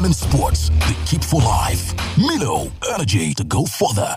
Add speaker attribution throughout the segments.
Speaker 1: fun sports they keep for life. Milo, energy to go further.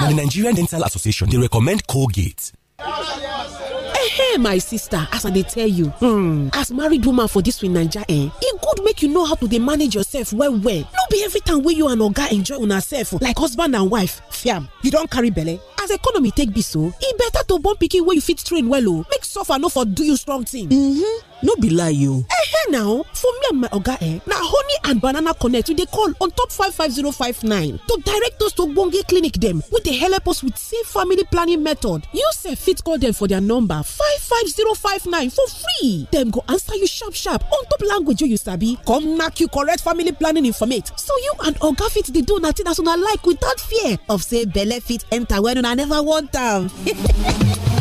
Speaker 2: Now, the Nigerian Dental Association, they recommend Colgate.
Speaker 3: Hey, my sister as i dey tell you hmm as married woman for dis naija eh it e good make you know how to dey manage yourself well well no be every time wey you and oga enjoy una sef like husband and wife fiam you don carry belle as economy take be so e better to born pikin wey you fit train well o oh. make suffer no for do you strong thing. Mm -hmm no be lie you. eh now for me and my oga eh na honey and banana connect we dey call on top five five five zero nine to direct us to ogbonge clinic dem wey dey help us with safe family planning method you sef fit call dem for their number five five five zero nine for free dem go answer you sharp sharp on top language wey you sabi come knack you correct family planning informate so you and oga fit dey do una thing as una like without fear of say belle fit enter when una never want am.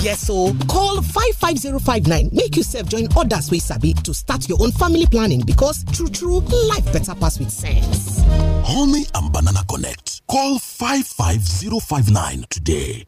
Speaker 3: Yes, so call five five zero five nine. make
Speaker 4: yourself join others with sabi to start your own family planning because true true life better pass with
Speaker 3: sense.
Speaker 2: Honey and Banana Connect. Call 55059 today.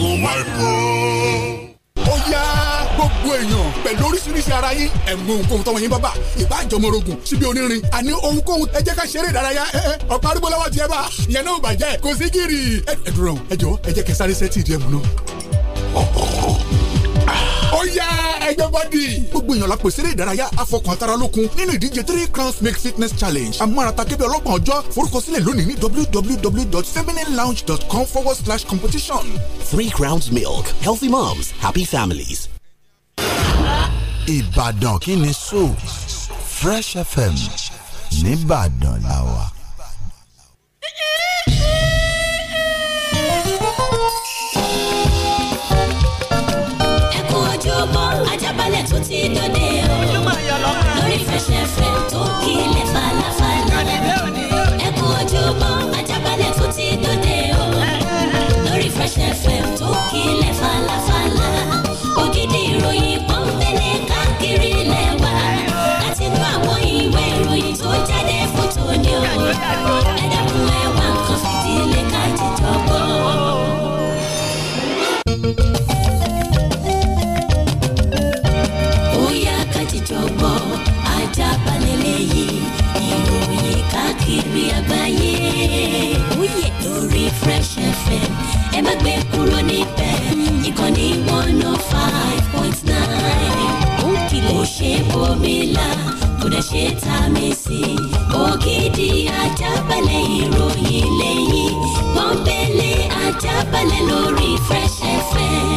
Speaker 2: ògùn Marco ó yá gbogbo èèyàn pẹ̀lú oríṣiríṣi ara yín ẹ̀mú ohun tọ́wọ́ yín bábà ìbá àjọmọ́rogùn síbi onírin àní ohunkóhun ẹ jẹ́ ká ṣeré ìdárayá ọ̀pá arúgbó lọ́wọ́ tiẹ̀ bá ìyẹn náà bàjẹ́ kò sí gírì ẹ̀dùn rẹ̀ ẹ̀jọ̀ ẹ jẹ́ kẹsàrí sẹ́tì ìdí ẹ̀mú náà ó yá ẹjọ́ bọ́dì. gbogbo èèyàn la pèsè eré ìdárayá afọkàntara lókun nínú ìdíje three crowns make fitness challenge amárata kébé ọlọ́gbọ̀n ọjọ́ forúkọsílẹ̀ lónìí ní www.femininelounge.com forward slash competition. three crowns milk healthy moms happy families. ìbàdàn kí ni so fresh fm nìbàdàn làwà.
Speaker 5: Ты má gbé kúrò níbẹ̀ ìkànnì one oh five point nine ó kìlọ̀ ṣe bomi la kò dẹ̀ ṣe ta mi sí ògidì ajábalẹ̀ ìròyìn lẹ́yìn pọ́npẹ́lẹ́ ajábalẹ̀ lórí Fresh FM.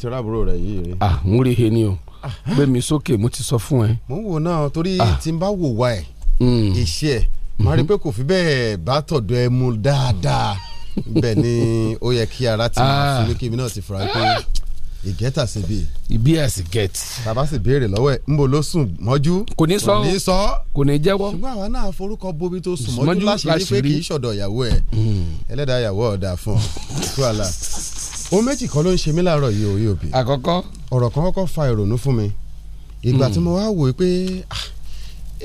Speaker 6: ti rábúrò rẹ yìí rí.
Speaker 7: ah n rí he ni o ah. gbé mi sókè mo ti
Speaker 6: sọ fún ẹ. mo ń wò náà torí ah. tí n bá wò wá ẹ iṣẹ́ mm. ẹ máa mm-hmm. rí i pé kò fi bẹ́ẹ̀ bá tọ̀dọ̀ ẹ mu dáadáa bẹ́ẹ̀ ni ó yẹ kí ara ti máa ah. fún mi kí mi náà ti fura pé ìgẹ́ta sì bí. ibi ẹ̀ sì gẹ̀t. bàbá sì béèrè lọ́wọ́ ẹ̀ ńbo ló sùn mọ́jú. kò ní sọ kò ní sọ. kò ní jẹ́wọ́. ṣùgbọ́n àwa náà forúkọ bobi tó sùn mọ́jú láṣìírí pé kì í ṣọ̀dọ̀ ìyàwó ẹ̀ mm. ẹlẹ́dàá ìyàwó ọ̀dà fún ọ ohun méjì kan ló ń ṣe mí láàárọ̀ yìí o yóò bí. àkọ́kọ́. ọ̀rọ̀ kan kọ́kọ́ fa ìrònú fún mi ìgbà hmm. tí mo wá wò ó pé ah,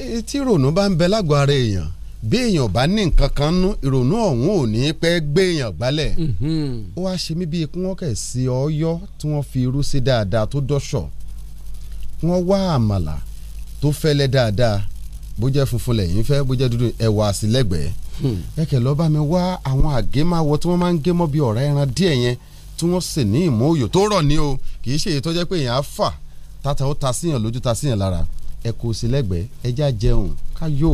Speaker 6: eh, tí ìrònú bá ń bẹ lágọ̀ọ́ ara èèyàn bí èèyàn bá ní nǹkan kan nú ìrònú ọ̀hún ò ní pẹ́ gbé èèyàn gbálẹ̀ hmm. ó wá ṣe mí bíi kí wọ́n kẹ̀ sí ọyọ́ tí wọ́n fi irú sí dáadáa tó dọ́ṣọ̀ wọ́n wá àmàlà tó fẹ́lẹ́ dáadáa bó jẹ́ funfun lẹ́yìn fẹ́ bó jẹ́ dúdú ẹ̀wà àsìlẹ́gbẹ̀ẹ́ kẹ̀kẹ́ hmm. lọ́ọ́ bá mi wá àwọn àgémáwọ tí wọ́n máa ń gé mọ́ bíi ọ̀rá ẹran díẹ̀ yẹn tí wọ́n sè ní ìmóòyò tó rọ̀ ní o kì í ṣe èyí tó jẹ́ pé èèyàn á fà tata ó ta síyàn lójú ta síyàn lára ẹ kò sí lẹ́gbẹ̀ẹ́ ẹja jẹun ká yó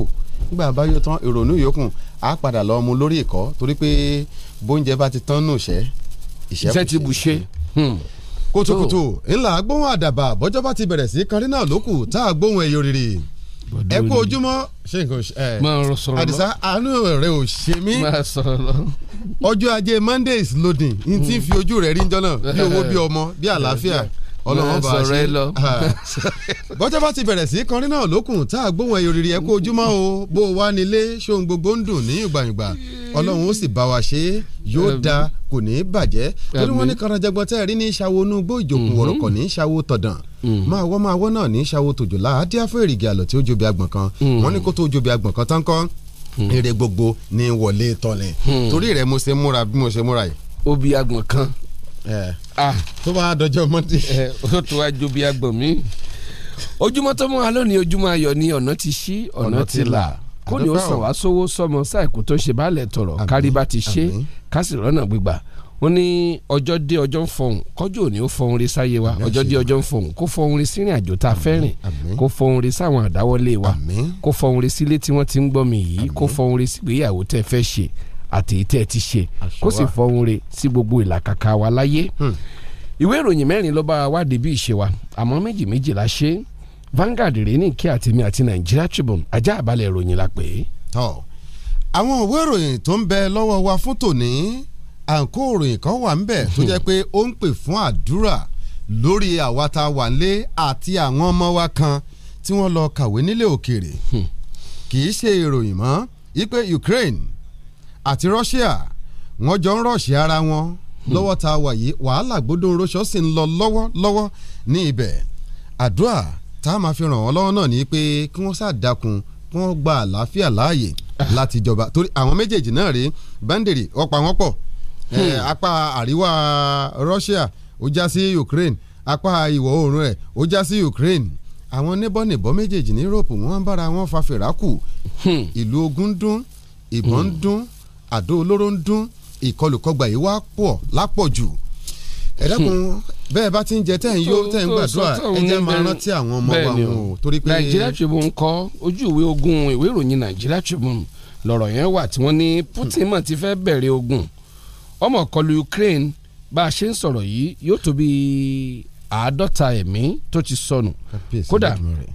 Speaker 6: nígbà bá yó tán ìrònú yòókù á padà lọ mu lórí ìkọ́ torí pé bóúnjẹ bá ti tán nù ṣẹ́ ìṣẹ́ ti bù ṣe hmm. kùtùkùtù oh. ńlá gbóhùn àdàbà bọ́jọ́ bá ti bẹ̀rẹ̀ sí kanrí lókù tá a ẹ̀yọ́ rírì ẹ kú ojúmọ́ ṣé nǹkan ṣe ẹ àdìsá àánú rẹ ò ṣe mí ọjọ́ ajé mondays loading n ti fi ojú rẹ̀ rí njọ́ náà bí owó bí ọmọ bí àlàáfíà ọlọ́run bá ṣe bọ́jọ́ bá ti bẹ̀rẹ̀ sí kọrin náà lókun tá a gbóhùn ẹyọ rírì ẹ kó ojúmọ́ o bó o wá nílé ṣóhun gbogbo ń dùn ní ìgbàyùngbà ọlọ́run ó sì bá wa ṣe yóò da kò ní í bàjẹ́ torí wọ́n ní karanjagbọ́n tẹ́ ẹ rí ní ṣàwo onúgbó ìjòkùn wọ̀rọ̀kọ̀ mhm. ní ṣàwo tọ̀dàn mhm. máa wọ́ máa wọ́ náà ní ṣàwo tòjòlá adíáfẹ́ èrìgì àlọ́ tí ó jobi àgbọ̀n kan mhm. wọ́n ní kó tó jobi àgbọ̀n kan tán kọ́ èrè gbogbo ní wọlé tọ́lẹ̀ torí rẹ̀ mo ṣe múra bí mo ṣe múra yìí. obì àgbọ̀n kan
Speaker 7: Ah. Hmm. tó bá dọjọ́ mọ́ndé. ó tó wá jó bí agbọ̀n mi ojúmọ́ tó mọ́ wa lónìí ojúmọ́ ayọ̀ ni ọ̀nà ti ṣí ọ̀nà ti là kó ní ó sàn wá sówó sọmọ ṣáìkú tó ṣe báàlẹ̀ tọ̀rọ̀ káríba ti ṣe kásì lọ́nà gbígbà wọ́n ní ọjọ́ dé ọjọ́ ń fọhùn kọ́jọ́ òní ó fọhùn rí sáyé wa ọjọ́ dé ọjọ́ ń fọhùn kó fọhùn rí sírìn àjò tá a fẹ́ kó fọhùn rí sáwọn àdáwọlé wa kó fọhùn rí sílé tí wọ́n ti ń gbọ́ yìí kó fọhùn rí sígbéyàwó tẹ́ fẹ́ ṣe àti èyí tẹ́ ẹ ti ṣe kó sì fọhùn re sí gbogbo ìlàkàkà wa láyé. Hmm. ìwé ìròyìn mẹ́rin ló bá wádìí bí ìṣe wa àmọ́ méjì méjì la ṣe Vanguard rèé ní kí àtẹ̀mí àti Nigeria Tribune ajá àbálẹ̀ ìròyìn la pè é. àwọn
Speaker 6: ìwé ìròyìn tó ń bẹ lọ́wọ́ wa fún tòní àǹkó ìròyìn kan wà ń bẹ tó jẹ́ pé ó ń pè fún àdúrà lórí àwa wà ń lé àti àwọn ọmọ wa kan tí wọ́n lọ kàwé nílé òkèèrè hmm. kì í ṣe ìròyìn mọ́ ipe Ukraine àti Russia wọ́n jọ ń rọ̀ṣì ara wọn lọ́wọ́ tá a wà yìí wàhálà gbódò roṣọ́ sì ń lọ lọ́wọ́ lọ́wọ́ ní ibẹ̀ àdúrà tá a máa fi ràn wọ́n lọ́wọ́ náà ni pé kí wọ́n ṣàdàkùn kí wọ́n gba àlàáfíà láàyè láti jọba torí àwọn méjèèjì náà rèé bẹ́ńdèrè ọ̀pọ̀ àwọn pọ̀ hmm. eh, apá àríwá Russia ó já sí Ukraine apá ìwọ̀ oòrùn rẹ̀ ó já sí Ukraine àwọn níbọ̀nìbọ̀ méjèèjì ní Europe wọ́n ń bára wọn fa fèrà kù hmm. ìlú ogun dún ìbọn hmm. dún àdó olóró ń dún ìkọlù kọgbà yìí wá pọ̀ lápọ̀jù
Speaker 7: ẹ dákun hmm. bẹ́ẹ̀ bá ti ń jẹ tẹ́yìn yóò tẹ́yìn gbàdúrà ẹ jẹ́ máa rántí àwọn ọmọ wa wọn o torí pé. Nigeria Tribune kọ ojú ìwé ogun ìwé ìròyìn Nigeria Tribune lọ̀rọ̀ yẹn wà tí wọ́n ní hmm. Putin mọ̀ ti fẹ́ bẹ̀rẹ̀ ogun ọmọ kọlù Ukraine bá a ṣe ń sọ̀rọ̀ yìí yóò tó bí àádọ́ta ẹ̀mí tó ti sọnù kódà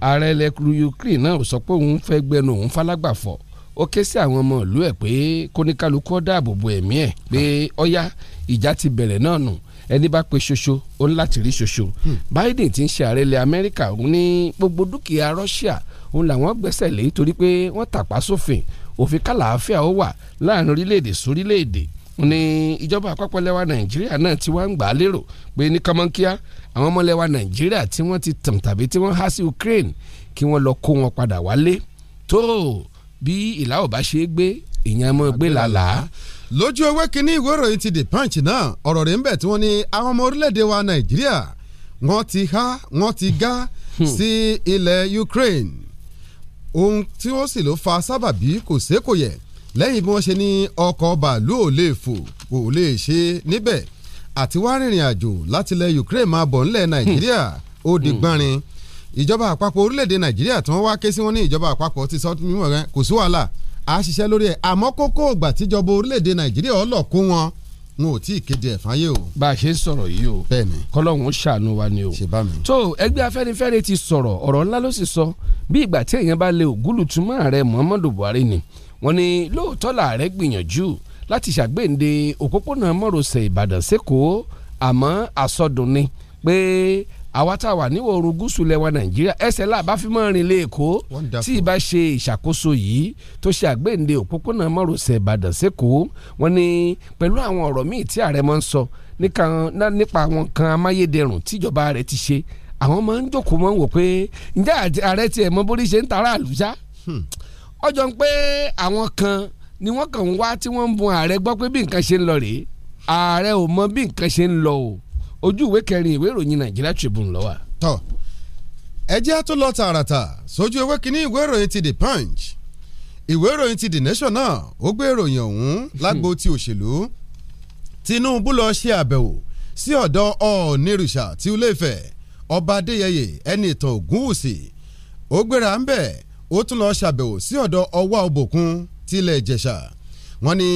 Speaker 7: ààrẹ ilẹ̀ Ukraine náà sọ pé òun fẹ́ gbẹnu òun falágbàfọ̀ ó ké sí àwọn ọmọ ìlú ẹ̀ pé kóníkálukú ó dáàbò bo ẹ̀mí ẹ̀ pé ọ̀yá ìjà ti bẹ̀rẹ̀ náà nù ẹni bá pe ṣoṣo ó ń láti rí ṣoṣo hmm. Biden ti ń ṣe ààrẹ ilẹ̀ Amẹ́ríkà ní gbogbo dúkìá Russia òun làwọn gbẹ́sẹ̀ lé torí pé wọ́n tàpá sófin òfin kàlàáfíà ó wà láàrin orílẹ̀-èdè sórílẹ̀-èdè ní ìjọba àpapọ̀ lẹ́wà Nàìjíríà náà tí wọ́n ń gbà á lérò pé ní kọ́mọ́nkíá àwọn ọmọ lẹ́wà Nàìjíríà tí wọ́n ti tàn tàbí tí wọ́n há sí Ukraine kí wọ́n lọ kó wọn padà wálé tó bí ìlà ò bá ṣe é gbé ìyẹn mọ́ gbé làlàá lójú ewé kínní ìwé ìròyìn ti the punch náà ọ̀rọ̀ rẹ̀ ń bẹ̀ tí wọ́n ní
Speaker 6: àwọn ọmọ orílẹ̀-èdè wa nàìjíríà wọ́n ti há wọ́n ti gá hmm. sí ilẹ̀ ukraine ohun tí ó sì ló fa sábàbí kò sékò yẹ lẹ́yìn bí wọ́n ṣe ní ọkọ̀ bàálù ò lè fò kò lè ṣe níbẹ̀ àti wá rìnrìn àjò láti ilẹ̀ ukraine máa bọ̀ nílẹ̀ nàìjíríà ó di hmm. gbọ́nrin. Hmm ìjọba àpapọ̀ orílẹ̀-èdè nàìjíríà tí wọ́n wá ké sí wọn ní ìjọba àpapọ̀ ti sọ mímọ̀ rẹ kò sí wàhálà a ṣiṣẹ́ lórí ẹ̀ àmọ́ kókó ògbà tíjọba orílẹ̀-èdè nàìjíríà ọlọ́kún wọn wọn ò tí ì kéde ẹ̀ fáyé o. bá a ṣe ń sọ̀rọ̀
Speaker 7: yìí o bẹ́ẹ̀ni kọ́lọ́hún ṣàánú wa ni o. ṣèbá mi. tó ẹgbẹ́ afẹ́nifẹ́re ti sọ̀rọ̀ ọ̀rọ̀ ńlá ló sì sọ bí ìgbà tí èèyàn bá lè ògúlùtúmọ̀ ààrẹ muhammadu buhari ni wọ́n ní lóòótọ́ làárẹ gbìyànjú láti ṣàgbéǹde òpópónà mọ́rọ̀sẹ̀ ìbàdàn sẹ́kọ̀ọ́ àmọ́ àsọdùn ni pé àwa tá a wà ní òòrùn gúúsù lẹwa nàìjíríà ẹsẹ̀ làbá fi mọ́ rìn lé èkó tí ì bá ṣe ìṣàkóso yìí tó ṣe àgbéǹde òpópónà márosẹ̀ ìbàdàn sẹ́kọ̀ọ́ wọn ni pẹ̀lú àwọn ọ̀rọ̀ míì tí ààrẹ máa ń sọ nípa àwọn kan amáyédẹrùn tíjọba rẹ̀ ti ṣe àwọn máa ń jókòó máa ń wò pé ǹjẹ́ ààrẹ tiẹ̀ mọ bórí ṣe ń tara àlùjá ọjọ́ hmm. ń pé àwọn kan ni wọ́n kàn ń wá tí wọ́n ń bun ààrẹ gbọ́ pé bí nǹkan ṣe ń lọ rèé ààrẹ ò mọ bí nǹkan ṣe ń lọ o ojú ìwé kẹrin ìwé ìròyìn Nàìjíríà Tribune ló wà. tọ́ ẹ jẹ́ tó lọ
Speaker 6: tààràtà sójú ewé kínní ìwé ìròyìn ti The Punch ìwé ìròyìn ti The Nation náà ó gbé ìròyìn ọ̀hún lágbo ti òṣèlú Tinubu lọ ṣe àbẹ̀wò sí ọ̀dọ̀ Ọ̀nìrìṣà ti Ilé-Ifẹ̀ ọba Adéyẹyè ẹni ìtàn Ògúnwùsì ó gbéra ń bẹ̀ ó tún lọ ṣàbẹ̀wò sí ọ̀dọ̀ Ọwá Ọbòkun tilẹ̀ Ìjẹ̀ṣà wọ́n ní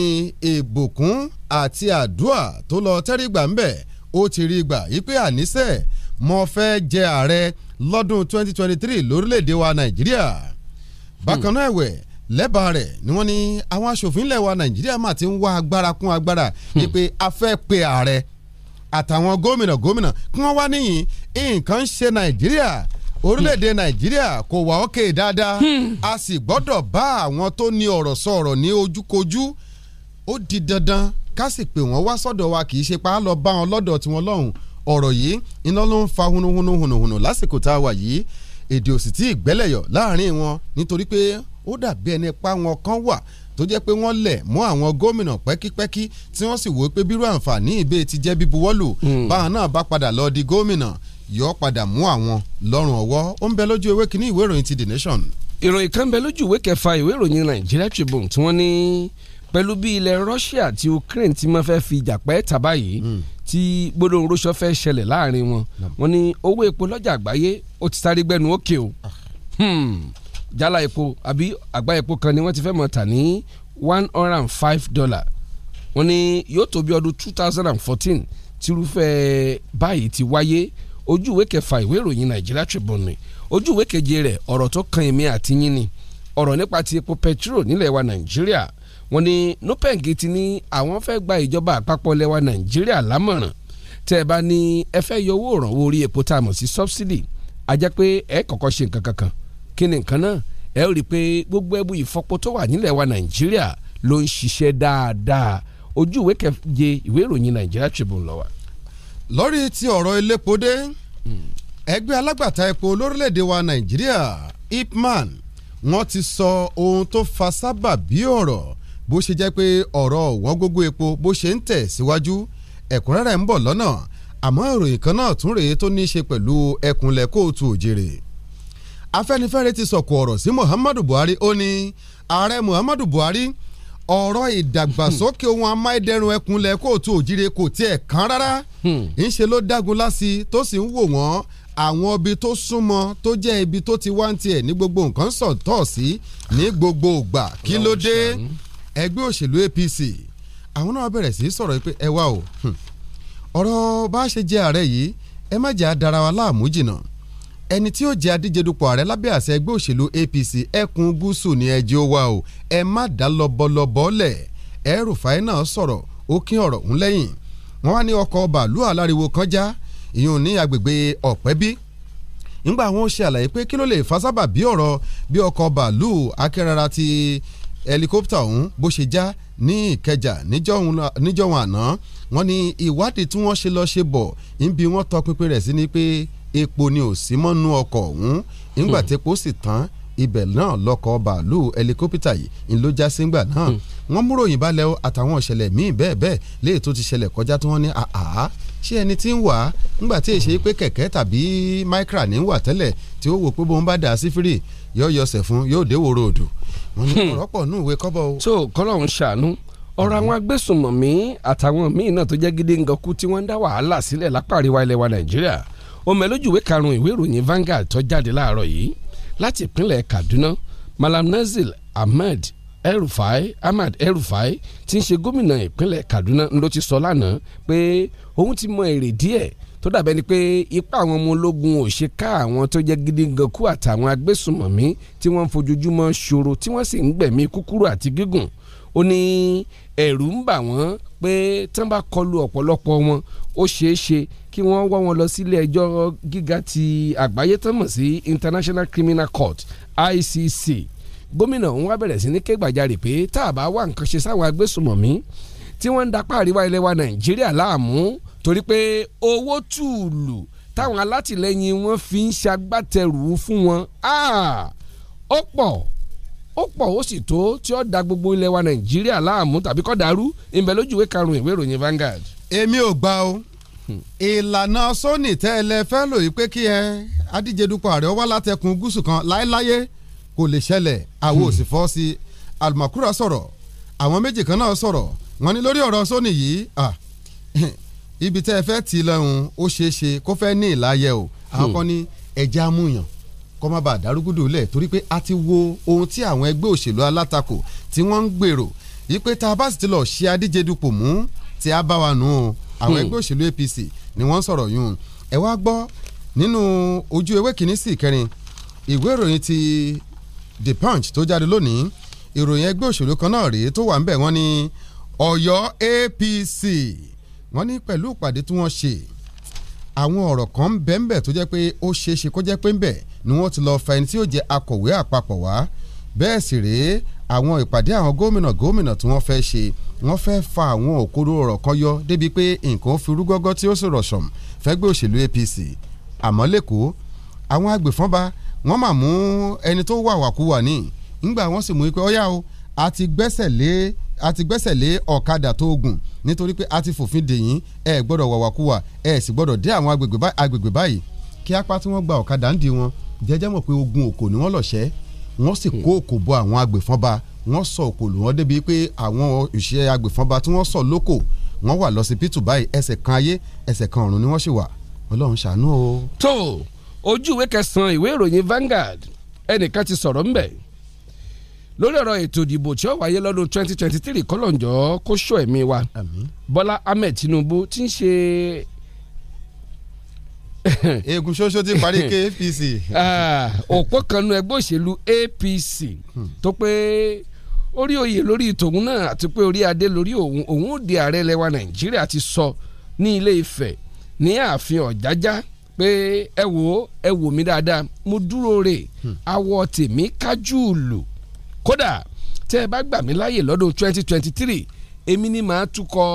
Speaker 6: ìbùkún àti àdúà tó lọ tẹ́rìgbà ń bẹ̀ ó ti rí gbà wípé àníṣe mo fẹ́ jẹ ààrẹ lọ́dún 2023 lórílẹ̀‐èdè wa nàìjíríà bákan náà ẹ̀wẹ̀ lẹ́bàá rẹ̀ ni wọ́n ní àwọn aṣòfin ilẹ̀ wa nàìjíríà mà ti ń wá agbára kún agbára ni pé a fẹ́ pe ààrẹ àtàwọn gómìnà gómìnà kí wọ́n wá níyìn nǹkan ń ṣe nàìjíríà orílẹ̀-èdè nàìjíríà kò wà ókè dáadáa hmm. a sì gbọ́dọ̀ bá àwọn tó ní ọ̀rọ̀ sọ̀rọ̀ ní ojúkojú ó di dandan ká sì pè wọ́n wá sọ́dọ̀ wa kì í ṣe pa á lọ bá wọn lọ́dọ̀ tiwọn lọ́hùn ọ̀rọ̀ yìí iná ló ń fa hunuhunuhunuhunu lásìkò tá a wà yìí èdè òsì tí ìgbẹ́lẹ̀yọ̀ láàrin wọn nítorí pé ó dàbí ẹni pa wọn kan wà tó jẹ́ pé wọ́n lẹ̀ mọ́ àwọn gómìnà pẹ́kípẹ́kí tí wọ́n sì wò pé bírú àǹfààní ìbè ti jẹ́ bíbuwọ́lù hmm. báwọn náà bá padà lọ di gómìnà yọ padà mú àwọn lọ́rùn ọwọ́ ó ń bẹ lójú ewé kínní
Speaker 7: ìwé ìròyìn ti The Nation. ìròyìn kan bẹ lójú ìwé kẹfà ìwé ìròyìn Nigeria Tribune tí wọ́n ní pẹ̀lú bí ilẹ̀ Russia àti Ukraine ti máa fẹ́ fi ìjà pẹ́ tàbá yìí hmm. tí gbólóhùn rọ́ṣọ́ fẹ́ ṣẹlẹ̀ láàrin wọn hmm. wọn ni owó epo lọ́jà àgbáyé ó ti sáré gbẹnu òkè o ah. hmm. jálá epo àbí àgbá epo kan ni wọ́n ti fẹ́ mọ̀ tà ní one hundred and five dollar wọ́n ní yóò tó bí ọdún two thousand and fourteen tírúfẹ́ báyìí ti wáyé ojú ìwé kẹfà ìwé ìròyìn Nigeria Tribune ni ojú ìwé keje rẹ̀ ọ̀rọ̀ tó kan èmi àti yín ni ọ̀rọ̀ nípa ti epo petro nílẹ̀ wa Nàìjíríà wọ́n ní NUPENG ti ní àwọn fẹ́ gba ìjọba àpapọ̀ lẹ́wà Nàìjíríà lámọ̀ràn tẹ́ ẹ bá ní ẹ fẹ́ yọ owó òrànwó orí epo tá a mọ̀ sí subsidy a jẹ́ pé ẹ kọ́kọ́ ṣe nǹkan kankan kí ni nǹkan náà ẹ rí i pé gbogbo ẹbu ìfọpo tó wà nílẹ̀ wa Nàìjíríà ló ń ṣiṣẹ́ dáadáa ojú ìwé keje ìwé ìròyìn Nàìjíríà Tribune ló wà.
Speaker 6: lórí ti ọ̀rọ̀ elépo dé ẹgbẹ́ alágbàtà epo lórílẹ̀‐èdè wa Nàìjíríà IPMAN wọ́n ti sọ ohun tó fa sábàbí ọ̀rọ̀ bó ṣe jẹ́ pé ọ̀rọ̀ ọ̀wọ́n gógó epo bó ṣe ń tẹ̀ síwájú ẹ̀kúnrẹ́rẹ́ ń bọ̀ lọ́nà àmọ́ ìròyìn kan náà tún rèé tó ní í ṣe pẹ̀lú ẹkùnlẹ̀ kóòtù òjèrè Afẹ́nifẹ́re ti sọ̀kò ọ̀rọ̀ sí Muhammadu Buhari ó ní ààrẹ Muhammadu Buhari ọ̀rọ̀ ìdàgbàsókè ohun amáyédẹrùn ẹkùnlẹ̀ kóòtù òjìrè kò tiẹ̀ kán rárá hmm. ńṣe ló dágun lási tó sì ń wò wọ́n àwọn ibi tó súnmọ́ tó jẹ́ ibi tó ti wá ń tiẹ̀ ní gbogbo nǹkan sọ̀tọ̀ sí ní gbogbo ògbà kí ló dé ẹgbẹ́ òṣèlú APC àwọn náà bẹ̀rẹ̀ sí í sọ̀rọ̀ pé ẹ wá o ọ̀rọ̀ bá a ṣe jẹ ààrẹ yìí ẹ má jẹ́ adara wa láàmú jìnnà ẹni tí ó jẹ́ adíje dupò ààrẹ lábẹ́ àṣẹ ẹgbẹ́ òṣèlú APC ẹkùn gúúsù ni ẹ jẹ́ ó wá o ẹ má dá lọ́bọ̀lọ́bọ̀ lẹ̀ ẹ rúfáì náà sọ̀rọ̀ ó kín ọ̀rọ̀ ọ̀hún lẹ́yìn wọ́n wá ní ọkọ̀ bàálù aláriwo kan já ìyún ní agbègbè ọ̀pẹ́bí nígbà wọn ó ṣe àlàyé pé kí ló lè fa bí ọ̀rọ̀ bí ọkọ̀ bàálù akẹ́rara ti ẹlikópítà ọ̀hún bó ṣe já ní ìkẹjà níjọ́hun àná wọ́n ní ìwádìí tí wọ́n ṣe lọ ṣe bọ̀ níbi wọ́n tọpinpin rẹ̀ sí ni pé epo ni ò sí mọ́nú ọkọ̀ ọ̀hún nígbà hmm. tí epo sì tán ibẹ̀ náà lọ́kọ̀ bàálù ẹlikópítà yìí ń ló já sígbà náà hmm. wọ́n mú ròyìn balẹ̀ o àtàwọn ìṣẹ̀lẹ̀ míì bẹ́ẹ̀ bẹ́ẹ̀ léè tó ti ṣẹlẹ̀ kọjá tí wọ́n ní àá ṣé ẹni tí ń wà á ńgbà tí èṣe pé kẹ̀kẹ́ tàbí micra ní wà tẹ́lẹ̀ tí ó wò pé bóun bá dà á
Speaker 7: sí fírì yóò yọsẹ̀ fún yóò déwòrò odò ọ̀rọ̀pọ̀ hmm. nù ìwé kọ́bọ̀ o. so kọ́lọ́hún ṣàánú ọ̀rọ̀ àwọn agbésùnmọ̀mí àtàwọn míì náà tó jẹ́ gidi nǹkan kú tí wọ́n ń dá wàhálà sílẹ̀ lápá àríwá ilẹ̀ wa nàìjíríà ó mẹ́lójúwé karùn-ún ìwé ìròyìn Vanguard tó jáde láàárọ̀ yìí láti ìpínlẹ̀ Kaduna Malam Nazil Ahmed El-Rufai Ahmad El-Rufai tí ń ṣe gómìnà ìpínlẹ̀ Kaduna ló ti sọ lánàá pé òun ti mọ èrè díẹ̀ tó dàbẹ́ ni pé ipá àwọn ọmọ ológun ò ṣe ká àwọn tó jẹ́ gidigankú àtàwọn agbésùnmọ̀mí tí wọ́n ń fojoojúmọ́ ṣòro tí wọ́n sì ń gbẹ̀mí kúkúrú àti gígùn ó ní ẹ̀rù ń bà wọ́n pé tán bá kọlu ọ̀pọ̀lọpọ̀ wọn ó ṣeé ṣe kí wọ́n wọ́ wọn lọ sílé ẹjọ́ gíga ti àgbáyé tán mọ̀ sí International Criminal Court ICC gómìnà òun wá bẹ̀rẹ̀ sí ní ké gbàjarè pé tá a bá wá nǹkan ṣe sáwọn agbésùnmọ̀mí tí wọ́n ń dapá àríwá ilẹ̀ wa Nàìjíríà láàmú torí pé owó tùlù táwọn alátìlẹyìn wọn fi ń ṣagbátẹrù fún wọn ah, ó pọ̀ ó pọ̀ ó sì tó tí ó da gbogbo ilẹ̀ wa nàìjíríà láàmú tàbí kọ́ dàrú ìbẹ̀ lójú ìwé karùn-ún ìwé ìròyìn Vanguard. èmi ò gbà o
Speaker 6: hmm. ìlànà sóní tẹ́lẹ̀ fẹ́ lòyí pé kí ẹ adíje dupò ààrẹ ọwọ́ látẹkùn gúúsù kan láéláyé kò lè ṣẹlẹ̀ àwọn hmm. sì fọ́ sí i almakura sọ̀rọ̀ àwọn méjì kan náà sọ̀rọ̀ wọ́n ní lórí ọ̀rọ̀ sóní yìí ibi tẹ́ ẹ fẹ́ ti lọ́hùn ó ṣeé ṣe kó fẹ́ ní ìláyẹ o àwọn hmm. kan ní ẹja amúyàn kó má bàa dárúgúdù lẹ̀ torí pé a ti wo ohun tí àwọn ẹgbẹ́ òṣèlú alátakò tí wọ́n ń gbèrò yìí pé tá a bá sì ti lọ ṣe adíje dupò mú tí a bá wa nù o àwọn hmm. ẹgbẹ́ òṣèlú APC ni wọ́n sọ̀rọ̀ yún ẹ wá gbọ́ nínú ojú ewé kìíní sí ìkẹrin ìwé ìròyìn ti The Punch tó jáde lónìí ìròyìn ẹgbẹ́ òṣèlú kan náà rèé tó wà ń bẹ̀ wọ́n ní Ọ̀yọ́ APC wọ́n ní pẹ̀lú ìpàdé tí wọ́n ṣe àwọn ọ̀rọ̀ kan ń bẹ ń bẹ tó jẹ́ pé ó ṣeé ṣe kó jẹ́ pé ń bẹ ni wọ́n ti lọ fa ẹni tí yóò jẹ́ akọ̀wé àpapọ̀ wá bẹ́ẹ̀ sì rèé àwọn ìpàdé àwọn gómìnà gómìnà tí wọ́n fẹ́ ṣe wọ́n fẹ́ fa àwọn òkúrò ọ̀rọ̀ kan yọ débi pé nǹkan fi rú tí ó sì rọ̀ṣọ̀m fẹ́gbẹ́ òṣèlú APC àmọ́ lẹ́kọ̀ọ́ àwọn agbèfọ́nba wọ́n mà mú ẹni tó wà wàkúwà ní ìgbà wọ́n sì mú i pé o a gbẹ́sẹ̀ lé a ti gbẹ́sẹ̀ lé ọ̀kadà tó gùn nítorí pé a ti fòfin dè yín ẹ gbọ́dọ̀ wàwàkuwà ẹ sì gbọ́dọ̀ dé àwọn agbègbè báyìí kí apá tí wọ́n gba ọ̀kadà ń di wọn jẹ́jẹ́ mọ̀ pé ogun òkò ni wọ́n lọ̀ṣẹ́ wọ́n sì kó òkò bọ àwọn agbèfọ́nba wọ́n sọ òkò lù wọ́n débi pé àwọn òṣìṣẹ́ agbèfọ́nba tí wọ́n sọ lóko wọ́n wà lọ́sibítù báyìí ẹsẹ̀ kan ayé ni wọ́n sì wà ọlọ́run ṣàánú o.
Speaker 7: tó ojú ìwé kẹsàn Vanguard ẹnìkan ti sọ̀rọ̀ lórí ọ̀rọ̀ ètò ìdìbò tí ó wáyé lọ́dún 2023 kọ́lọ́njọ́ kó sọ ẹ̀mí wa Bọ́lá Ahmed Tinubu ti ń ṣe egun ṣoṣo ti parí ké APC. Ah, òpó kan nu ẹgbẹ́ òṣèlú APC hmm. tó pé orí oyè lórí tòun náà àti pé orí adé lórí òun òun ò di ààrẹ lẹwa Nàìjíríà ti sọ ní Ilé Ifẹ̀ ní ààfin Ọ̀jájá pé ẹ wò ẹ wò mí dáadáa mo dúró rè hmm. awọ tèmi kájú lù kódà tẹ́ ẹ bá gbà mí láàyè lọ́dún 2023 èmi ni màá tukọ̀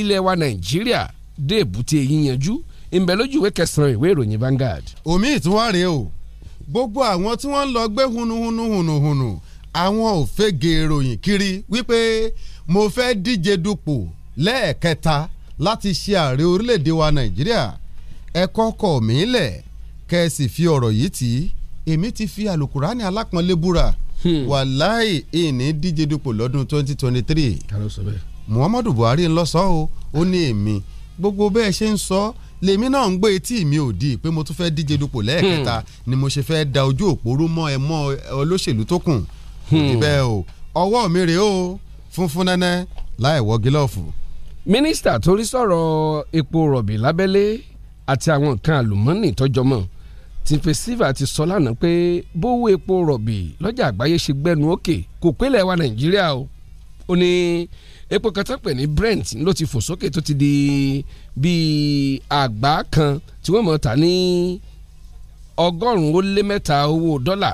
Speaker 7: ilẹ̀ wa nàìjíríà dé èbúté yíyanjú ìbẹ̀ lójú ìwé kẹsàn-án ìwé ìròyìn Vanguard. omi ìtúwárẹ̀ o gbogbo àwọn
Speaker 6: tí wọ́n ń lọ gbé hunuhunu hunuhunu àwọn ò fege ìròyìn kiri wípé mo fẹ́ díje dupò lẹ́ẹ̀kẹta láti ṣe ààrẹ orílẹ̀-èdè wa nàìjíríà ẹ kọ́kọ́ mi kẹ́ ẹ sì fi ọ̀rọ̀ yìí tì í èmi ti fi àlùkùránì alápọ̀nlé búra Hmm. wàláì ìní díje dupò lọ́dún 2023. twenty three muhammadu buhari ń lọ sọ o ó ní èmi gbogbo bẹ́ẹ̀ ṣe ń sọ lèmi náà ń gbé etí mi ò di pé mo tún fẹ́ díje dupò lẹ́ẹ̀kẹta hmm. ni mo ṣe fẹ́ da ojú òpó rú mọ́ ẹ mọ́ olóṣèlú tó kù kò hmm. o ọwọ́ mi rèé o funfun
Speaker 7: nẹ́nẹ́ láì wọ gílọ́ọ̀fù. mínísítà torí sọ̀rọ̀ epo rọ̀bì lábẹ́lé àti àwọn nǹkan àlùmọ́nì tọ́jọ́ mọ́ tìfẹ́ silva ti sọ lánàá pé bówó epo rọ̀bì lọ́jà àgbáyé ṣe gbẹ́nu òkè kò pélé wa nàìjíríà o ó ní epo kan ní brent ló ti fò sókè tó ti di bíi àgbá kan tí wọ́n mọ̀ ta ní ọgọ́rùn-ún ó lé mẹ́ta owó dọ́là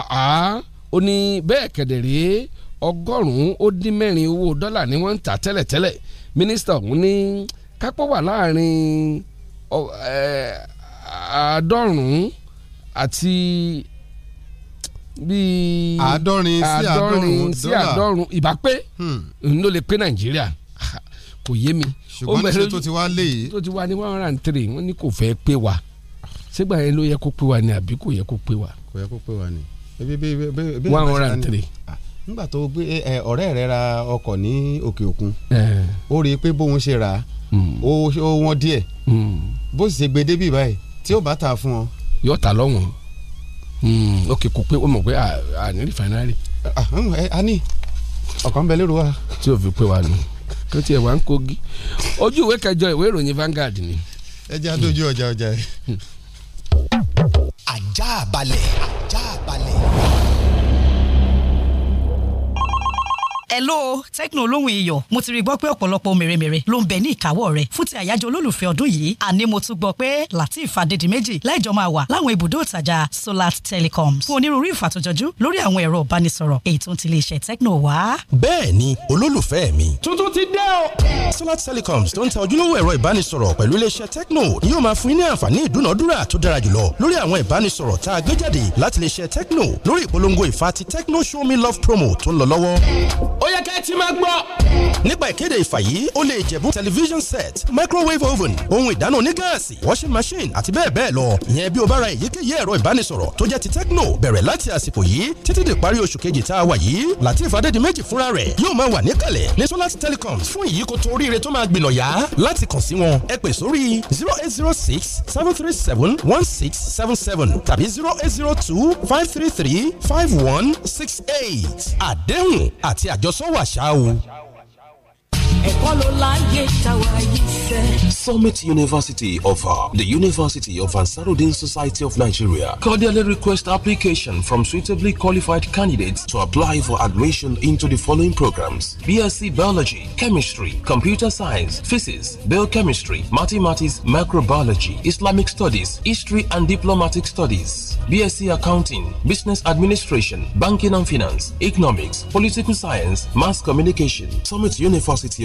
Speaker 7: àá ó ní bẹ́ẹ̀ kẹ̀dẹ̀ rèé ọgọ́rùn-ún ó dín mẹ́rin owó dọ́là ni wọ́n ń ta tẹ́lẹ̀tẹ́lẹ̀ mínísítà ọ̀hún ní kápọ̀ wà láàrin àádọ́rùn-ún àti bíi àádọ́rin sí àádọ́rùn-ún sí àádọ́rùn-ún ìbá pé hmm. ló lè pé nàìjíríà kò yé mi. ṣùgbọ́n ṣe tó ti wá lé yìí. tó ti wá ní one hundred and three wọ́n ní kò fẹ́ pé wa ṣégbà yẹn ló yẹ kó pé wa ni àbí kò yẹ kó pé wa. kò yẹ
Speaker 6: kó pé wa ni. one hundred and three ah, nígbà tó gbé ọ̀rẹ́ rẹ̀ ra ọkọ̀ ní òkè òkun eh. ó rí i pé bóun ṣe rà á hmm. ó wọ́n díẹ̀ hmm. bó sì ṣe gbé débì báyìí tí ó bá ta fún ọ. yóò ta lọ́wọ́n
Speaker 7: ok hmm, kò pé ó mọ̀ pé a ní rìfànárì. Ah, a ní ọ̀kan bẹ lérò wa. tí o fi pé wa nù tó tiẹ̀ wá ń kogi ojú ìwé kẹjọ ìwé ìròyìn Vanguard ni. ẹ jẹ́ àdójú ọjà ọjà yìí. ajá balẹ̀ ajá balẹ̀.
Speaker 3: hello Tekno olóhùn iyọ̀ mo ti rí gbọ́ pé ọ̀pọ̀lọpọ̀ mèremère ló ń bẹ ní ìkáwọ́ rẹ̀ fún ti àyájọ́ olólùfẹ́ ọdún yìí àní mo tún gbọ́ pé Lateef Adédìméjì láìjọ máa wà láwọn ibùdó ìtajà Solar Telecoms fún onírúurú ìfàtójọjú lórí àwọn ẹ̀rọ ìbánisọ̀rọ̀ èyí tó ń ti lè ṣe Tekno wá.
Speaker 2: bẹ́ẹ̀ ni olólùfẹ́ mi. tuntun ti dé o. Solar Telecoms tó ń ta ojúlówó ẹ̀rọ ìbánisọ̀rọ̀ pẹ̀lú iléeṣẹ́ Tekno ni yóò máa fún yín ní àǹfààní ìdúnàdúrà tó dára jùlọ lórí àwọn ìbánisọ̀rọ̀ tá a gbé jáde láti iléeṣẹ́ Tekno lórí ìpolongo ìfà ti Tekno Show Me Love promo tó ń lọ
Speaker 8: ó yẹ kẹ́ ẹ ti máa
Speaker 1: gbọ́.
Speaker 2: nípa ìkéde ìfà yìí ó lè jẹ̀bú television set microwave oven ohun ìdáná onígáàsì washing machine àti bẹ́ẹ̀ bẹ́ẹ̀ lọ ìyẹn bí o bá ra èyíkéyìí ẹ̀rọ ìbánisọ̀rọ̀ tó jẹ́ ti tecno bẹ̀rẹ̀ láti àsìkò yìí títí di parí oṣù kejì tá a wà yìí latif adédìméjì fúnra rẹ̀ yóò máa wà níkàlẹ̀ ní solar telecoms fún ìyíkoto oríire tó máa gbìnà zero eight zero six seven three seven one six seven seven tàbí zero eight zero two five three three five one six eight àdéhùn àti àjọ àjọsọ wàṣà o. Summit University of uh, The University of Ansarudin Society of Nigeria cordially request application from suitably qualified candidates to apply for admission into the following programs BSc Biology, Chemistry, Computer Science, Physics, Biochemistry, Mathematics, Microbiology, Islamic Studies, History and Diplomatic Studies, BSc Accounting, Business Administration, Banking and Finance, Economics, Political Science, Mass Communication. Summit University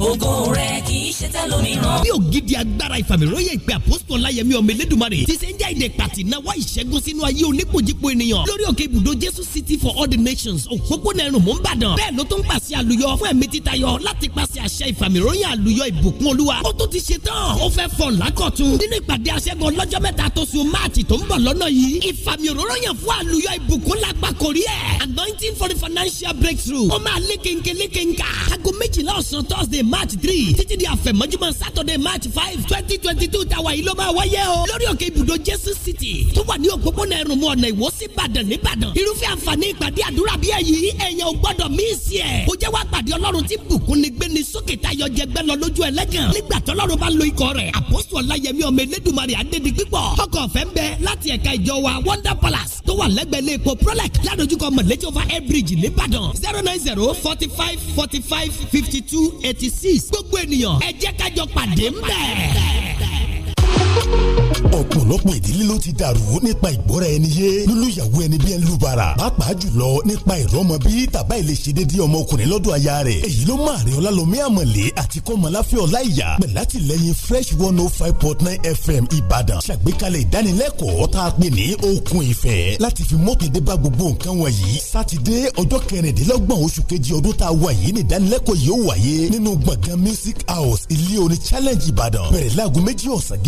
Speaker 9: ògo rẹ kì í ṣe tẹlòmíràn. bí ògidì agbára ìfàmìlóye ìpè àpòsùn ọláyẹmí ọmọ elédùnmarè ti ṣe ń já ìdè pàtì náwó ìṣẹ́gun sínú ayé oníkojúpo ènìyàn lórí òkè ibùdó jésù city for all the nations òpópónà ẹrùn mú ìbàdàn bẹ́ẹ̀ ló tún pàṣẹ àlùyọ fún ẹ̀mí títayọ láti pàṣẹ àṣẹ ìfàmìlóye àlùyọ ìbùkún olúwa ó tún ti ṣe tán ó fẹ́ fọ̀ lákọ̀tún nínú ìpàdé aṣẹ́gun ọlọ́jọ́ mẹ́ta tó sun máàtì tó ń bọ̀ lọ́nà yìí ìfàmì òróró yàn fún àlùyọ ìbùkún lágbà kórí ẹ̀ anointing for the financial breakthrough ó máa lékenkelekenka aago méjìlá ọ̀sán thursday march three títí di àfẹ̀mọ́júmọ́ saturday march five twenty twenty two tàwa yìí ló máa wáyé o lórí òkè ibùdó jésù city tó wà ní òpópónà ẹrùnmú ọ̀nà ìwó sí ìbàdàn nìbàdàn irúfẹ́ àǹfààní ìpàdé àdúrà bí èyí èèyàn ò gbọ́dọ̀ míìsì ẹ̀ ó jẹ́ wá pàdé ọlọ́run tí bùkún ni gbé ni sókè tayọ jẹ gbẹ lọ lójú ẹlẹ́gàn nígbà tọ́lọ́run bá lo ikọ̀ rẹ̀ àpọ́sù ọláyẹmí wonder palace tó wà lẹ́gbẹ̀ẹ́ ilé epo prolec ládojúkọ mọ̀lẹ́tì air bridge nìbàdàn zero nine zero forty five forty five fifty two eighty six gbogbo ènìyàn ẹ jẹ́ kájọ pàdé ńbẹ̀
Speaker 2: ọ̀pọ̀lọpọ̀ ìdílé ló ti dàrú nípa ìgbọ́ra ẹni yé lólùyàwó ẹni bí ẹni lùbàrà pàápàá jùlọ nípa ìrọmọ bí tàbá ìlẹsẹdẹdẹ ọmọkùnrin lọ́dọ̀ aya rẹ̀ èyí ló máa rí ọlálọmí àmọ̀lé àti kọ́mọláfẹ́ ọláìyá pẹ̀látìlẹ́yìn fresh one oh five point nine fm ìbàdàn ṣàgbékalẹ̀ ìdánilẹ́kọ̀ọ́ tá a pè ní okun ìfẹ́ láti fi mọ́tòdé bá gbogbo nǹkan wọ̀nyí sátidé ọjọ́ kẹrìndínlọ́gbọ̀n oṣù kejì ọdún tá a wà yìí ní ìdánilẹ́kọ̀ọ́ yìí ó wáyé nínú gbọ̀ngàn music house ilé orin challenge ìbàdàn bẹ̀rẹ̀ láago méjì ọ̀sán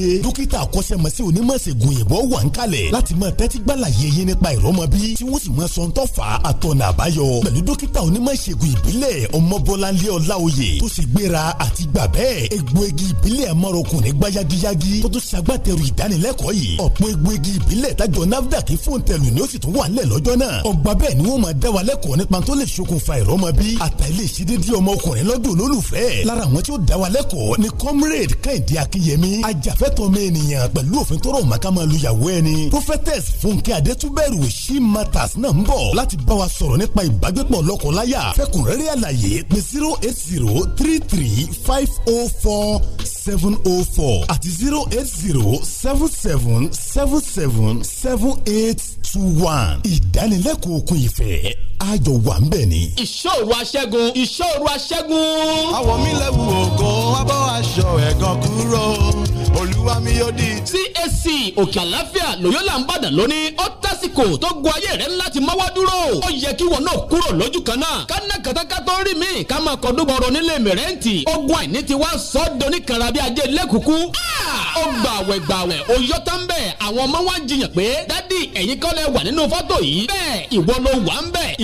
Speaker 2: wáyé dókítà akọ́ṣẹ́mọṣẹ́ onímọ̀ ṣègùn òyìnbó wà ń kalẹ̀ láti máa tẹ́tí gbàlàyé yín nípa ìrọmọbí tí wọ́n sì máa sọ ń tọ́fà àtọ̀nà àbáyọ pẹ̀lú dókítà onímọ̀ ṣègùn ìbílẹ̀ ọmọbọ́láńlé ọláoyè tó sì gbéra àti gbà bẹ́ẹ̀ egbòogi ìbílẹ̀ mọ́rọ̀kùn ní gbáyagíyágí tó tún ṣagbátẹrù ìdánilẹ́kọ̀ọ́ yìí ọ̀pọ̀ egbòogi ìbílẹ̀ tájọ nafdac fóńtẹ̀lù ni ó sì tún wà ńlẹ̀ lọ́jọ́ ni wọ́n wa lẹ́kọ̀ọ́ nípa tó lè ṣokùnfà ìrọmọbí àtàlẹ́ ìṣedédé ọmọkùnrin lọ́dún olólùfẹ́ lára àwọn tí ó dá wa lẹ́kọ̀ọ́ ni comrade kẹ́hìndé akínyẹmí lẹ́tọ̀ọ́ mi ènìyàn pẹ̀lú òfin tó rọ̀ màkà máa lu ìyàwó ẹni. prophetess fúnkẹ́ adétúbẹ̀rù she matters náà ń bọ̀ láti bá wa sọ̀rọ̀ nípa ìbágbépọ̀ lọ́kọláya fẹ́kùnrẹ́rẹ́ àlàyé pé zero eight zero three three five oh four seven oh four àti zero eight zero seven seven seven seven seven eight two one ìdánilẹ́kọ̀ọ́ òkun ìfẹ́ àjọ wà ń bẹ̀ ni. ìṣòro aṣẹ́gun ìṣòro aṣẹ́gun. àwọ̀ mi lẹ́wù ògùn wá bọ́ aṣọ ẹ̀gàn kúrò olúwa mi yóò di. CAC òkè àlàáfíà lòyọ́là ń bàdàn lónìí ó tásìkò tó gun ayé rẹ̀ ńlá ti mọ́wá dúró. ó yẹ kí wọn náà kúrò lójú kan náà. kánà kàtàkà tó rí mi ká máa kọdún bọ̀rọ̀ nílé mẹ̀rẹ́ǹtì. ogun àìní ti wá sọ doni kàrà bí ajé lẹ́kùkú. ó gbàwẹ̀ gbàwẹ̀ ó yọ tán bẹ́ẹ̀ àwọn ọmọ wa jiyàn pé dádì ẹ̀yin kọ́ wà nínú fọ́tò yìí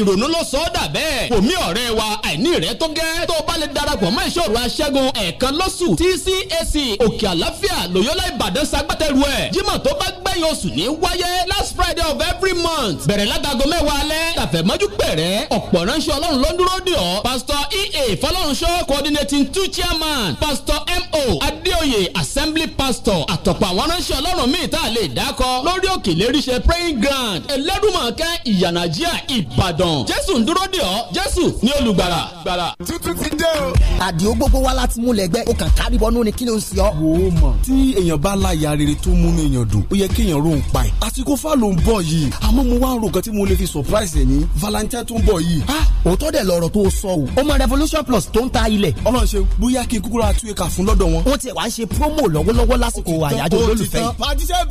Speaker 2: ìrònú ló sọ ọ́ dà bẹ́ẹ̀ wòmí ọ̀rẹ́ wa àìní rẹ̀ tó gẹ́ tó bá lè darapọ̀ mọ́ ìṣòro aṣẹ́gun ẹ̀ẹ̀kan lọ́sù tcac òkè àlàáfíà lòyọ́lá ìbàdàn sagbátẹ̀rù ẹ̀ jímọ̀ tó bá gbẹ̀yìn oṣù ní wáyé last friday of every month bẹ̀rẹ̀ látago mẹ́wàá alẹ́ tàfẹ̀mọ́jú pẹ̀rẹ́ ọ̀pọ̀ ránṣẹ́ ọlọ́run ló ń dúró dè ọ́ pastor ea fọlọ́runṣọ́ coordinating two chairman pastor mo adéoyè assembly pastor àtọ̀pọ̀ àwọn ránṣẹ́ ọlọ́run míì tá a lè dákọ lórí òkè léríṣẹ́ praying ground ẹlẹ́dùnmọ̀kẹ́ ìyànàjíà ìbàdàn àrùn. jésù ń dúró dè ọ́ jésù ni olùgbàlà. tuntun ti dé o. àdìo gbogbo wa láti múlẹ̀ ẹgbẹ́ o kàn kárí bọ́nú ni kí ló ń ṣe ọ́. wò ó mọ̀ tí èèyàn bá láya rere tó múnú èèyàn dùn ó yẹ kéèyàn rò ń pa ẹ̀. àsìkò fà ló ń bọ̀ yìí àmọ́ mo wá ń ro nǹkan tí mo lè fi surprise ẹ̀ ní valentine tó ń bọ̀ yìí. ah òótọ́ dẹ̀ lọ̀rọ̀ tó sọ o. ó mọ revolution plus tó ń ta ilẹ̀. ọlọ́run ṣe bóyá kí n kúkúrú àtúnyẹ kà promo lọ́wọ́lọ́wọ́ lásìkò
Speaker 4: àyájọ́
Speaker 1: olólùfẹ́ yìí.
Speaker 9: pàtíṣẹ́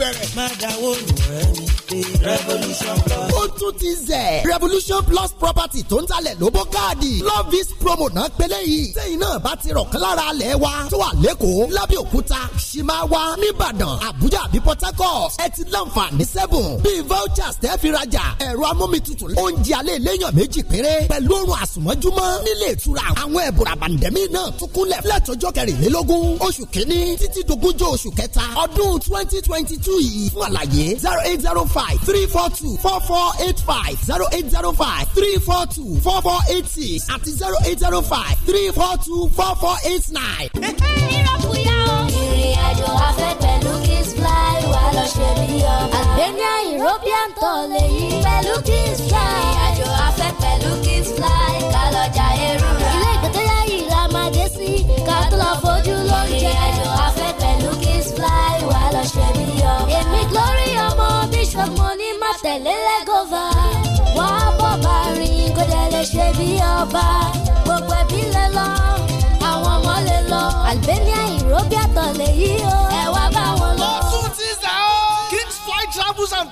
Speaker 9: revolution plus. ó tún revolution plus plus property tó ń talẹ̀ lóbó káàdì love is promo náà pélé yìí sẹ́yìn náà bá ti rọ̀kán lára alẹ̀ wa tó wà lẹ́kọ̀ọ́ lábẹ́òkúta ṣìmáwá nìbàdàn àbújá àbí port harcourt ẹ ti láǹfààní sẹ́bùn bíi vouchers tẹ́ fi rajà ẹ̀rọ amómitutù oúnjẹ alẹ́ lẹ́yìn méjì péré pẹ̀lú oorun àsùnmọ́júmọ́ nílé ìtura àwọn ẹ̀bùrà bàǹdẹ̀mí náà tún kúnlẹ̀ fúlẹ̀tọ́jọ́ kẹrìnlélógún oṣù kínní títí dogúnjọ́ oṣù kẹta zero eight zero five three four two four four eight five zero eight zero five three four two four four eight six àti zero eight zero five three four two four four eight nine.
Speaker 5: ìrìn àjò afẹ́ pẹ̀lú kiss fly wà lọ ṣe bí ọba. àgbẹ̀ni european tó lè yí pẹ̀lú kiss fly. ọba gbogbo ẹbí lè lọ àwọn ọmọ lè lọ Albania
Speaker 9: Europe yàtọ̀ lèyí o.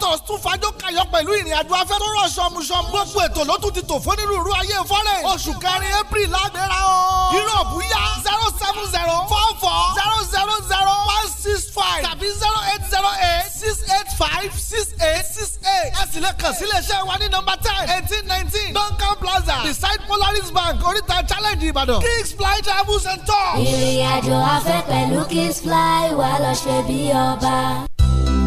Speaker 9: motors tún fàájò kayọ̀ pẹ̀lú ìrìn àjò afẹ́ tó ṣọmuṣọmu. gbogbo ètò ló tún ti tò fún onírúurú ayé fọ́lẹ̀. oṣù kẹrin april lágbèrè o. yúròpù yá zero seven zero four four zero zero zero one six five tàbí zero eight zero eight six eight five six eight six eight. ẹ sì lè kàn sí wa ní nọ́mbà ten eighteen nineteen duncan plaza beside polaris bank oríta challenge ìbàdàn kings fly travels and tours. ìrìn àjò afẹ́ pẹ̀lú
Speaker 5: kings fly wà lọ ṣe bí ọba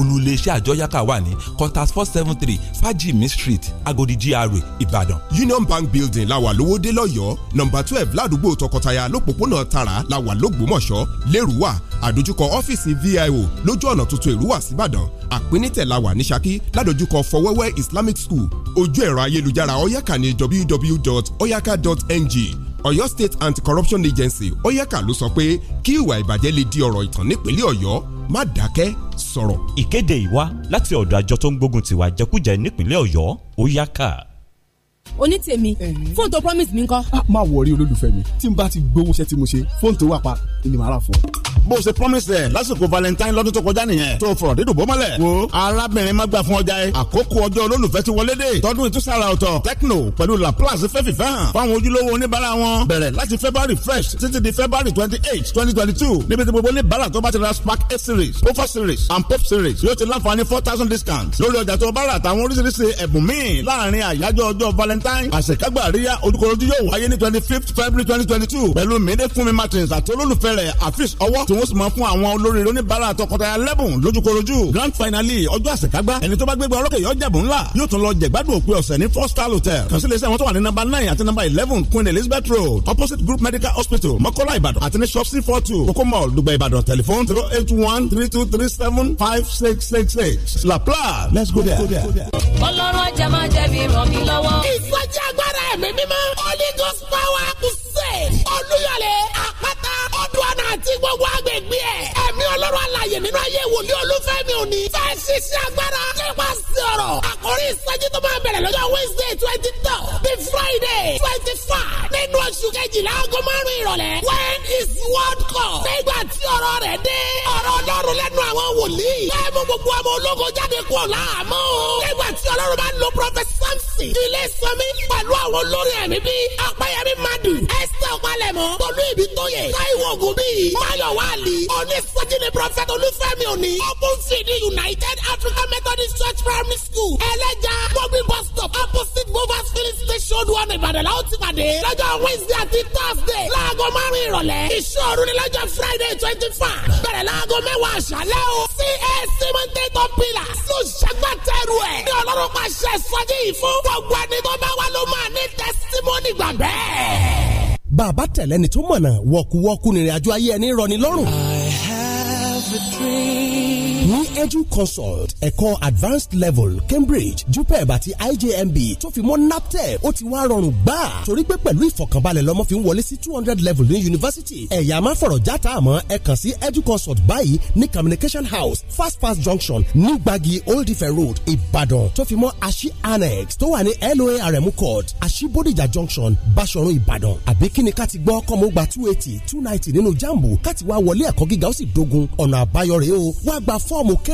Speaker 10: olùléṣẹ́ àjọyàká wà ní contact four seven three fajimi street agodi gra ìbàdàn. union bank building la wà lówódé lọ́yọ́ọ́ nọ́mbà twelve ládùúgbò tọkọtaya lọ́pọ̀pọ̀nà tara la wà lógbómọ̀ṣọ́
Speaker 2: lẹ́rùwà àdójúkọ ọ́fíìsì vio lójú ọ̀nà tuntun èrúwà síbàdàn àpínítẹ̀ la wà ní ṣakí ládójúkọ fọwẹ́wẹ́ islamic school ojú ẹ̀rọ ayélujára oyaka ní www.oyaka.ng Ọ̀yọ́ State Anti-Corruption Agency oyeka ló sọ pé kí ìwà ìbàjẹ́ lè di ọ̀rọ̀ ìtàn nípínlẹ̀ Ọ̀yọ́ má dákẹ́ sọ̀rọ̀. Ìkéde ìwá láti ọ̀dọ̀
Speaker 10: àjọ tó ń gbógun tiwa jẹkújẹ nípínlẹ̀ Ọ̀yọ́ oyeka
Speaker 2: onítèmi fóònù tó promise mi ńkọ́. Ah, má wọrí olólùfẹ́ mi tí n bá ti gbowó iṣẹ́ tí mo ṣe fóònù tó wà pa ni màá rà fún ọ. bó o ṣe promise ẹ lásìkò valentine lọ́dún tó kọjá nìyẹn tó fọ̀rọ̀ dídùn bó mọ́lẹ̀. wo arábìnrin má gbà fún ọjà ẹ àkókò ọjọ́ olólùfẹ́ ti wọlé dé tọdún ìtúsára ọ̀tọ̀ tecno pẹ̀lú laplace fẹ́ fìfẹ́ hàn fáwọn ojúlówó oníbàárà wọn bẹ̀rẹ̀ láti february fresh títí di february twenty eight twenty twenty two níbi tí gbogbo oníbàárà tó ti ra spark series pofa series and pop series yóò ti láǹfààní four thousand discount lórí ọjà tó bá rà àtàwọn oríṣiríṣi ẹ̀bùn míì láàárín àyájọ́ ọjọ́ valentine valentine àṣekágbà àríyá ojúkorojú yóò wáyé ní twenty fifth february twenty twenty two pẹ̀lú mèdè fúnmi martins àti olólùfẹ́ rẹ̀ afis ọwọ́ tí wọ́n sì mọ̀ fún àwọn olórí oníbàárà tọkọtaya lẹ́bùn lójúkorojú grand finale ọjọ́ àṣekágbà ẹni tó bá gbégbá ọlọ́kẹ́ yọ jẹ̀bù ńlá yóò tún lọ jẹ̀gbádùn òpin ọ̀sẹ̀ ní four star hotel kàn sí iléeṣẹ́ wọn tó wà ní number nine àti number eleven queen elizabeth road opposite group medical hospital mọ́kọ́lá ìbàdàn àti ní shop c four two kókó mall dùgbẹ̀ ìbàdàn telephone zero eight one three two three seven five six six six la
Speaker 1: let's go there. ọlọ́run ajá máa jẹ̀bi ràn mí lọ́wọ́ ìsọjí agbára ẹ̀mí mímọ́ holy ghost power crusade olúyọ̀lé àpò àti gbogbo agbègbè ẹ̀. ẹ̀mí ọlọ́run alàyè nínú ayé wòlíì olúfẹ́mi òní. fẹ́ ṣiṣẹ́ agbára. nípa sí ọ̀rọ̀. àkórí ìsọjí tó máa bẹ̀rẹ̀ lọ́jọ́ wednesday twenty two bí friday twenty five nínú oṣù kejìlá aago márùn-ún ìrọ̀lẹ́. when is world cup. nígbà tí ọ̀rọ̀ rẹ̀ dé. ọ̀rọ̀ ọlọ́run lẹ́nu àwọn wòlíì. bẹ́ẹ̀ mú gbogbo ọmọ ológun jáde kú ọ̀la àmọ́. nígbà tí ọlọ́run bá lo prophet samson. ilé sọmi pẹ̀lú àwọn olórin ẹ̀mí bíi ọ̀pẹ̀yẹmí madu. ẹ̀sítẹ̀ ọ̀pálẹ̀mọ́. tolú ìbí tó yẹ. táìwọ̀ ògùn bíi. Olúfẹ́mi. Máyọ̀ Wálì. Onísọjí ni Prọfẹ̀t Olúfẹ́mi òní. Open field United African Methodist Church Primary School. Ẹlẹ́ja Bọ́gbìn bus stop opposite Bovas filling station one Ìbàdàn la ó ti pàdé. Lọ́jọ́ Wednesday àti Thursday. Láago márùn-ún ìrọ̀lẹ́. Ìṣòro ni lọ́jọ́ Friday twenty five. Bẹ̀rẹ̀ láago mẹ́wàá àṣálẹ́ o. CAC Mọ́tẹ́tọ̀ Pílà ló ṣàgbàtẹ́rù ẹ̀. Ní ọlọ́run pàṣẹ sọjí ìfún gbogbo ẹni tó bá wà ló máa ní tẹ́sítímọ́nì gbàgbẹ́
Speaker 2: bàbá tẹ̀lẹ́ni tó mọ̀nà wọ̀kúwọ́kú nírìn ayé ẹni rọni lọ́rùn.
Speaker 1: I have a dream
Speaker 2: Edu Consult ẹ̀kọ́ advanced level Cambridge JUPEB àti IJMB tó fi mọ́ NAPTEP ó ti wá rọrùn gbà torí pé pẹ̀lú ìfọ̀kànbalẹ̀ lọ́mọ fi ń wọlé sí two hundred level ní yunifásitì ẹ̀yà máa fọ̀rọ̀ játa àmọ́ ẹ kàn sí Edu Consult báyìí ní Communication House Fast Fast Junction ní Gbági Old Ife Road Ìbàdàn tó fi mọ́ Aṣí Annex tó wà ní LOARM Court Aṣí Bódìjà Junction Báṣọ̀run Ìbàdàn àbí kíni ká ti gbọ́ kọ́mọ́ gba two eighty two ninety nínú jambu ká ti wá wọlé ẹ̀kọ́ gíga ó sì dógun ọ̀nà àbáyọ rèé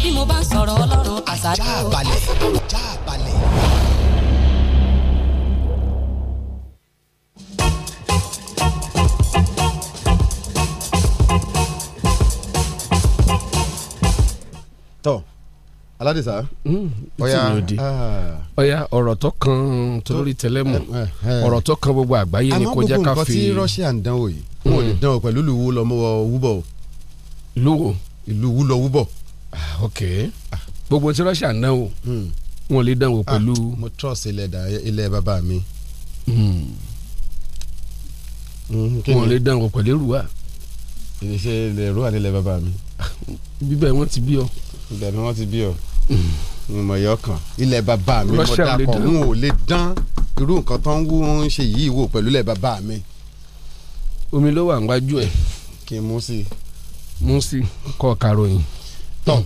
Speaker 9: bí mo bá ń sọ̀rọ̀ ọlọ́run àṣàjọ. já balẹ̀ já balẹ̀.
Speaker 6: tọ́ aládìsá. ọ̀ya hmm, ọ̀ya
Speaker 7: ah. ọ̀rọ̀ tó kan torí tẹlẹ́mù eh, eh, eh. ọ̀rọ̀ tó kan gbogbo àgbáyé ni kò jẹ́ ká fi. àmọ́ gbogbo nǹkan tí Russia ń
Speaker 6: dánwò yìí wọn ò lè hmm. dánwò pẹ̀lú ìlú wúlọ́mọ́wọ́ wúbọ̀ o. lúwo. ìlú wúlọ́ wúbọ̀. Ah, ok ah. gbogbo tí Russia ń dán o hmm. wọn lè dán o ah, pẹ̀lú. mo trust ilẹ̀ dà ilẹ̀ bàbá mi. Hmm. Hmm, wọn lè dán o pẹ̀lú èrúwà. ìṣe ilẹ̀ èrúwà ni ilẹ̀ bàbá mi. bíbẹ̀ wọ́n ti bí ọ. ibẹ̀ ni wọ́n ti bí ọ ìmọ̀ yọ kan ilẹ̀ bàbá mi mo dapọ̀ n ò lè dán irú nǹkan tó ń wú ń ṣe yìí wò pẹ̀lú ilẹ̀ bàbá mi. omi ló wà ń wájú ẹ̀. kí n mú sí i.
Speaker 7: mú sí i kọ́ ọ̀ka ròyìn tọ̀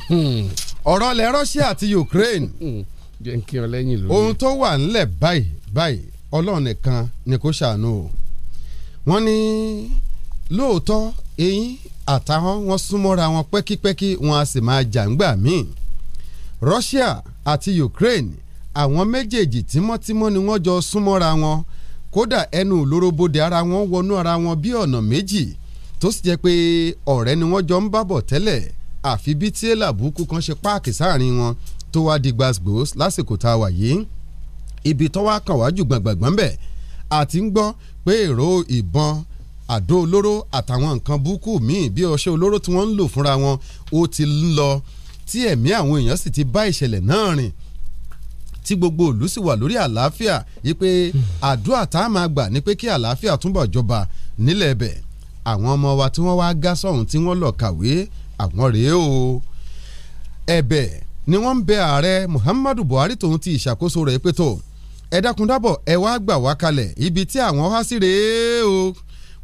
Speaker 6: ọ̀rọ̀ ilẹ̀ Russia àti Ukraine ohun tó wà ńlẹ̀ báyìí báyìí Ọlọ́run nìkan ni kò ṣàánú o wọ́n ní lóòótọ́ eyín àtàwọn wọn súnmọ́ra wọn pẹ́kípẹ́kí wọn a sì máa jà ńgbà míì Russia àti Ukraine àwọn méjèèjì tímọ́tímọ́ ni wọ́n jọ súnmọ́ra wọn kódà ẹnu olórobodè ara wọn wọnú ara wọn bí ọ̀nà méjì tó sì jẹ́ pé ọ̀rẹ́ ni wọ́n jọ ń bábọ̀ tẹ́lẹ̀ àfi bí tí èlàbùkù kan ṣe páàkì sáàrin wọn tó wá di gbàsgbòs lásìkò tá a wà yìí ibi tó wá kàn wájú gbọ̀ngbọ̀ngbọ̀n bẹ̀ àti ń gbọ́ pé èrò ìbọn àdó olóró àtàwọn nǹkan búkú míì bí ọṣẹ olóró tí wọ́n ń lò fúnra wọn ó ti ń lọ tí ẹ̀mí àwọn èèyàn sì ti bá ìṣẹ̀lẹ̀ náà rìn tí gbogbo ìlú sì wà lórí àlàáfíà yìí pé àdúrà tá a máa gbà ni pé kí àlàáfíà túbọ̀ jọba nílẹ̀ bẹ̀ àwọn ọmọ wa tí wọ́n wá gá sọ̀hún tí wọ́n lọ kàwé àwọn rèé o ẹ̀bẹ̀ ni wọ́n ń bẹ ààrẹ Muhammadu Buhari tòun ti ìṣàkóso rẹ̀ pé tó ẹ dákun dábọ̀ ẹ wá gbà wá kalẹ̀ ibi tí àwọn há sí rèé o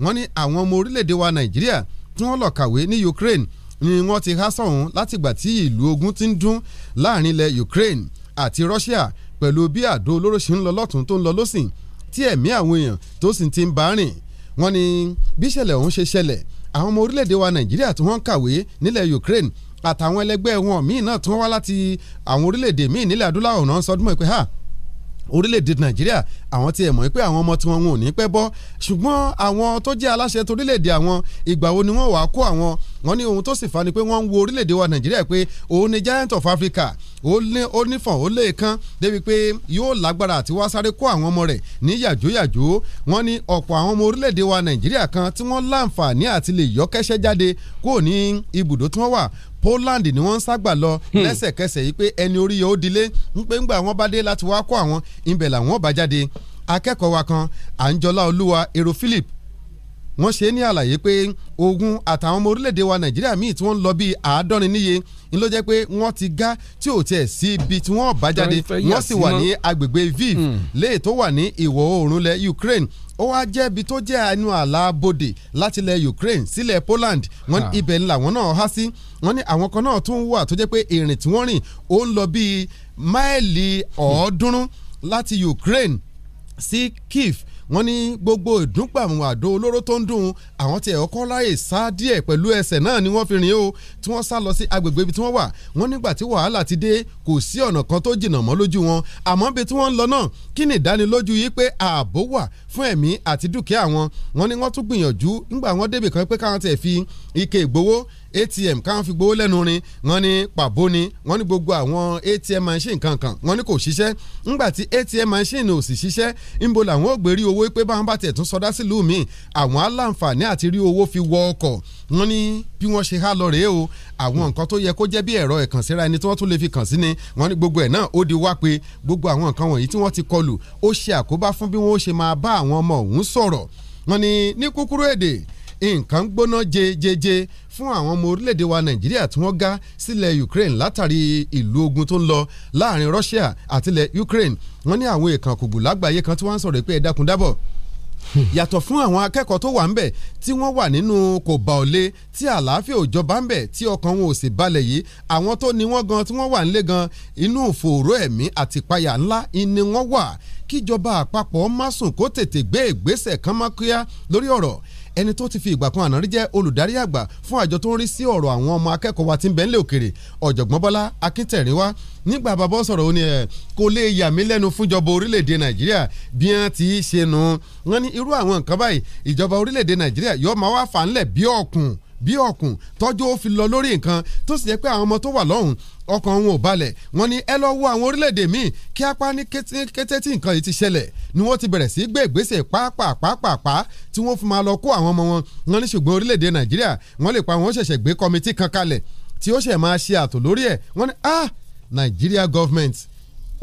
Speaker 6: wọ́n ní àwọn ọmọ orílẹ̀-èdè wa Nàìjíríà tí wọ́n lọ kàwé ní Ukraine ni wọ́n ti há sọ̀hún látìgbà tí ìlú ogun ti ń dún láàrin ilẹ̀ Ukraine àti Russia pẹ̀lú bí àdó olóró ṣe ń lọ lọ́tún tó ń lọ lọ́sìn tí ẹ̀mí àwọn èèyàn tó sì ti ń bá rìn wọ́n ní bí ìṣẹ̀lẹ̀ ọ̀hún ṣe ṣẹlẹ̀ àwọn ọmọ orílẹ̀-èdè wa nàìjíríà tí wọ́n ń kàwé nílẹ̀ ukraine àtàwọn ẹlẹgbẹ́ wọn míì náà tí wọ́n wá láti àwọn orílẹ̀-èdè míì nílẹ̀ adúláwọ̀ náà sọdún ẹ pé ha orílẹ̀-èdè nàìjíríà àwọn tí ẹ mọ̀ pé àwọn ọmọ tí wọn ò ní pẹ́ bọ́ ṣùgbọ́n àwọn tó jẹ́ aláṣẹ torílẹ̀-èdè àwọn ìgbà wo ni wọ́n wàá kó àwọn wọn ní ohun tó sì fa ni pé wọ́n ń wo orílẹ̀-èdè wa nàìjíríà pé òun ni giant of africa ó nífọ̀n ó léèkán débi pé yóò lágbára àti wá sáré kó àwọn ọmọ rẹ̀ ní yàjóyàjó wọn ní ọ̀pọ̀ àwọn ọmọ orílẹ̀-èdè wa nàìjíríà kan tí wọ́n láǹfààní àti lè yọkẹ́ṣẹ́ jáde kó ní ibùdó tí wọ́n wà Poland ni wọ́n ń ságbà lọ hmm. lẹ́sẹ̀kẹsẹ̀ yìí pé ẹni orí yóò dilé ń pé ńgbà wọ́n bá dé láti wá kó àwọn ibẹ̀ làwọn bá jáde akẹ́kọ̀ọ́ wa kan Àǹjọlá Olúwa èrò Philip wọ́n ṣe ní àlàyé pé ogun àtàwọn ọmọ orílẹ̀-èdè wa nàìjíríà míì tí wọ́n ń lọ bíi àádọ́rin níye ń ló jẹ́ pé wọ́n ti gá tí ò tiẹ̀ sí ibi tí wọ́n bá jáde wọ́n sì wà ní agbègbè Lviv hmm. léè tó wà ní ìwọ̀ oòrùn lẹ̀ Ukraine ó wá jẹ́ ibi tó jẹ́ ẹnu ààlà bodè láti ilẹ̀ Ukraine sílẹ̀ Poland wọ́n ní ah. ibẹ̀ ni làwọn náà há sí wọ́n ní àwọn kan náà tún wà tó jẹ́ pé ìrìn tí wọ́n rìn ó ń lọ bíi máìlì ọ̀ọ́dúnrún láti Ukraine sí Kiev wọ́n ní gbogbo ìdúnpàmù àdó olóró tó ń dùn àwọn tí ẹ̀họ́ kọ́ láyè sá díẹ̀ pẹ̀lú ẹsẹ̀ náà ni wọ́n fi rìn o tí wọ́n sá lọ sí agbègbè ibi tí wọ́n wà wọ́n nígbà tí wàhálà ti dé kò sí ọ̀nà kan tó jìnnà mọ́ lójú wọn àmọ́ ibi tí wọ́n ń lọ náà kí ni ìdánilójú yìí pé ààbò wà fún ẹ̀mí àti dúkìá wọn wọ́n ní wọ́n tún gbìyànjú nígbà wọ́n débì kan pé káwọn tẹ̀ fi ike ìgbowó atm káwọn fi gbowó lẹ́nu rin wọ́n ní pàbó ni wọ́n ní gbogbo àwọn atm machine kankan wọ́n ní kò ṣiṣẹ́ ńgbà tí atm machine ò sì ṣiṣẹ́ ńbo làwọn ò gbèrí owó pé báwọn bá tẹ̀ tún sọdá sílùú mi àwọn aláǹfààní àti rí owó fi wọ ọkọ̀ wọ́n ní bí wọ́n ṣe há lọ rèé o àwọn nǹkan tó yẹ kó jẹ́ bí ẹ̀rọ ìkànsíra ẹni tí wọ́n tún lè fi kàn sí ni wọ́n ní gbogbo ẹ̀ náà ó di wá pé gbogbo àwọn nǹkan wọ̀nyí tí wọ́n ti kọlù ó ṣe àkóbá fún bí wọ́n ó ṣe máa bá àwọn ọmọ òun sọ̀rọ̀ wọ́n ní ní kúkúrú èdè nǹkan gbóná jejeje fún àwọn ọmọ orílẹ̀-èdè wa nàìjíríà tí wọ́n gá sílẹ̀ ukraine látàrí ìlú ogun tó ń lọ láàrin russia àtilẹ̀ ukraine wọ́n ní àwọn èèkàn kògbò lágbàáyé kan tí wọ́n ń sọ̀rọ̀ pé ẹ dákun dábọ̀ yàtọ̀ fún àwọn akẹ́kọ̀ọ́ tó wà ń bẹ̀ tí wọ́n wà nínú kò bá òlé tí àlàáfíà ò jọba ń bẹ̀ tí ọkàn wọn ò sì balẹ̀ yìí àwọn tó ní wọ́n gan tí wọ́n wà ń lé gan inú òfòòró ẹ̀mí àti ìpayà ńlá ni wọ́n wà kíjọba àpapọ̀ má sùn kó tètè gbé ìgbésẹ̀ kan má kíá lórí ọ̀rọ̀ ẹni tó ti fi ìgbà kan àná rí jẹ́ olùdarí àgbà fún àjọ tó ń rí sí ọ̀rọ̀ àwọn ọmọ akẹ́kọ̀ọ́ wa ti ń bẹ nílẹ̀ òkèrè ọ̀jọ̀gbọ́n Bọ́lá Akíntẹ̀rínwá nígbà bàbá sọ̀rọ̀ ó ní ẹ̀ kò lè yà mí lẹ́nu fúnjọba orílẹ̀-èdè Nàìjíríà bí wọ́n ti ṣe nu wọ́n ní irú àwọn nǹkan báyìí ìjọba orílẹ̀-èdè Nàìjíríà yóò máa wá fà ńlẹ̀ bí ọ̀kùn bí ọ̀kùn tọ́jú ó fi lọ lórí nǹkan tó sì jẹ́ pé àwọn ọmọ tó wà lọ́hùn ọkàn wọn ò balẹ̀ wọ́n ní ẹ lọ wo àwọn orílẹ̀-èdè míì kí apá ní kété tí nǹkan yìí ti ṣẹlẹ̀ ni wọ́n ti bẹ̀rẹ̀ sí gbé ìgbésẹ̀ pàápàá tí wọ́n fi máa lọ kó àwọn ọmọ wọn wọn ní ṣùgbọ́n orílẹ̀-èdè Nàìjíríà wọ́n lè pa wọn ṣẹ̀ṣẹ̀ gbé kọ́mítì kan kalẹ̀ tí ó ṣẹ̀ máa ṣe àtò lórí ẹ̀ wọ́n ní ah Nigeria government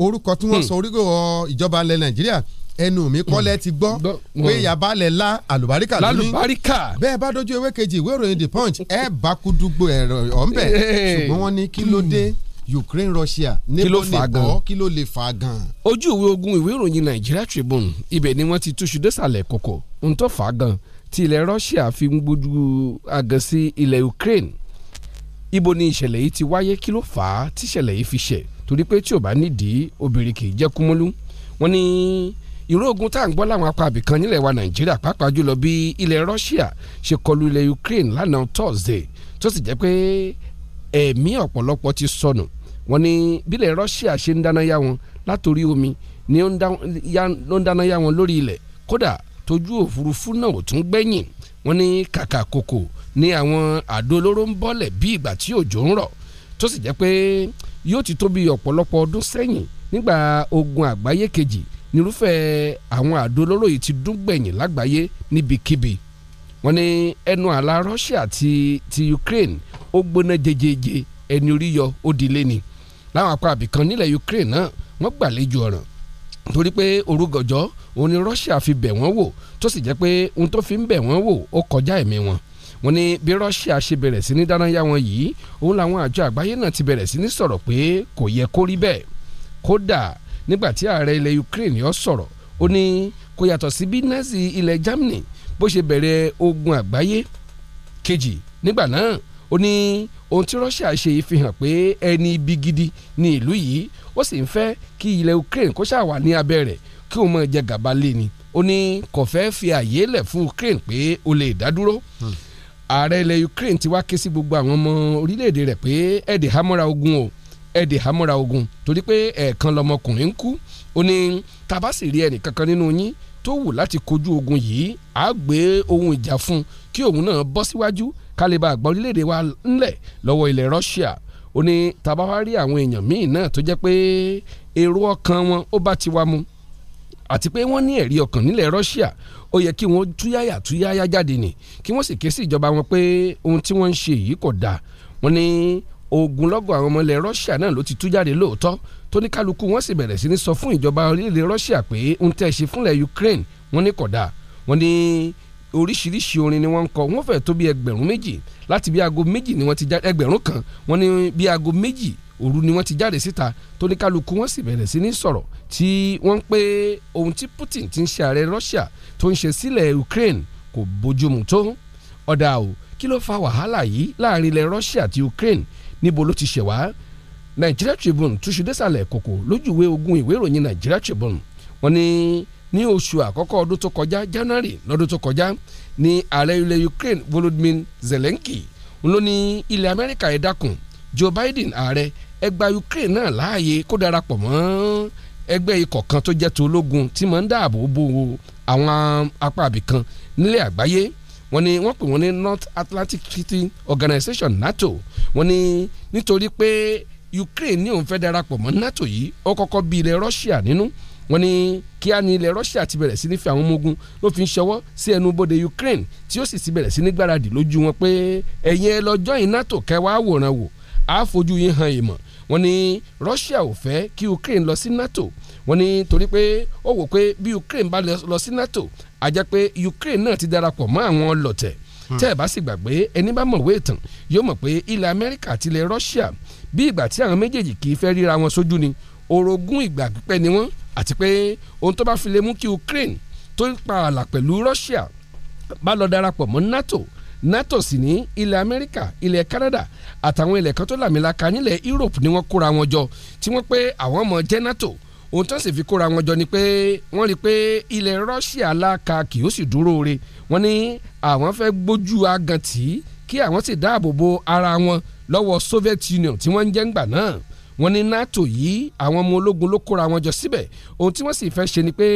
Speaker 6: orúkọ tí wọ́n hmm. sọ oríkọ̀ ìjọba alẹ́ Nàìjíríà ẹnu mi kọ́lẹ́ mm. ti gbọ́ pé ìyàbálẹ̀ la àlùbáríkà lónìí bẹ́ẹ̀ bá dojú ewé kejì ìwé ìròyìn the punch ẹ bá kú dúgbò ẹ̀rọ ọ̀nbẹ ṣùgbọ́n wọ́n ní kí ló dé hmm. Ukraine Russia níbo nìkọ́ kí ló lè fa gan.
Speaker 7: ojú ìwé ogun ìwé ìròyìn Nigeria Tribune ibẹ̀ ni wọ́n ti túṣu désàlẹ̀ kòkò ń tó fa gan tí ilẹ̀ Russia fi ń gbójú agan sí ilẹ̀ Ukraine ibo ni ìṣẹ̀lẹ̀ yìí ti wáyé kí ló fà á tíṣẹ̀lẹ̀ yìí fi ṣẹ̀ torí pé tí ò bá nídìí obìnrin kì í jẹ́ kúmọ́lú wọ́n ní irú ogun tá à ń gbọ́ láwọn apá abìkan nílẹ̀ wa nàìjíríà pàápàá jùlọ bí ilẹ̀ russia ṣe kọlu ilẹ̀ ukraine lánàá thursday tó sì jẹ́ pé ẹ̀mí ọ̀pọ̀lọpọ̀ ti sọnù wọn ni bílẹ̀ russia ṣe ń dáná yá wọn látòrí omi ni ó ń dáná yá wọn lórí ilẹ̀ kódà tójú òfurufú náà ò tún gbẹ́yìn wọn ni kàkà kòkò ni àwọn àdó olóró ń bọ́lẹ̀ bí ìgbà tí òjò ń rọ̀ tó sì jẹ́ pé yóò ti tó ọ̀pọ̀lọpọ̀ ọdún sẹ́yìn nígbà ogun àgbáyé kejì nírúfẹ́ àwọn àdó olóró yìí ti dún gbẹ̀yìn lágbàáyé níbikíbi wọ́n ní ẹnu àlà Russia ti ti Ukraine ó gbóná jejeje ẹni orí yọ ó di lé ni láwọn apá àbìkan nílẹ̀ Ukraine náà wọ́n gbàlejò ọ̀ràn torí pé òru gànjọ́ òun ni Russia fi bẹ̀ wọ́n wò tó sì jẹ́ pé ohun tó fi ń bẹ̀ wọ́n wò ó kọjá ẹ̀mí wọn wọ́n ní bí Russia ṣe bẹ̀rẹ̀ sí ní dárayá wọn yìí òun làwọn àjọ àgbáyé náà ti bẹ̀rẹ̀ sí ní sọ̀rọ̀ pé kò yẹ kó rí bẹ́ẹ̀ kódà nígbà ààrẹ ilẹ̀ Ukraine yọ sọ̀rọ̀ ó ní kò yàtọ̀ sí bí Nazi ilẹ̀ Germany bó ṣe bẹ̀rẹ̀ ogun àgbáyé kejì nígbà náà ó ní ohun tí Russia ṣe fi hàn pé ẹni ibi gidi ní ìlú yìí ó sì ń fẹ́ kí ilẹ̀ Ukraine kó ṣàwà ní abẹ́ rẹ̀ kí òun máa jẹ gàba lé ni ó ní kò fẹ́ fi àyè lẹ̀ fún Ukraine pé ó lè dá hmm. ààrẹ ilẹ̀ Ukraine ti wá ké sí gbogbo àwọn ọmọ orílẹ̀-èdè rẹ̀ pé ẹ̀dẹ̀ hámọ́ra ogun o ẹ̀dẹ̀ hamúra ogun torí pé ẹ̀ẹ̀kan lọmọkùnrin ń kú ó ní tàbá sì rí ẹnì kankan nínú yín tó wù láti kojú ogun yìí á gbé ohun ìjà fún un kí òun náà bọ́ síwájú kálíbà àgbà orílẹ̀-èdè wa ńlẹ̀ lọ́wọ́ ilẹ̀ Russia ó ní tàbá wá rí àwọn èèyàn míì náà tó jẹ́ pé èrò ọkàn wọn ó bá tiwa mu àti pé wọ́n ní ẹ̀rí ọkàn nílẹ̀ Russia ó yẹ kí wọ́n túyáyà túyáyà jáde nì kí wọ́n sì ké sí ìjọba wọn pé ohun tí wọ́n ń ṣe yìí kò dáa wọ́n ní ogunlọ́gọ̀ àwọn ọmọ ilẹ̀ Russia náà ló ti tú jáde lóòótọ́ tó ní kálukú wọ́n sì bẹ̀rẹ̀ sí ní sọ fún ìjọba orílẹ̀-èdè Russia pé ń tẹ́ ṣe fúnlẹ̀ Ukraine wọ́n ní kódà wọ́n ní oríṣiríṣi orin ni wọ́n ń kọ wọ́n fẹ́ẹ́ tó bí ẹgbẹ̀rún méjì láti bí aago méjì ni wọ́n ti jáde ẹgbẹ̀rún kan wọ́n ní bí aago méjì òru ni wọ́n ti jáde síta tó ní kálukú wọ́n sì bẹ̀rẹ̀ sí ní sọ̀rọ̀ tí wọ́n pé ohun tí Putin ti ń ṣe ààrẹ Russia tó ń ṣe sílẹ̀ Ukraine kò bójúmu tó ọ̀dà o kí ló fa wàhálà yìí láàrin ilẹ̀ Russia àti Ukraine níbo ló ti ṣẹ̀ wá Nigeria Tribune túṣu désàlẹ̀ kòkò lójúwé ogún ìwé ìròyìn Nigeria Tribune wọ́n ní ní oṣù àkọ́kọ́ ọdún tó kọjá January lọ́dún tó kọjá ní ààrẹ ilẹ̀ Ukraine Volodymyr Zelensky ló ní ilẹ̀ Amẹ́ríkà ẹ̀ dákun Joe Biden ààrẹ ẹ gba Ukraine náà láàyè kó darapọ̀ mọ́ ẹgbẹ́ ikọ̀ kan tó jẹ́ tológun tí máa ń dáàbò bo àwọn apá àbìkan nílẹ̀ àgbáyé wọ́n ní wọ́n pè wọ́n ní North Atlantic Treaty Organization NATO wọ́n ní nítorí pé Ukraine ní òun fẹ́ darapọ̀ mọ́ NATO yìí ó kọ́kọ́ bí ilẹ̀ Russia nínú wọ́n ní kíá ni ilẹ̀ Russia ti bẹ̀rẹ̀ sí ní fi àwọn ọmọ ogun ló fi ń ṣọwọ́ sí ẹnu bodè Ukraine tí ó sì ti bẹ̀rẹ̀ sí ní gbáradì lójú wọn pé ẹ̀yin ẹ lọ join NATO kẹwàá wòran wò á fojú yín hàn ìmọ̀ wọ́n ní Russia ò fẹ́ kí Ukraine lọ sí NATO wọ́n ní torí pé ó wò pé bí Ukraine bá lọ sí NATO a pé Ukraine náà ti darapọ̀ mọ́ àwọn ọlọ̀tẹ̀ hmm. tẹ́ ẹ̀ bá sì gbàgbé ẹni bá mọ̀wé ìtàn yóò mọ̀ pé ilẹ̀ Amẹ́ríkà àti ilẹ̀ Russia bí ìgbà tí àwọn méjèèjì kì í fẹ́ ríra wọn sójú ni orogún ìgbà pípẹ́ ni wọ́n àti pé ohun tó bá fi lè mú kí Ukraine tó ń pa ààlà pẹ̀lú Russia bá lọ darapọ̀ mọ́ NATO NATO sì ní ilẹ̀ Amẹ́ríkà ilẹ̀ Canada àtàwọn ilẹ̀ kan tó làmìlaka nílẹ̀ Europe ni wọ́n kóra wọn jọ tí wọ́n pé àwọn ọmọ jẹ́ NATO ohun tó sì fi kóra wọn jọ ni pé wọ́n rí i pé ilẹ̀ Russia láka kì ó sì dúró re wọ́n ní àwọn fẹ́ gbójú agantí kí àwọn sì dáàbò bo ara wọn lọ́wọ́ Soviet Union tí wọ́n ń jẹ́ ńgbà náà wọ́n ní NATO yìí àwọn ọmọ ológun ló kóra wọn jọ síbẹ̀ ohun tí wọ́n sì fẹ́ ṣe ni pé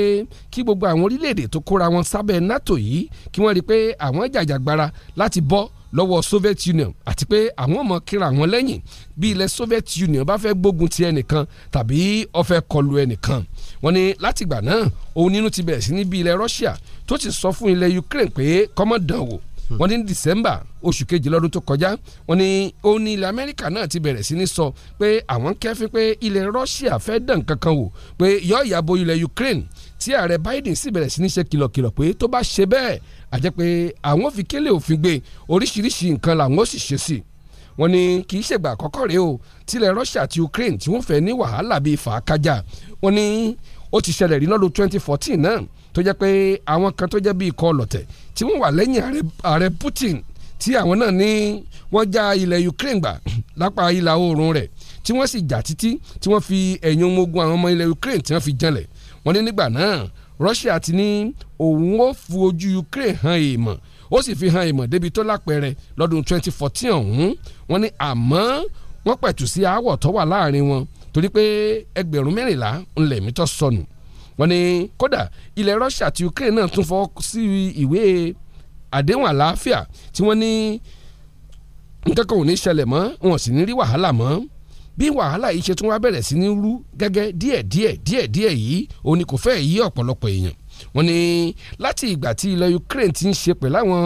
Speaker 7: kí gbogbo àwọn orílẹ̀-èdè tó kóra wọn sábẹ́ NATO yìí kí wọ́n rí i pé àwọn jàjàgbara láti bọ́ lọ́wọ́ Soviet Union àti pé àwọn ọmọ kíra wọn lẹ́yìn bí ilẹ̀ Soviet Union bá fẹ́ gbógun ti ẹnìkan tàbí ó fẹ́ kọlù ẹnìkan wọ́n ní látìgbà náà òun nínú ti bẹ̀rẹ̀ sí ní bí ilẹ̀ Russia tó ti sọ fún ilẹ̀ Ukraine pé kọ́mọ̀dàn wò hmm. wọ́n ní December oṣù kejì lọ́dún tó kọjá wọ́n ní ó ní ilẹ̀ Amẹ́ríkà náà ti bẹ̀rẹ̀ sí ní sọ pé àwọn kẹ́fín pé ilẹ̀ Russia fẹ́ dàn kankan wò pé yọ ìyàbọ̀ ilẹ̀ Ukraine tí ààrẹ Biden sì bẹ̀rẹ̀ sí ní ṣe kìlọ̀kìlọ̀ pé tó bá ṣe bẹ́ẹ̀ àjẹ́ pé àwọn fi kélé òfin gbé oríṣiríṣi nǹkan làwọn ó sì ṣe sí wọ́n ní kì í ṣègbà àkọ́kọ́ rèé o tilẹ̀ Russia àti Ukraine tí wọ́n fẹ́ ní wàhálà bíi fàákájà wọ́n ní ó ti ṣẹlẹ̀ rí lọ́dún 2014 náà tó jẹ́ pé àwọn kan tó jẹ́ bíi ikọ̀ ọlọ̀tẹ̀ tí wọ́n wà lẹ́yìn ààrẹ Putin tí àwọn náà ní wọ́n já ilẹ̀ Ukraine gbà lápá ìlà oòrùn rẹ̀ tí wọ́n sì jà títí tí wọ́n fi ẹ̀yìn ọmọ ogun àwọn ọmọ ilẹ̀ Ukraine tí wọ́n fi janlẹ̀ wọ́n ní nígbà náà Russia ti ní òun ó fi ojú Ukraine hàn èèmọ̀ ó sì fi hàn èèmọ̀ débi tó lápẹẹrẹ lọ́dún 2014 ọ̀hún wọ́n ní àmọ́ wọ́n pẹ̀tù sí aáwọ̀ tó wà láàrin wọn torí pé ẹgbẹ̀rún mẹ́rìnlá ńlẹ̀ mi tó sọnù wọ́n ní kódà ilẹ̀ Russia àti Ukraine náà tún fọ́ sí ìwé àdéhùn àlàáfíà tí wọ́n ní nǹkan kan ò ní ṣẹlẹ̀ mọ́ wọn sì ní rí wàhálà mọ́ bí wàhálà yìí ṣe tún wá bẹ̀rẹ̀ sí ní rú gẹ́gẹ́ díẹ̀ díẹ̀ díẹ̀ díẹ̀ yìí òun ni kò fẹ́ yí ọ̀pọ̀lọpọ̀ èèyàn wọ́n ní láti ìgbà tí ilẹ̀ Ukraine ti ń ṣe pẹ̀lú àwọn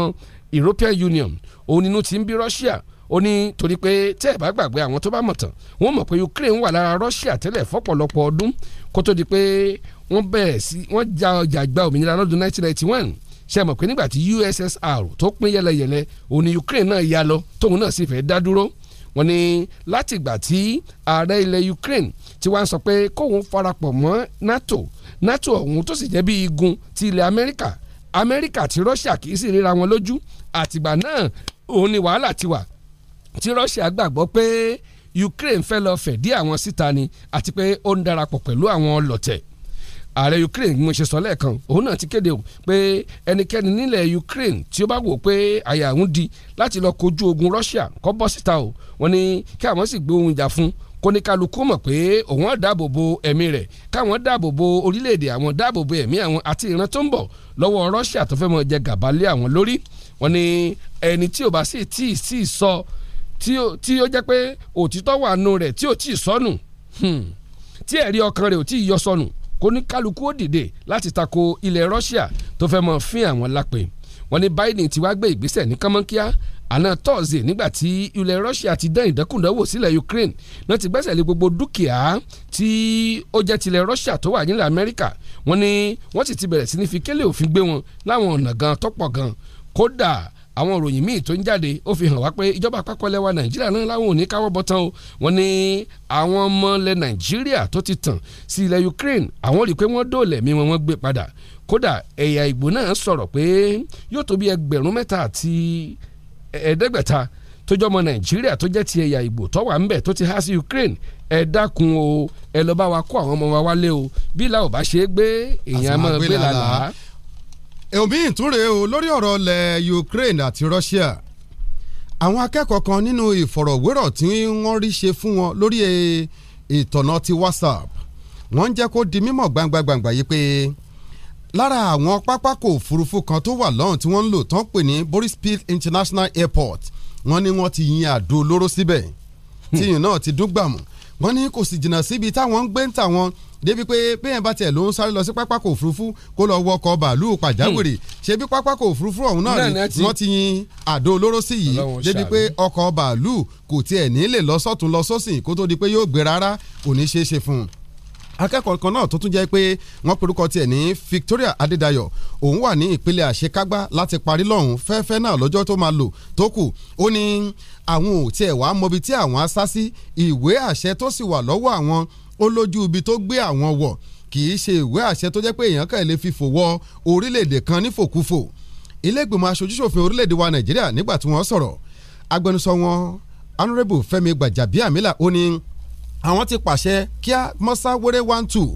Speaker 7: European Union òun nínú ti ń bí Russia ó ní torí pé tẹ́ ẹ̀ bá gbàgbé àwọn tó bá mọ̀ tán wọ́n mọ̀ pé Ukraine wà lára Russia tẹ́lẹ̀ fọ́pọ̀lọpọ̀ ọdún kó tó di pé wọ́n bẹ̀rẹ̀ sí wọ́n ja ọjà gba òmìnira lọ́dún 1991 ṣe mọ̀ pé nígbà tí USSR tó pín yẹlẹyẹlẹ òun ni Ukraine náà ya lọ tóun náà sì fẹ́ dá dúró wọ́n ní látìgbà tí ààrẹ ilẹ̀ Ukraine ti wá ń sọ pé kóun farapọ̀ mọ́ NATO NATO ọ̀hún tó sì jẹ́ bí igun ti ilẹ̀ Amẹ́ríkà Amẹ́ríkà àti Russia kì í sì ríra wọn lójú àtìgbà náà òun ni wàhálà ti wà tí Russia gbàgbọ́ pé Ukraine fẹ́ lọ fẹ̀dí àwọn síta ni àti pé ó ń darapọ̀ pẹ̀lú àwọn ọlọ̀tẹ̀ ààrẹ Ukraine mo ṣe sọ lẹ́ẹ̀kan òun náà ti kéde o pé ẹnikẹ́ni nílẹ̀ Ukraine tí ó bá wò pé àyà àwọn di láti lọ kojú ogun Russia kó bọ́ síta o wọ́n ní kí àwọn sì gbé ohun ìjà fún kóníkálukú mọ̀ pé òun á dáàbò bo ẹ̀mí rẹ̀ káwọn dáàbò bo orílẹ̀-èdè àwọn dáàbò bo ẹ̀mí àwọn àti ìran tó ń bọ̀ lọ́wọ́ Russia tó fẹ́ mọ jẹ gàba lé àwọn lórí wọ́n ní ẹni tí ò bá sì tí ì sí sọ tí ó jẹ́ pé òtítọ́ wà nù rẹ̀ tí ò tí ì sọnù hmm. tí ẹ̀rí ọkàn rẹ̀ ò tí ì yọ sọnù kó ní kálukú ó dìde láti tako ilẹ̀ Russia tó fẹ́ mọ fín àwọn lápè wọ́n ní Biden ti wá gbé ìgbésẹ̀ ní kánmọ́kíá àná tọ́sídẹ̀ẹ́ nígbà tí ilẹ̀ Russia ti dán ìdánkùndánwò sílẹ̀ Ukraine náà ti gbẹ́sẹ̀ lé gbogbo dúkìá tí ó jẹ́ tilẹ̀ Russia tó wà nílẹ̀ Amẹ́ríkà wọ́n ní wọ́n sì ti bẹ̀rẹ̀ sí ní fi kélé òfin gbé wọn láwọn ọ̀nà gan tọ́pọ̀ gan kódà àwọn òròyìn míì tó ń jáde ó fi hàn wá pé ìjọba àpapọ̀ lẹ́wà nàìjíríà náà láwọn ò ní káwọ́ bọ́ tán o wọ́n ní àwọn ọmọ ilẹ̀ nàìjíríà tó ti tàn sí ilẹ̀ Ukraine àwọn rí i pé wọ́n dóòlẹ̀ mí wọn wọ́n gbé padà kódà ẹ̀yà ìgbò náà sọ̀rọ̀ pé yóò tó bí ẹgbẹ̀rún mẹ́ta àti ẹ̀ẹ́dẹ́gbẹ̀ta tó jọmọ nàìjíríà tó jẹ́ ti ẹ̀yà ìgbò tó wà ńbẹ̀ tó ti há sí Ukraine ẹ dákun o ẹ lọ bá wa kó àwọn ọmọ wa wálé o bí làwọn bá ṣe é gbé èèyàn máa gbé làlá èmi ìtúre o lórí ọ̀rọ̀ ilẹ̀
Speaker 6: Ukraine àti Russia àwọn akẹ́kọ̀ọ́ kan nínú ìfọ̀rọ̀wérọ̀ tí wọ́n rí ṣe fún wọn lórí e, ìtọ̀nà ti WhatsApp wọ́n ń jẹ́ kó di mímọ̀ gbangba gbangba yìí pé lára àwọn pápákọ̀ òfurufú kan tó wà lọ́hùn tí wọ́n ń lò tán pè ní Boris Pills International Airport wọ́n ní wọ́n ti yin àdó olóró síbẹ̀ tíyìn náà ti dún wọ́n ní kò sì jìnnà síbi táwọn ń gbé ń tàwọn débi pé bẹ́ẹ̀ bá tiẹ̀ ló ń sáré lọ sí pápákọ̀ òfurufú kó lọ wọkọ̀ bàálù pàjáwìrì hmm. ṣebí pápákọ̀ òfurufú ọ̀hún náà ni wọ́n ti yin àdó olóró sí yìí débi pé ọkọ̀ bàálù kò tiẹ̀ ní lè lọ lọ sósìn kó tó di pé yóò gbé rárá kò ní ṣeé ṣe fún un akẹ́kọ̀ọ́ kan náà tó tún jẹ́ pé wọ́n porúkọ tiẹ̀ ní Victoria Adédayọ̀ òun wà ní ìpele àṣekágbá láti parí lọ́hùn fẹ́ẹ́fẹ́ náà lọ́jọ́ tó máa lò tó kù ó ní àwọn ò tiẹ̀ wá mọbi tí àwọn á sá sí ìwé àṣẹ tó sì wà lọ́wọ́ àwọn ó lójú ibi tó gbé àwọn wọ̀ kì í ṣe ìwé àṣẹ tó jẹ́ pé èèyàn kàn lè fi fòwọ́ orílẹ̀-èdè kan nífòkúfò ilé ìgbìmọ̀ aṣojúṣòfin orílẹ̀-èdè wa Nàìjíríà nígbà tí wọ́n sọ̀rọ̀ agbẹnusọ wọn honourable Fẹ́mi Gbàjàbíàmílà ó ní àwọn ti pàṣẹ kí a mọ́sá wéré one two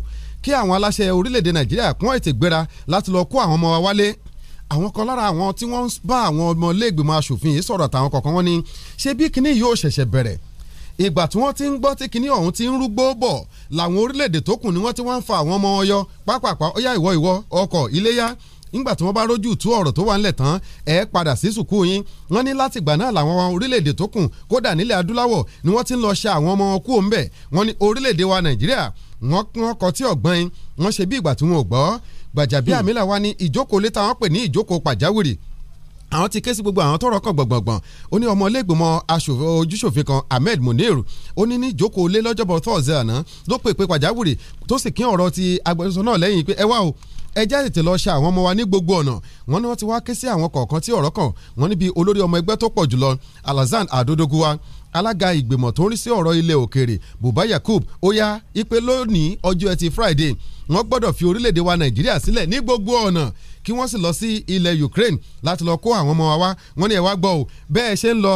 Speaker 6: kí àwọn aláṣẹ orílẹ̀-èdè nàìjíríà kún ètè gbéra láti lọ kó àwọn ọmọ wa wálé àwọn kan lára àwọn tí wọ́n ń bá àwọn ọmọ iléègbìmọ̀ asòfin yìí sọ̀rọ̀ àtàwọn kọ̀ọ̀kan wọn ni ṣé bí kinní yóò ṣẹ̀ṣẹ̀ bẹ̀rẹ̀ ìgbà tí wọ́n ti ń gbọ́ tí kinní ọ̀hún ti ń rúgbó bọ̀ làwọn orílẹ̀-èdè tó kù ni wọ́n ti wá ń fa àwọn ọmọ wọn yọ pápápá ìwọ ìwọ ọkọ̀ iléyá nígbà tí wọ́n bá rójú tú ọ̀rọ̀ tó wà ńlẹ̀ tán ẹ padà sí sùkú yín wọ́n ní látìgbà náà làwọn orílẹ̀-èdè tó kù kódà nílẹ̀ adúláwọ̀ ni wọ́n ti ń lọ ṣe àwọn ọmọ wọn kú òun bẹ̀ wọ́n ní orílẹ̀-èdè wa nàìjíríà wọ́n kọ tí ọ̀gbọ́n yín wọ́n ṣe bí ìgbà tí wọn ò gbọ́ Gbàjàbíàmílà hmm. wa ní ìjókòó létà wọ́n pè ní ìjókòó pàjáwìrì àwọn ti ké sí gbogbo àwọn tọrọ kan gbọ̀ngbọ̀ngbọ̀n ó ní ọmọ ilégbèmọ ojúṣòfin kan Ahmed Munir ó ní ní ìjókòó lé lọ́jọ́bọ̀ Thursday àná ló pè pé pàjáwìrì tó sì kí ọ̀rọ̀ ti agbẹnusọ náà lẹ́yìn pé ẹ wá o ẹjẹ́ tètè lọ ṣe àwọn ọmọ wa ní gbogbo ọ̀nà wọ́n ní wọ́n ti wá ké sí àwọn kọ̀ọ̀kan tí ọ̀rọ̀ kàn wọ́n níbi olórí ọmọ ẹgbẹ́ tó pọ̀ jùlọ Alhassan Adodogunwa alága ìgbìmọ̀ tó ń rí sí ọ̀rọ̀ ilẹ̀ òkèèrè Buba Yakub ó ipe lónìí ọjọ́ ẹtì Friday wọ́n gbọ́dọ̀ fi orílẹ̀-èdè wa Nàìjíríà sílẹ̀ ní gbogbo ọ̀nà kí wọ́n sì lọ sí ilẹ̀ Ukraine láti lọ kó àwọn ọmọ wa wá wọ́n ní ẹ̀ wá gbọ́ ò bẹ́ẹ̀ ṣe ń lọ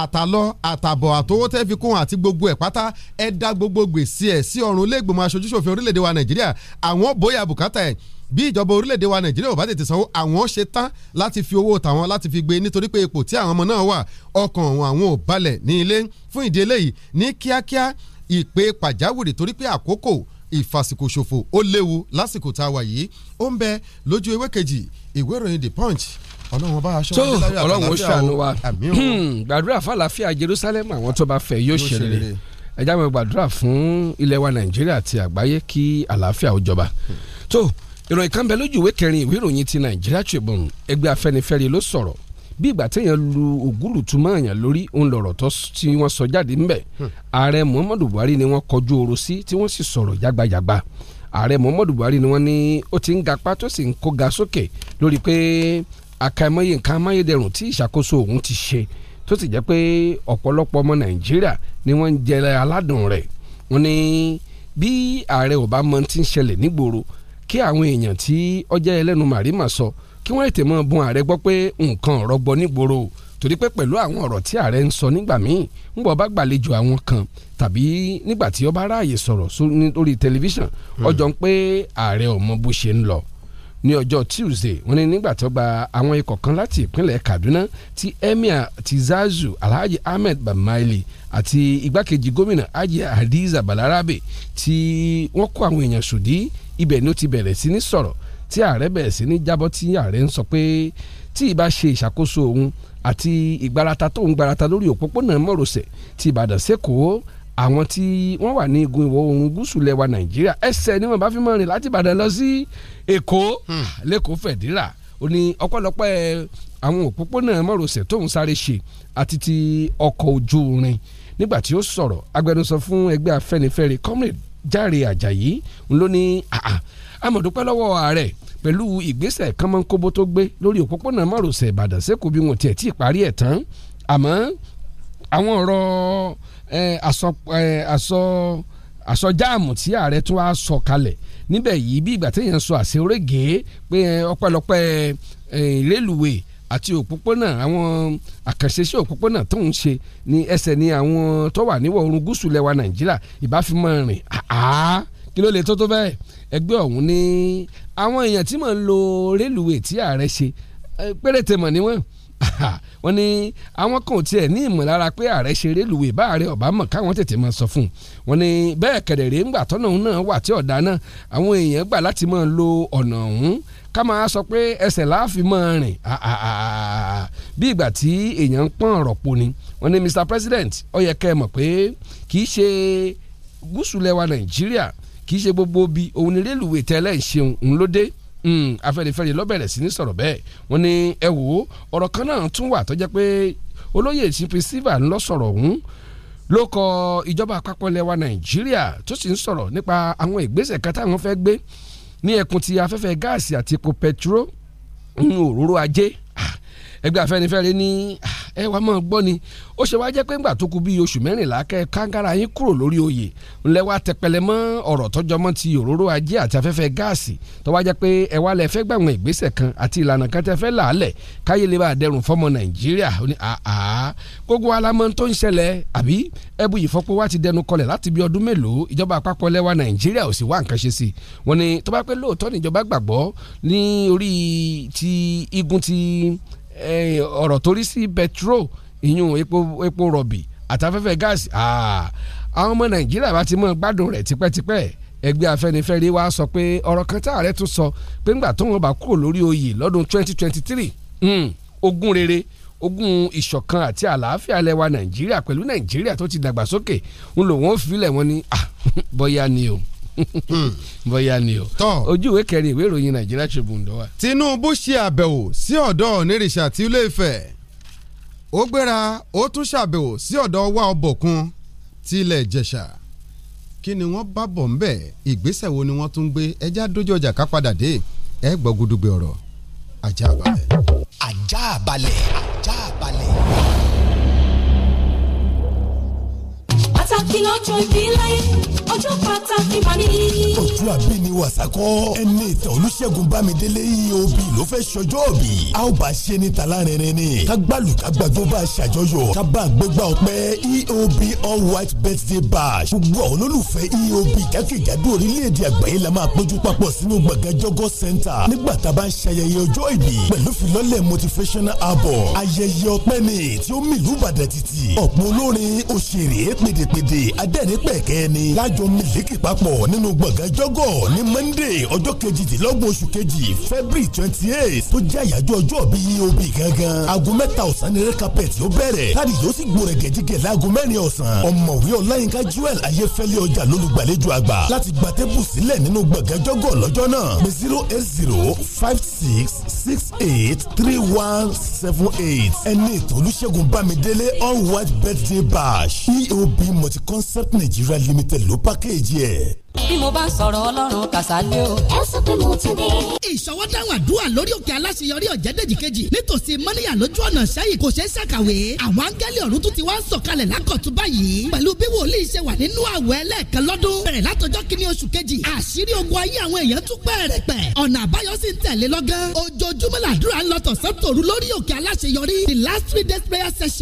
Speaker 6: àtàlọ àtàbọ̀ àtowó tẹ́ fi kún àti gbogbo ẹ̀ pátá ẹ dá gbogbo gbèsè ẹ̀ sí ọrùn ilé aṣojúṣòfin orílẹ̀-èdè wa Nàìjíríà àwọn bóyá bùkátà ẹ̀ bí ìjọba orílẹ̀-èdè wa nàìjíríà ò bá tètè sanwó àwọn ṣe tán láti fi owó tàwọn láti fi gbé e nítorí pé ipò tí àwọn ọmọ náà wà ọkàn àwọn ò balẹ̀ ní ilé fún ìdí eléyìí ní kíákíá ìpè pàjáwìrì torí pé àkókò ìfàsìkò ṣòfò ó léwu lásìkò tá a wà yìí ó ń bẹ lójú ewé kejì ìwé ìròyìn the punch ọlọ́run bá aṣọ wọn láyé ọlọ́run ó ṣàánú wa
Speaker 7: hmm, gbàdúrà fàlàfíà Jerusalem àwọn tó bá fẹ́ yóò ṣe rere ẹjá mi gbàdúrà fún ilẹ̀ wa Nàìjíríà àti àgbáyé kí àlàáfíà ó jọba hmm. tó. So, ìròyìn kan bẹ lójú ìwé kẹrin ìwé ìròyìn ti Nàìjíríà Tribune ẹgbẹ́ Afẹ́nifẹ́re ló sọ̀rọ̀ bí ìgbà téèyàn lu ògúlù túmọ̀ àyàn lórí òun lọ̀rọ̀ tó tí wọ́n sọ jáde ńbẹ̀ hmm. ààrẹ Muhammadu Buhari ni wọ́n kọjú ọ̀rọ̀ sí tí wọ́n sì sọ̀rọ̀ jágbajàgba ààrẹ Muhammadu Buhari ni wọ́n ní ó ti ń gapá tó sì ń kó ga sókè lórí pé àkàìmọye nǹkan amáyédẹrùn tí ìṣàkóso òun ti ṣe tó sì jẹ́ pé ọ̀pọ̀lọpọ̀ ọmọ Nàìjíríà ni wọ́n ń jẹ aládùn rẹ̀ wọ́n ní bí ààrẹ ò bá mọ ti ń ṣẹlẹ̀ nígboro kí àwọn èèyàn tí ọjà ẹlẹ́nu màrímà sọ kí wọ́n ètè mọ́ bun ààrẹ gbọ́ pé nǹkan rọgbọ nígboro torí pé pẹ̀lú àwọn ọ̀rọ̀ tí ààrẹ ń sọ nígbà míì ń bọ̀ bá gbàlejò àwọn kan tàbí nígbà tí ó bá ráàyè sọ̀rọ̀ lórí tẹlifíṣàn ọjọ́ hmm. ń pé ààrẹ ò bó ṣe ń lọ ní ọjọ́ Tuesday wọ́n ní nígbà tó gba àwọn ikọ̀ kan láti ìpínlẹ̀ Kaduna ti emir ti Zazu Alhaji Ahmed Bamaili àti igbákejì gómìnà Hajiya Hadiza Balarabe tí wọ́n kó àwọn èèyàn sòdí ibẹ̀ ni ó ti bẹ̀rẹ̀ sí ní sọ̀rọ̀ tí ààrẹ bẹ̀rẹ̀ sí ní jábọ́ tí ààrẹ ń sọ pé tí ìbá ṣe ìṣàkóso òun àti ìgbarata tó ń gbarata lórí òpópónà mọ́rọ̀sẹ̀ ti ìbàdàn sẹ́kọ̀ọ́ àwọn tí wọ́n wà ní igun ìwọ̀ oòrùn gúúsù lẹwa nàìjíríà ẹsẹ̀ ni wọ́n bá fi máa rìn láti ìbàdàn lọ sí èkó hmm. lẹ́kọ̀ọ́ fẹ̀dírà ó ní ọ̀pọ̀lọpọ̀ àwọn òpópónà mọ́rọ̀sẹ̀ tó sáré ṣe àti ti ọkọ̀ ojú irin nígbà tí ó sọ̀rọ̀ agbẹnusọ fún ẹgbẹ́ afẹ́nifẹ́re comrade Járe Àjàyí ló ní amọ̀dúpẹ́ lọ́wọ́ ààrẹ pẹ̀lú ìgbésẹ̀ kánmọ́nkóbó tó gbé lórí òpópónà márosẹ̀ Ìbàdàn sẹ́kù bí wọn tiẹ̀ tí ì parí ẹ̀ tán àmọ́ àwọn ọ̀rọ̀ àsọ àsọ jáàmù tí ààrẹ tún wá sọ kalẹ̀ níbẹ̀ yìí bí ìgbà téèyàn sọ àṣẹ orége pé ọpẹ́lọpẹ́ rélùwé àti òpópónà àwọn àkànṣe sí òpópónà tó ń ṣe ní ẹsẹ̀ ní àwọn tó wà níwọ̀ oòrùn gúúsù lẹwa nàìjíríà ìbáfimọ́ rìn àá kí ló lè tó tó bẹ́ẹ̀ ẹgbẹ́ ọ̀hún ní àwọn èèyàn tí mò ń lo rélùwéè tí ààrẹ ṣe péréte mọ̀ ni wọ́n wọ́n ní àwọn kan tiẹ̀ ní ìmọ̀lára pé ààrẹ ṣe rélùwéè bá ààrẹ ọ̀bá mọ̀ káwọn tètè máa sọ fún un wọ́n ní bẹ́ẹ̀ kẹ̀dẹ̀rẹ́ ńgbà tọ́nà òun náà wà tí ọ̀dà náà àwọn èèyàn gbà láti máa lo ọ̀nà ọ̀hún Kama máa sọ pé ẹsẹ̀ láàfin máa rìn bí ìgbà tí èèyàn ń pọ́n ọ̀rọ̀ po ni wọ́n ní Mr President ó yẹ kẹ́ ẹ mọ̀ pé kì í ṣe gúúsù lẹwa Nàìjíríà kì í ṣe gbogbo bi òun ni rélùwé tẹ́lẹ̀ ń ṣeun ń ló dé hmm, Afẹ́nifẹ́re ló bẹ̀rẹ̀ sí ní sọ̀rọ̀ bẹ́ẹ̀ wọ́n ní ẹ wò ó ọ̀rọ̀ kan náà tún wà tó jẹ́ pé olóyè ìsìnkú sílva ń lọ sọ̀rọ̀ ọ̀hún ló kọ ìjọba àpapọ̀ lẹwa Nàìjíríà tó sì ń sọ̀rọ̀ nípa àwọn ìgbésẹ̀ kan táwọn fẹ́ gbé ní ẹkùn ti afẹ́fẹ́ gáàsì àti epo petro òróró ajé ah, ẹgbẹ́ afẹ́nifẹ́re ní ah, ẹ wàá mọ̀ gbọ́ ni ó ṣe wá jẹ́ pé ńgbà tó kù bíi oṣù mẹ́rìnlá kẹ́ kàǹkàrà yín kúrò lórí oyè ńlẹ́ wá tẹpẹlẹ mọ́ ọ̀rọ̀ tọ́jọ́ mọ́ ti òróró ajé àti afẹ́fẹ́ gáàsì tó wá jẹ́ pé ẹ wá lẹ fẹ́ gbàwọn ìgbésẹ̀ kan àti ìlànà kan tẹ fẹ́ làálẹ̀ káyé lè bá dẹrùn fọmọ nàìjíríà ó ní àá gbogbo alamọ tó ń ṣẹlẹ̀ àbí ẹbú ìfọpo wa ti dẹnu kọlẹ̀ láti bí ọdún mélòó ìjọba àpapọ̀ lẹ́wà nàìjíríà ò sì wá nǹkan ṣe sí i wọ́n ní tó bá pẹ́ lóòótọ́ níjọba gbàgbọ́ ní orí ti igun ti Eh, ọ̀rọ̀ torí sí petro ìyún epo epo rọ̀bì àtafẹ́fẹ́ gáàsì ah, àwọn ọmọ nàìjíríà bá ti mọ gbádùn rẹ̀ tipẹ́tipẹ́ ẹgbẹ́ afẹ́nifẹ́re wa sọ pé ọ̀rọ̀ kan tá ààrẹ tún sọ pé ńgbà tó wọn bá kúrò lórí oyè lọ́dún 2023 hmm, ogún rere ogún ìṣọ̀kan àti àlàáfíà ilẹ̀ wa nàìjíríà pẹ̀lú nàìjíríà tó ti dàgbàsókè ń lò wọ́n filẹ̀ wọn ni ah, bóyá ni o. Hmm. bóyá ni o ojú ìwé kẹrin ìwé ìròyìn nàìjíríà Tribune ló wà.
Speaker 6: Tinubu ṣe àbẹ̀wò sí ọ̀dọ̀ onírìṣà tí ilé Ifẹ̀ ó gbéra ó tún ṣàbẹ̀wò sí ọ̀dọ̀ wa ọbọ̀kun ti ilẹ̀ Ìjẹ̀ṣà kí ni wọ́n bá bọ̀ ńbẹ̀ ìgbésẹ̀ wo ni wọ́n tún gbé ẹjẹ́ àdójú ọjà ká padà dé ẹ gbọ́ gudugbe ọ̀rọ̀ ajá balẹ̀. ajá balẹ̀ ajá balẹ̀
Speaker 4: pàtàkì lọ́jọ́ ìbí láyé ọjọ́ pàtàkì mà ní.
Speaker 2: ọjọ́ àbí ni wàsákọ́ ẹni ìtàn olùṣègùn bámidélé eob ló fẹ́ ṣọjọ́ òbí a ó bá ṣe ní talárinrin ni kágbálù kágbàdo bá ṣàjọyọ̀ kábà gbégbá ọpẹ́ eob all white birthday bash gbogbo àwọn olólùfẹ́ eob jákèjádò orílẹ̀-èdè àgbáyé la máa péjú papọ̀ sínú gbọ̀ngàn jọgọ́ center nígbà tá a bá ń ṣayẹyẹ ọjọ́ ìbí pẹ̀lú filọ́lẹ̀ motivational album ayẹyẹ ọpẹ́ ni tí ó mìlú bàdàn títì ọ̀pọ̀ olórin òṣèré pèdè gbàgede adẹ́rẹ́pẹ̀kẹ́ ni lájọ mílíkì papọ̀ nínú gbọ̀ngàn jọ́gọ̀ ní monday ọjọ́ kejìdínlọ́gbọ̀n oṣù kejì february twenty eight tó jẹ́ àyájọ́ ọjọ́ bí eob gangan aago mẹ́ta ọ̀sán ni rẹ́kápẹ́t yóò bẹ̀rẹ̀ láti yóò sì gbòòrè gẹ̀jígẹ̀ láago mẹ́rin ọ̀sán ọ̀mọ̀wé ọláyínká joel ayéfẹ́lẹ́ ọjà lólùgbàlejò àgbà láti gba tébù sílẹ̀ nínú gbọ̀ngàn jọ́gọ̀ lọ́jọ́ náà pé zero eight zero five six six eight three one seven eight ẹni ìtòlúṣẹ́gun bámidélé all white birthday bash eob mọ̀ multi concept nigeria limited ló package ẹ̀
Speaker 9: bí mo bá sọ̀rọ̀ ọlọ́run kàṣálẹ́ o. ẹ sọ pé mo ti dé. ìṣọwọ́ àdúrà lórí òkè aláṣeyọrí ọ̀jẹ̀dẹ̀jì kejì nítòsí mọ́níyà lójú ọ̀nà sẹ́yìn kò ṣeé ṣàkàwé. àwọn áńgẹ́lì ọ̀run tún ti wá ń sọ̀kalẹ̀ lákọ̀tún báyìí. pẹ̀lú bí wòlíì ṣe wà nínú àwẹ̀ ẹlẹ́ẹ̀kan lọ́dún. bẹ̀rẹ̀ látọjọ́ kìíní oṣù kejì. àṣírí ogun ayé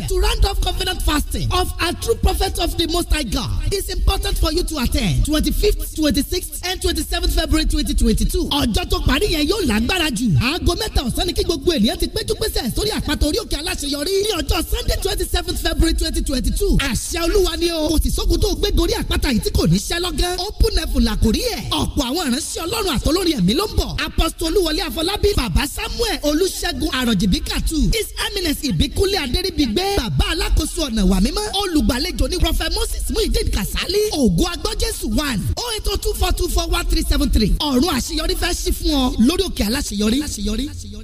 Speaker 9: to round off covenant fasting of a true prophet of the most high God is important for you to attend twenty fifth 26 twenty sixth and twenty seventh february twenty twenty two ọjọ́ tó parí yẹn yóò lágbára jù aago mẹ́ta ọ̀sán ni kí gbogbo ènìyàn ti péjúpésẹ̀ sórí àpáta orí òkè aláṣeyọrí ní ọjọ́ sunday 27 seventh february 2022, twenty two àṣẹ olúwa ni o kò sì sógun tó gbé gorí àpáta yìí tí kò ní ṣẹ́ lọ́gán open level làkórí ẹ̀ ọ̀pọ̀ àwọn ìránṣẹ́ ọlọ́run àtọlórin ẹ̀mí ló ń bọ̀ apọ́sítọ̀ olúwọlé afọlábí bàbá samuel olùṣègùn àròjìbíkàtù his eminence ìbíkúnlé adéríbigbé bàbá alákòóso ọ̀nà wà mímọ́ olùgbàlejò ní prọfẹ moses muhyiddin kasali ògùn agbọ́jésù one eight oh two four two four one three seven three ọ̀run àṣeyọrí fẹ́ sí fún ọ lórí òkè aláṣeyọrí.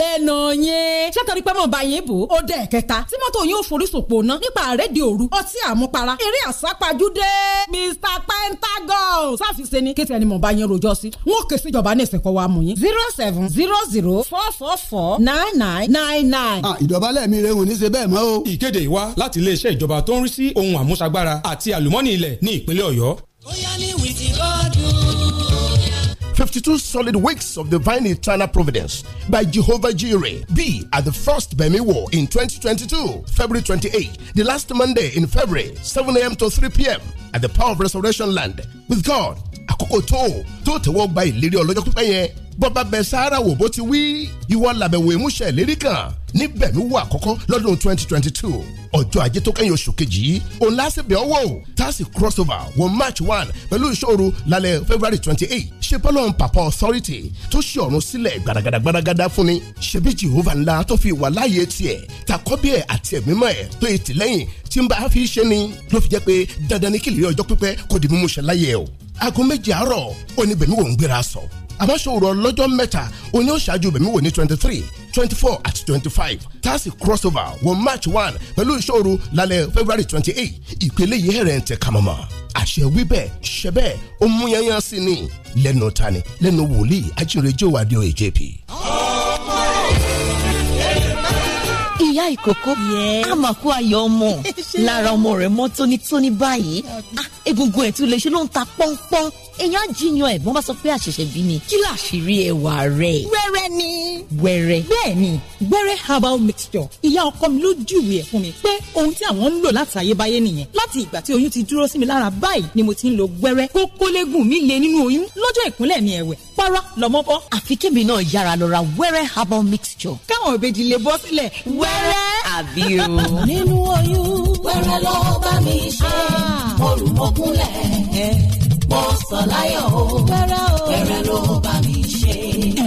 Speaker 9: lẹ́nu
Speaker 4: yẹn sátọ́rí pẹ́ mọ̀ bá yẹn bò ó dẹ̀ kẹta tí mọ́tò yẹn ò forísòpò ná nípa àrédè òru ọtí àmupara eré àsápajúdé Mr Pentagon sáfìsẹ́ ni kéte ẹni mọ̀ bá yẹn rojọ́ sí wọn kè síjọba ní ìsìnkú wa mú yín zero seven zero zero four four four nine nine nine nine.
Speaker 2: ìdọ̀bálẹ̀ mi rehun ní ṣe bẹ́ẹ̀ mọ́ o. ìkéde ìwá láti iléeṣẹ́ ìjọba tó ń rí sí ohun àmúṣagbára àti àlùmọ́nì ilẹ̀ ní ìpínlẹ̀ Ọ̀yọ́. ó
Speaker 4: ní wìtí gọ́dún.
Speaker 2: 52 solid weeks of divine eternal providence by Jehovah Jireh. Be at the first Bemi War in 2022, February 28, the last Monday in February, 7 a.m. to 3 p.m. at the Power of Restoration Land with God. Akoko To, To tẹ̀wọ́ gba ìlérí ọlọ́jọ́ pípẹ́ bọ́ba bẹ sahara wò bó ti wí ìwọ làbẹ̀wò ìmúṣẹ ìlérí kan níbẹ̀ ló wà àkọ́kọ́ lọ́dún twenty twenty two ọjọ́ ajé tó kẹ́yìn oṣù kejì yìí òun lásìbẹ̀ ọwọ́ tásì crossover wọ march one pẹ̀lú ìṣòro lálẹ́ february twenty eight ṣe bọ́lọ̀ papa authority tó ṣe ọ̀run sílẹ̀ gbaragada gbaragada fún ni ṣebí jehova ńlá tó fi wà láàyè tiẹ̀ takọ́bí ẹ̀ àti ẹ̀mímọ́ ẹ̀ tó ètì lẹ́yìn tí ń bá fi ṣe ni ló fi jẹ́ pé dandan ní kìlì ọjọ́ pípẹ́ kò di mímú ṣe láyé o aago méje àárọ̀ oníbẹ̀mí wò ń gbéra sọ àbáṣọ̀rọ̀ lọ́jọ́ mẹ́ta òní ó ṣáájú bẹ̀mí wò ní twenty three twenty four àti twenty five tásì crossover wọ march one pẹ̀lú ìṣòro lálẹ́ february twenty eight ìpele yìí hẹ̀rẹ̀ ń tẹ̀ kàmọ́mọ́ àṣẹ wíbẹ̀ ṣẹbẹ̀ ó mú sí ni lẹ́nu tani lẹ́nu wòlíì ajínrere jẹ́ òwádìí ọ̀yẹ́ jp
Speaker 9: ìyá ìkókó á máa kó ayọ̀ ọmọ lára ọmọ rẹ̀ mọ́ tónítóní báyìí ah, egungun ẹ̀ tún lè ṣe ló ń ta pọ́npọ́n èèyàn jiyàn ẹ̀gbọ́n bá sọ pé àṣẹ̀ṣẹ̀ bí ni kí làṣírí ẹwà rẹ̀. wẹ́rẹ́ ni. wẹ́rẹ́. bẹ́ẹ̀ni wẹ́rẹ́ herbal mixture ìyá ọkọ mi ló júwèé ẹ̀ fún mi pé ohun tí àwọn ń lò láti ayébáyé
Speaker 3: nìyẹn láti ìgbà tí oyún ti dúró sí mi lára báyìí ni mo ti ń lo wẹ́rẹ́ kókólégùn mi lè nínú oyún lọ́jọ́ ìkúnlẹ̀ mi ẹ̀wẹ̀ para lọ́mọ bọ́. àfi kébì náà yára lọ ra wẹ́rẹ́ herbal mixture. káwọn òbejì lè bọ́ sílẹ̀ wẹ́rẹ́ wẹ́rẹ́. àbí o. nínú oyún. wẹ́rẹ́
Speaker 5: ló bá mi ṣe ah. mo rù mọ́ kúnlẹ̀ eh. mo sọ láyọ̀ o wẹ́rẹ́ o wẹ́rẹ́ ló bá mi ṣe.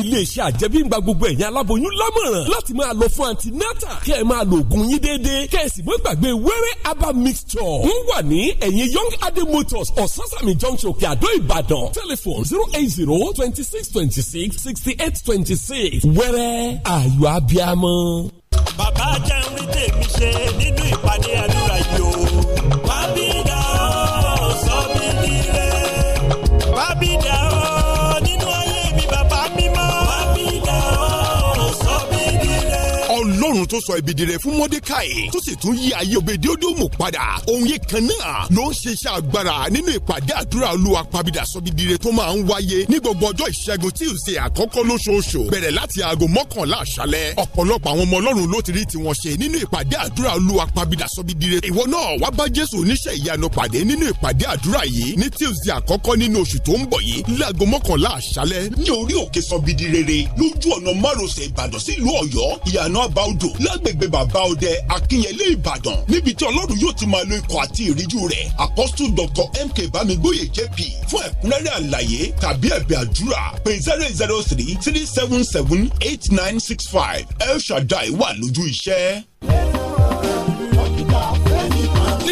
Speaker 8: iléeṣẹ́ àjẹmíngba gbogbo ẹ̀yin aláboyún lámọ̀ràn láti máa lọ fún antinata kẹ́ ẹ máa lo oògùn yín déédéé kẹ́ ẹ sì mọ́ gbàgbé wẹ́rẹ́ aba mixture wọ́n wà ní ẹ̀yìn young adé motors ososani junction kíadó ìbàdàn telephone zero eight zero twenty six twenty six sixty eight twenty six wẹ́rẹ́ ayọ̀ abiamọ
Speaker 10: ṣe nínú ìpàdé ẹnu.
Speaker 2: tó sọ ibìdí rẹ̀ fún mọ́dékàì tó sì tún yí ayé òbèdéódòmù padà òun yìí kan náà ló ń ṣe iṣẹ́ agbára nínú ìpàdé àdúrà olúwa pàbídà sọ́bìdìrẹ tó máa ń wáyé ní gbogbo ọjọ́ ìṣẹ́gun tí ò ṣe àkọ́kọ́ lóṣooṣù bẹ̀rẹ̀ láti aago mọ́kànlá àṣálẹ́ ọ̀pọ̀lọpọ̀ àwọn ọmọ ọlọ́run ló ti rí tiwọn ṣe nínú ìpàdé àdúrà olúwa pàbídà sọ́bìdìrẹ ìwọ náà wá bá jésù oníṣẹ́ ìyanu pàdé nínú ìpàdé àdúrà yìí ní tí ò ṣe àkọ́kọ́ nínú oṣù tó ń bọ̀ yìí láago mọ́kànlá àṣálẹ́ ní orí òkè sọ́bìdìrẹ lójú ọ̀nà márosẹ̀ ìbàdàn sílùú ọ̀yọ́ ìyànà àbáodò lágbègbè bàbá ọdẹ akínyẹlé ìbàdàn níbi tí ọlọ́run yóò ti máa lo ikọ̀ àti ìríjú rẹ̀ apọ́sù dr mk bámigbóyè jp fún ẹ̀kúnrẹ́rẹ́ àlàyé tàbí ẹ̀bẹ̀ àdúrà pé zero zero three three seven seven eight nine six five el shaddai wà lójú iṣẹ́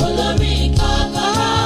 Speaker 5: olórin kọ́kọ́rọ́.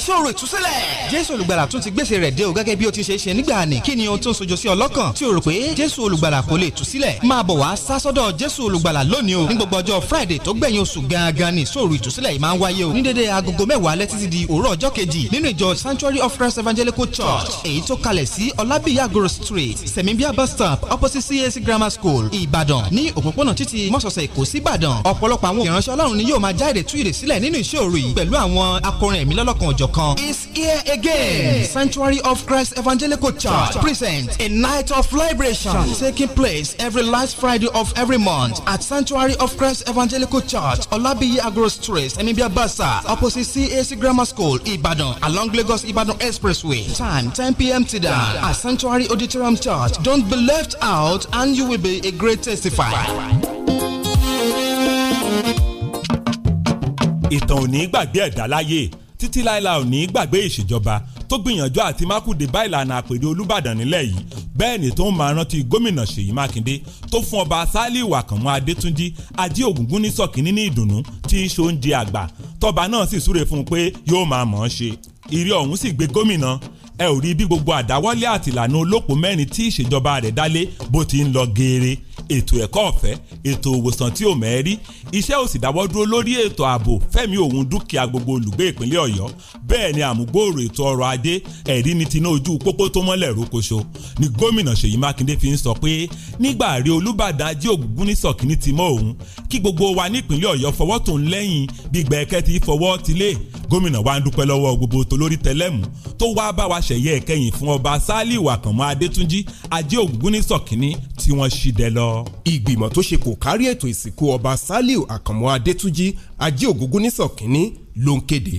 Speaker 4: iṣẹ́ òru ìtúsílẹ̀. jésù olùgbàlà tún ti gbèsè rẹ̀ dé o gẹ́gẹ́ bí o ti ṣe ṣe nígbà ní kí ni o tún sojo sí ọlọ́kàn tí o rò pé jésù olùgbàlà kò lè tú sílẹ̀ máa bọ̀ wá sásọ́dọ̀ jésù olùgbàlà lónìí o ní gbogbo ọjọ́ friday tó gbẹ̀yìn oṣù gangan ni ìṣòro ìtúsílẹ̀ yìí máa ń wáyé o ní dédé agogo mẹ́wàá alẹ́ títí di òwúrọ̀ ọjọ́ kejì nínú ìjọ sanctuary of christ evangelical church èyí tó kalẹ̀ sí ọlábìyà agro street sẹ̀mìbíà bus stop opposite cac grammar school ìbàdàn ní òpópónà títí mọ́sọ̀ọ̀sẹ̀ èkó síbàdàn ọ̀pọ̀lọpọ̀ àwọn ìránṣẹ́ ọlọ́run ni yóò máa já èdè tú ìrè sílẹ̀ nínú ìṣòro yìí pẹ̀lú àwọn akọrin ẹ̀mí lọ́lọ́kan ọ̀jọ̀ kan is here again. Sanctuary of Christ Evangelical Church presents a night of liberation taking place every last Friday of every month at Sanctuary of Christ Evangelical Church, Olabiyi Agro Street, Emibia Basa, opposite CAC Grammar School, Ibadan, along Lagos Ibadan Expressway. Time 10 p.m. today at Sanctuary Auditorium Church. Don't be left out,
Speaker 10: and you will be a great testifier. ìtàn ò ní gbàgbé ẹ̀dá láyé títí láìla ò ní gbàgbé ìṣèjọba tó gbìyànjú àti mákùdé bá ìlànà àpèrè olùbàdàn nílẹ̀ yìí bẹ́ẹ̀ ni tó ń máa rántí gómìnà ṣèyí mákindé tó fún ọba sálíù àkànmú adétúnjì ajé ògúngún ní sọ̀kínní ní ìdùnnú tí í ṣe oúnjẹ àgbà tọba náà sì súre fún un pé yóò máa mọ̀ ọ́n ṣe ìrí ọ̀hún sì gbé gómìnà ẹ ò rí bí gbogbo àdáwọ́lé àtìlànà olóko mẹ́rin tí ìṣèjọba rẹ̀ dálé bó ti ń lọ geere ètò ẹ̀kọ́ ọ̀fẹ́ ètò òwòsàn tí ò mẹ́rí iṣẹ́ ò sì dáwọ́ dúró lórí ètò ààbò fẹ́mi òun dúkìá gbogbo olùgbé ìpínlẹ̀ ọ̀yọ́ bẹ́ẹ̀ ni àmúgbòòrò ètò ọrọ̀ ajé ẹ̀rí ni tinú ojú pópó tó mọ́lẹ̀ rókoṣo ni gómìnà ṣèyí mákindé fi ń sọ pé nígbà rí olúbàdàn ajé ògúngún ní sọ̀kíní ti mọ́ òun kí gbogbo wa nípínlẹ̀ ọ̀yọ́ fọwọ́ tó ń lẹ́yìn bí gbẹ̀kẹ́ ti fọwọ́ ti lé gómìnà wa ń dúpẹ́ lọ́wọ́ gbogbo tolórí tẹlẹ́mù tó wá bá wa ṣẹ̀yẹ ìkẹyìn fún ọba sálíù adétúnjì ajé ògúngún ní sọ̀kíní tí wọ́n ṣì dẹ lọ lọ. ìgbìmọ̀ tó ṣe kò kárí ètò ìsìnkú ọba Sàlíù Àkànmú Adétúnjì
Speaker 2: Ajé Ògúngúnnísọ̀ kínní ló ń kéde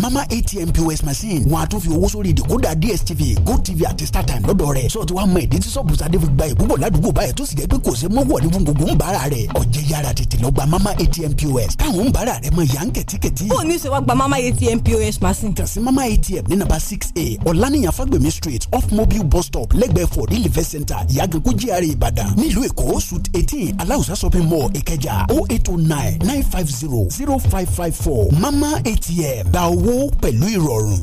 Speaker 2: mama atm pos machine wọn a tún fi owó sórí ìdìkúdà dstv gotv àti startime lọ́dọ̀ rẹ̀ sọ ti wá mọ ìdí tí sọ́ọ̀bù sadé fi gba ìbúbọ̀ ládùúgbò báyìí tó sì jẹ́ pé kò sí mọ́wọ́ ní gbogbo ń bára rẹ̀ ọ̀jẹ̀ yára tètè lọ gba mama atm pos táwọn ń bára rẹ̀ mọ yà ń kẹ̀tíkẹ̀tí. ó ní sèwá gba mama atm pos machine. kàn sí mama atm ní nàbà six a ọ̀lànìyàn fagbemi street off mobile bus stop lẹ́gbẹ̀ẹ́ for the live center ìyàgànkú gr ìbàdàn nílùú èkó suit eighteen aláùsá shopping mall ìkẹjà o oh eight o oh nine nine five zero zero five five four mama atm gba owó owó pẹ̀lú ìrọ̀rùn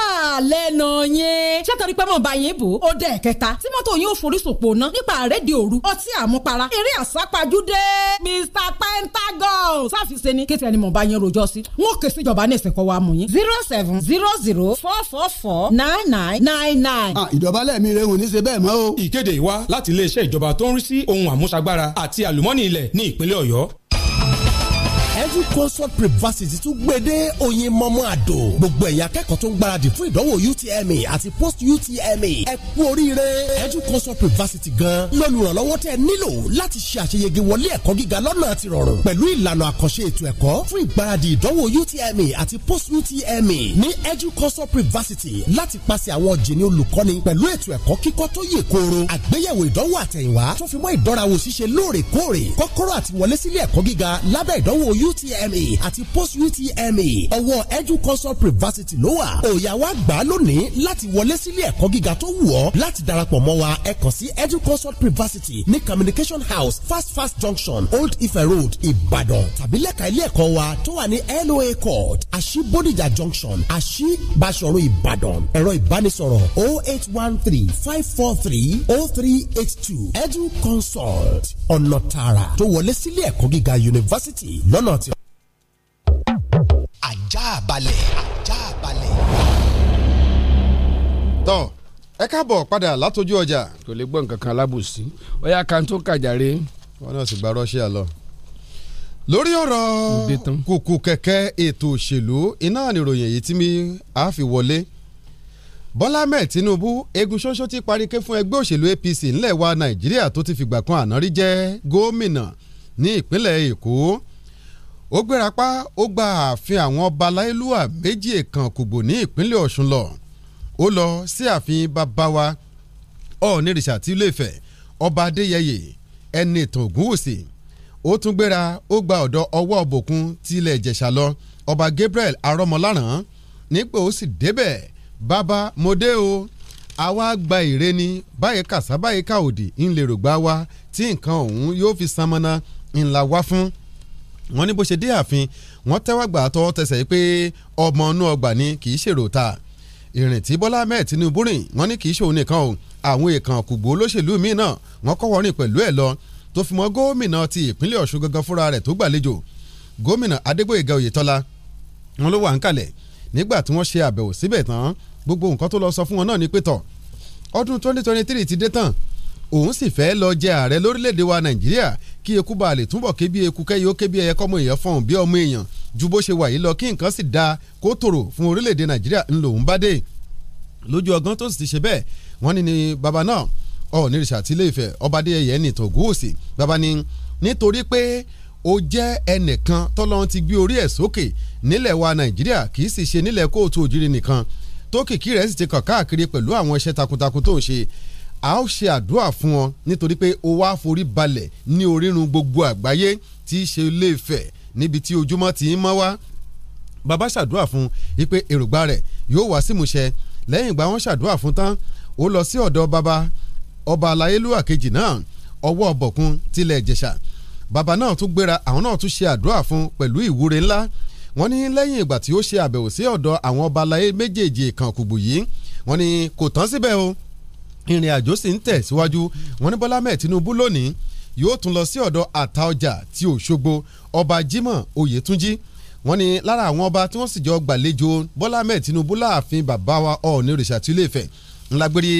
Speaker 4: lẹ́nu yẹn. ṣé torí pé bá yín bò ó dẹ̀ kẹta tí mọ́tò yín forísòpò ná nípa àrédìí òru ọtí àmupara eré àsápajúdé Mr Pentagon sáfìsẹ́ ni kéte ẹni mo bá yín rojọ́ sí. n ó ké síjọba ní ìsìnkọ́ wa mú yín. zero seven zero zero four four four nine nine nine nine.
Speaker 2: Ah, ìdọ̀bálẹ̀ mi rehun ní ṣe bẹ́ẹ̀ mọ́ o. ìkéde ìwá láti iléeṣẹ́ ìjọba tó ń rí sí ohun àmúṣagbára àti àlùmọ́nì ilẹ̀ ní ìpínlẹ̀ Ọ̀yọ́. Every consult privacy tún gbédé oyin mọ́mọ́ àdó gbogbo ẹ̀yà akẹ́kọ̀ọ́ tó ń gbáradì fún ìdánwò UTME àti post UTME ẹ kú oríire every consult privacy gan lọ́lùrànlọ́wọ́ tẹ́ nílò láti ṣe àṣeyege wọlé ẹ̀kọ́ gíga lọ́nà àti rọrùn pẹ̀lú ìlànà àkànṣe ètò ẹ̀kọ́ fún ìgbáradì ìdánwò UTME àti post UTME ní every consult privacy láti pàṣẹ àwọn jìnnì olùkọ́ni pẹ̀lú ètò ẹ̀kọ́ kíkọ́ tó yè kooro àgbéyẹ̀wò ìdánwò àtẹ̀yìnwá tó fi mọ́ ìdánrawò ṣíṣe lóòrèkóòrè kọ́kọ́rọ́ àti wọlé sílé ẹ̀kọ́ gíga lábẹ́ ìdánwò UTME àti post UTME ọwọ́ educonsult privacity ló wà òòyà wa gbà á lónìí láti wọlé sílé ẹ̀kọ́ gíga tó wù ọ́ láti darapọ̀ mọ́ wa ẹ kàn sí educonsult privacity ní communication house fast fast junction old ife road Ibadan. tàbí lẹ́ka ilé ẹ̀kọ́ wa tó wà ní LOA court àṣì Bódìjà junction àṣì Bàṣọ̀run Ìbàdàn ẹ̀rọ ìbánisọ̀rọ̀ o oh eight one three five four three o oh three eight two educonsult ọ̀nà tààrà tó wọlé sílé ẹ̀kọ́ gíga yunifásitì lọ́nà
Speaker 6: lọ́rọ̀ tí. ajá balẹ̀ ajá balẹ̀. tán ẹ káàbọ̀ padà látọjú ọjà. kò lè gbọ́ nǹkan kan alábòsí ọ̀yà kan tó kàjàre. wọn náà sì gba Russia lọ. lórí ọ̀rọ̀ kùkù kẹ̀kẹ́ ètò òṣèlú iná nìròyìn èyí tí mi á fi wọlé. Bọ́lá mẹ́ẹ̀ Tinubu egun ṣoṣo ti parike fún ẹgbẹ́ òṣèlú APC ńlẹ̀ wa Nàìjíríà tó ti fìgbà kan àná jẹ́ gómìnà ní ìpínlẹ̀ Èkó ó gbérapá ó gba ààfin àwọn ọba láìlúwà méjì èkán kùgbò ní ìpínlẹ̀ ọ̀ṣun lọ ó lọ sí ààfin bàbá wa ọ̀ọ́nìrìṣà tí ilé Ifẹ̀ ọba adéyẹyè ẹni ìtàn ògúnwùsì ó tún gbéra ó gba ọ̀dọ̀ ọwọ́ ọ̀bòkun ti ilẹ̀ ìjẹ̀ṣà lọ ọba Gabriel arọ́mọláràn nípò ó sì débẹ̀ bàbá mòdé o àwa gba ìre ni báyìí kàṣá báyìí ká òdì ńlẹ̀ rògbà wa tí nǹkan ọ̀hún yóò fi sanmọ́nà ńlá wá fún wọ́n ní bó ṣe dé ààfin wọ́n tẹ́wọ́ gbà tọwọ́ tẹsẹ̀ yìí pé ọmọ inú ọgbà ni kì í ṣèrò ta ìrìn tí Bọ́lá Ahmed Tinubu rìn wọ́n ní kì í ṣòun nìkan o àwọn èèkàn kùgbó olóṣèlú míì náà wọ́n kọ́ wọ́n rìn pẹ̀lú ẹ̀ lọ tó fi mọ́ gómìnà ti ìpínlẹ̀ Ọ̀ṣun gangan fúnra rẹ̀ tó gbàlejò gómìnà Adégbóyèga Oyètọ́lá wọn ló wà ń kalẹ̀ nígbà tí wọ́n ṣe àbẹ̀wò síbẹ̀ tán gbogbo nǹkan tó lọ sọ fún wọn náà ní pé tọ̀ ọdún 2023 ti dé tán òun sì fẹ́ lọ jẹ ààrẹ lórílẹ̀‐èdè wa nàìjíríà kí eku ba lè túbọ̀ kébí eku kẹ́yìí ó kébí ẹyẹ kọ́mọ èèyàn fọ̀hún bí ọmọ èèyàn ju bó ṣe wà yìí lọ kí nǹkan sì dáa kó tòrò fún orílẹ̀‐èdè nàìjíríà ńlòún bá dé lójú ọgán tó sì ti ṣe bẹ́ẹ̀ wọ́n ní ni bàbá náà ọ̀nìrìṣà tí ilé Ifẹ̀ ọbadé ẹ̀yẹ ní tògúwòsì bàbá ni nítorí pé ó jẹ́ ẹnìkan tọ́lọ́run ti gbé orí ẹ̀ sókè nílẹ̀ wa nàìjíríà kì í sì ṣe nílẹ̀ kóòtù òjìrì nìkan rẹ̀ sì ti kàn káàkiri pẹ̀lú àwọn iṣẹ́ takuntakun tó ń ṣe a ó ṣe àdúrà fún wọn nítorí pé ó wá forí balẹ̀ ní orírun gbogbo àgbáyé tí í ṣe Ilé Ifẹ̀ níbi tí ojúmọ́ ti ń mọ́ wá bàbá ṣàdúrà fún ipe èrògbà rẹ̀ yóò wá sí ìmúṣẹ lẹ́yìn ìgbà wọn ṣàdúrà fún tán ó lọ sí ọ̀dọ̀ bàbá ọba aláyélúwà kejì náà ọwọ́ ọ̀bọ̀kun tilẹ̀ ìjẹ̀ṣà bàbá náà tún gbéra àwọn náà tún ṣe àdúrà fún pẹ̀lú ìwúre ńlá wọ́n ní lẹ́yìn ìgbà tí ó ṣe àbẹ̀wò sí ọ̀dọ̀ àwọn ọba aláyé méjèèjì ìkànkùgbù yìí wọ́n ní kò tán síbẹ̀ o ìrìn àjò sì ń tẹ̀síwájú wọn ní Bọ́lá mẹ́ẹ̀ Tinubu lónìí yóò tún lọ sí ọ̀dọ̀ Àtaọ̀jà ti Òṣogbo ọba Jimoh Oyetunji wọ́n ní lára àwọn ọba tí wọ́n sì jọ gbàlejò Bọ́lá mẹ́ẹ̀ Tinubu láàfin bàbá wa Ọọ̀ni òrìṣà tí ilé Ifẹ̀ ńlágbérí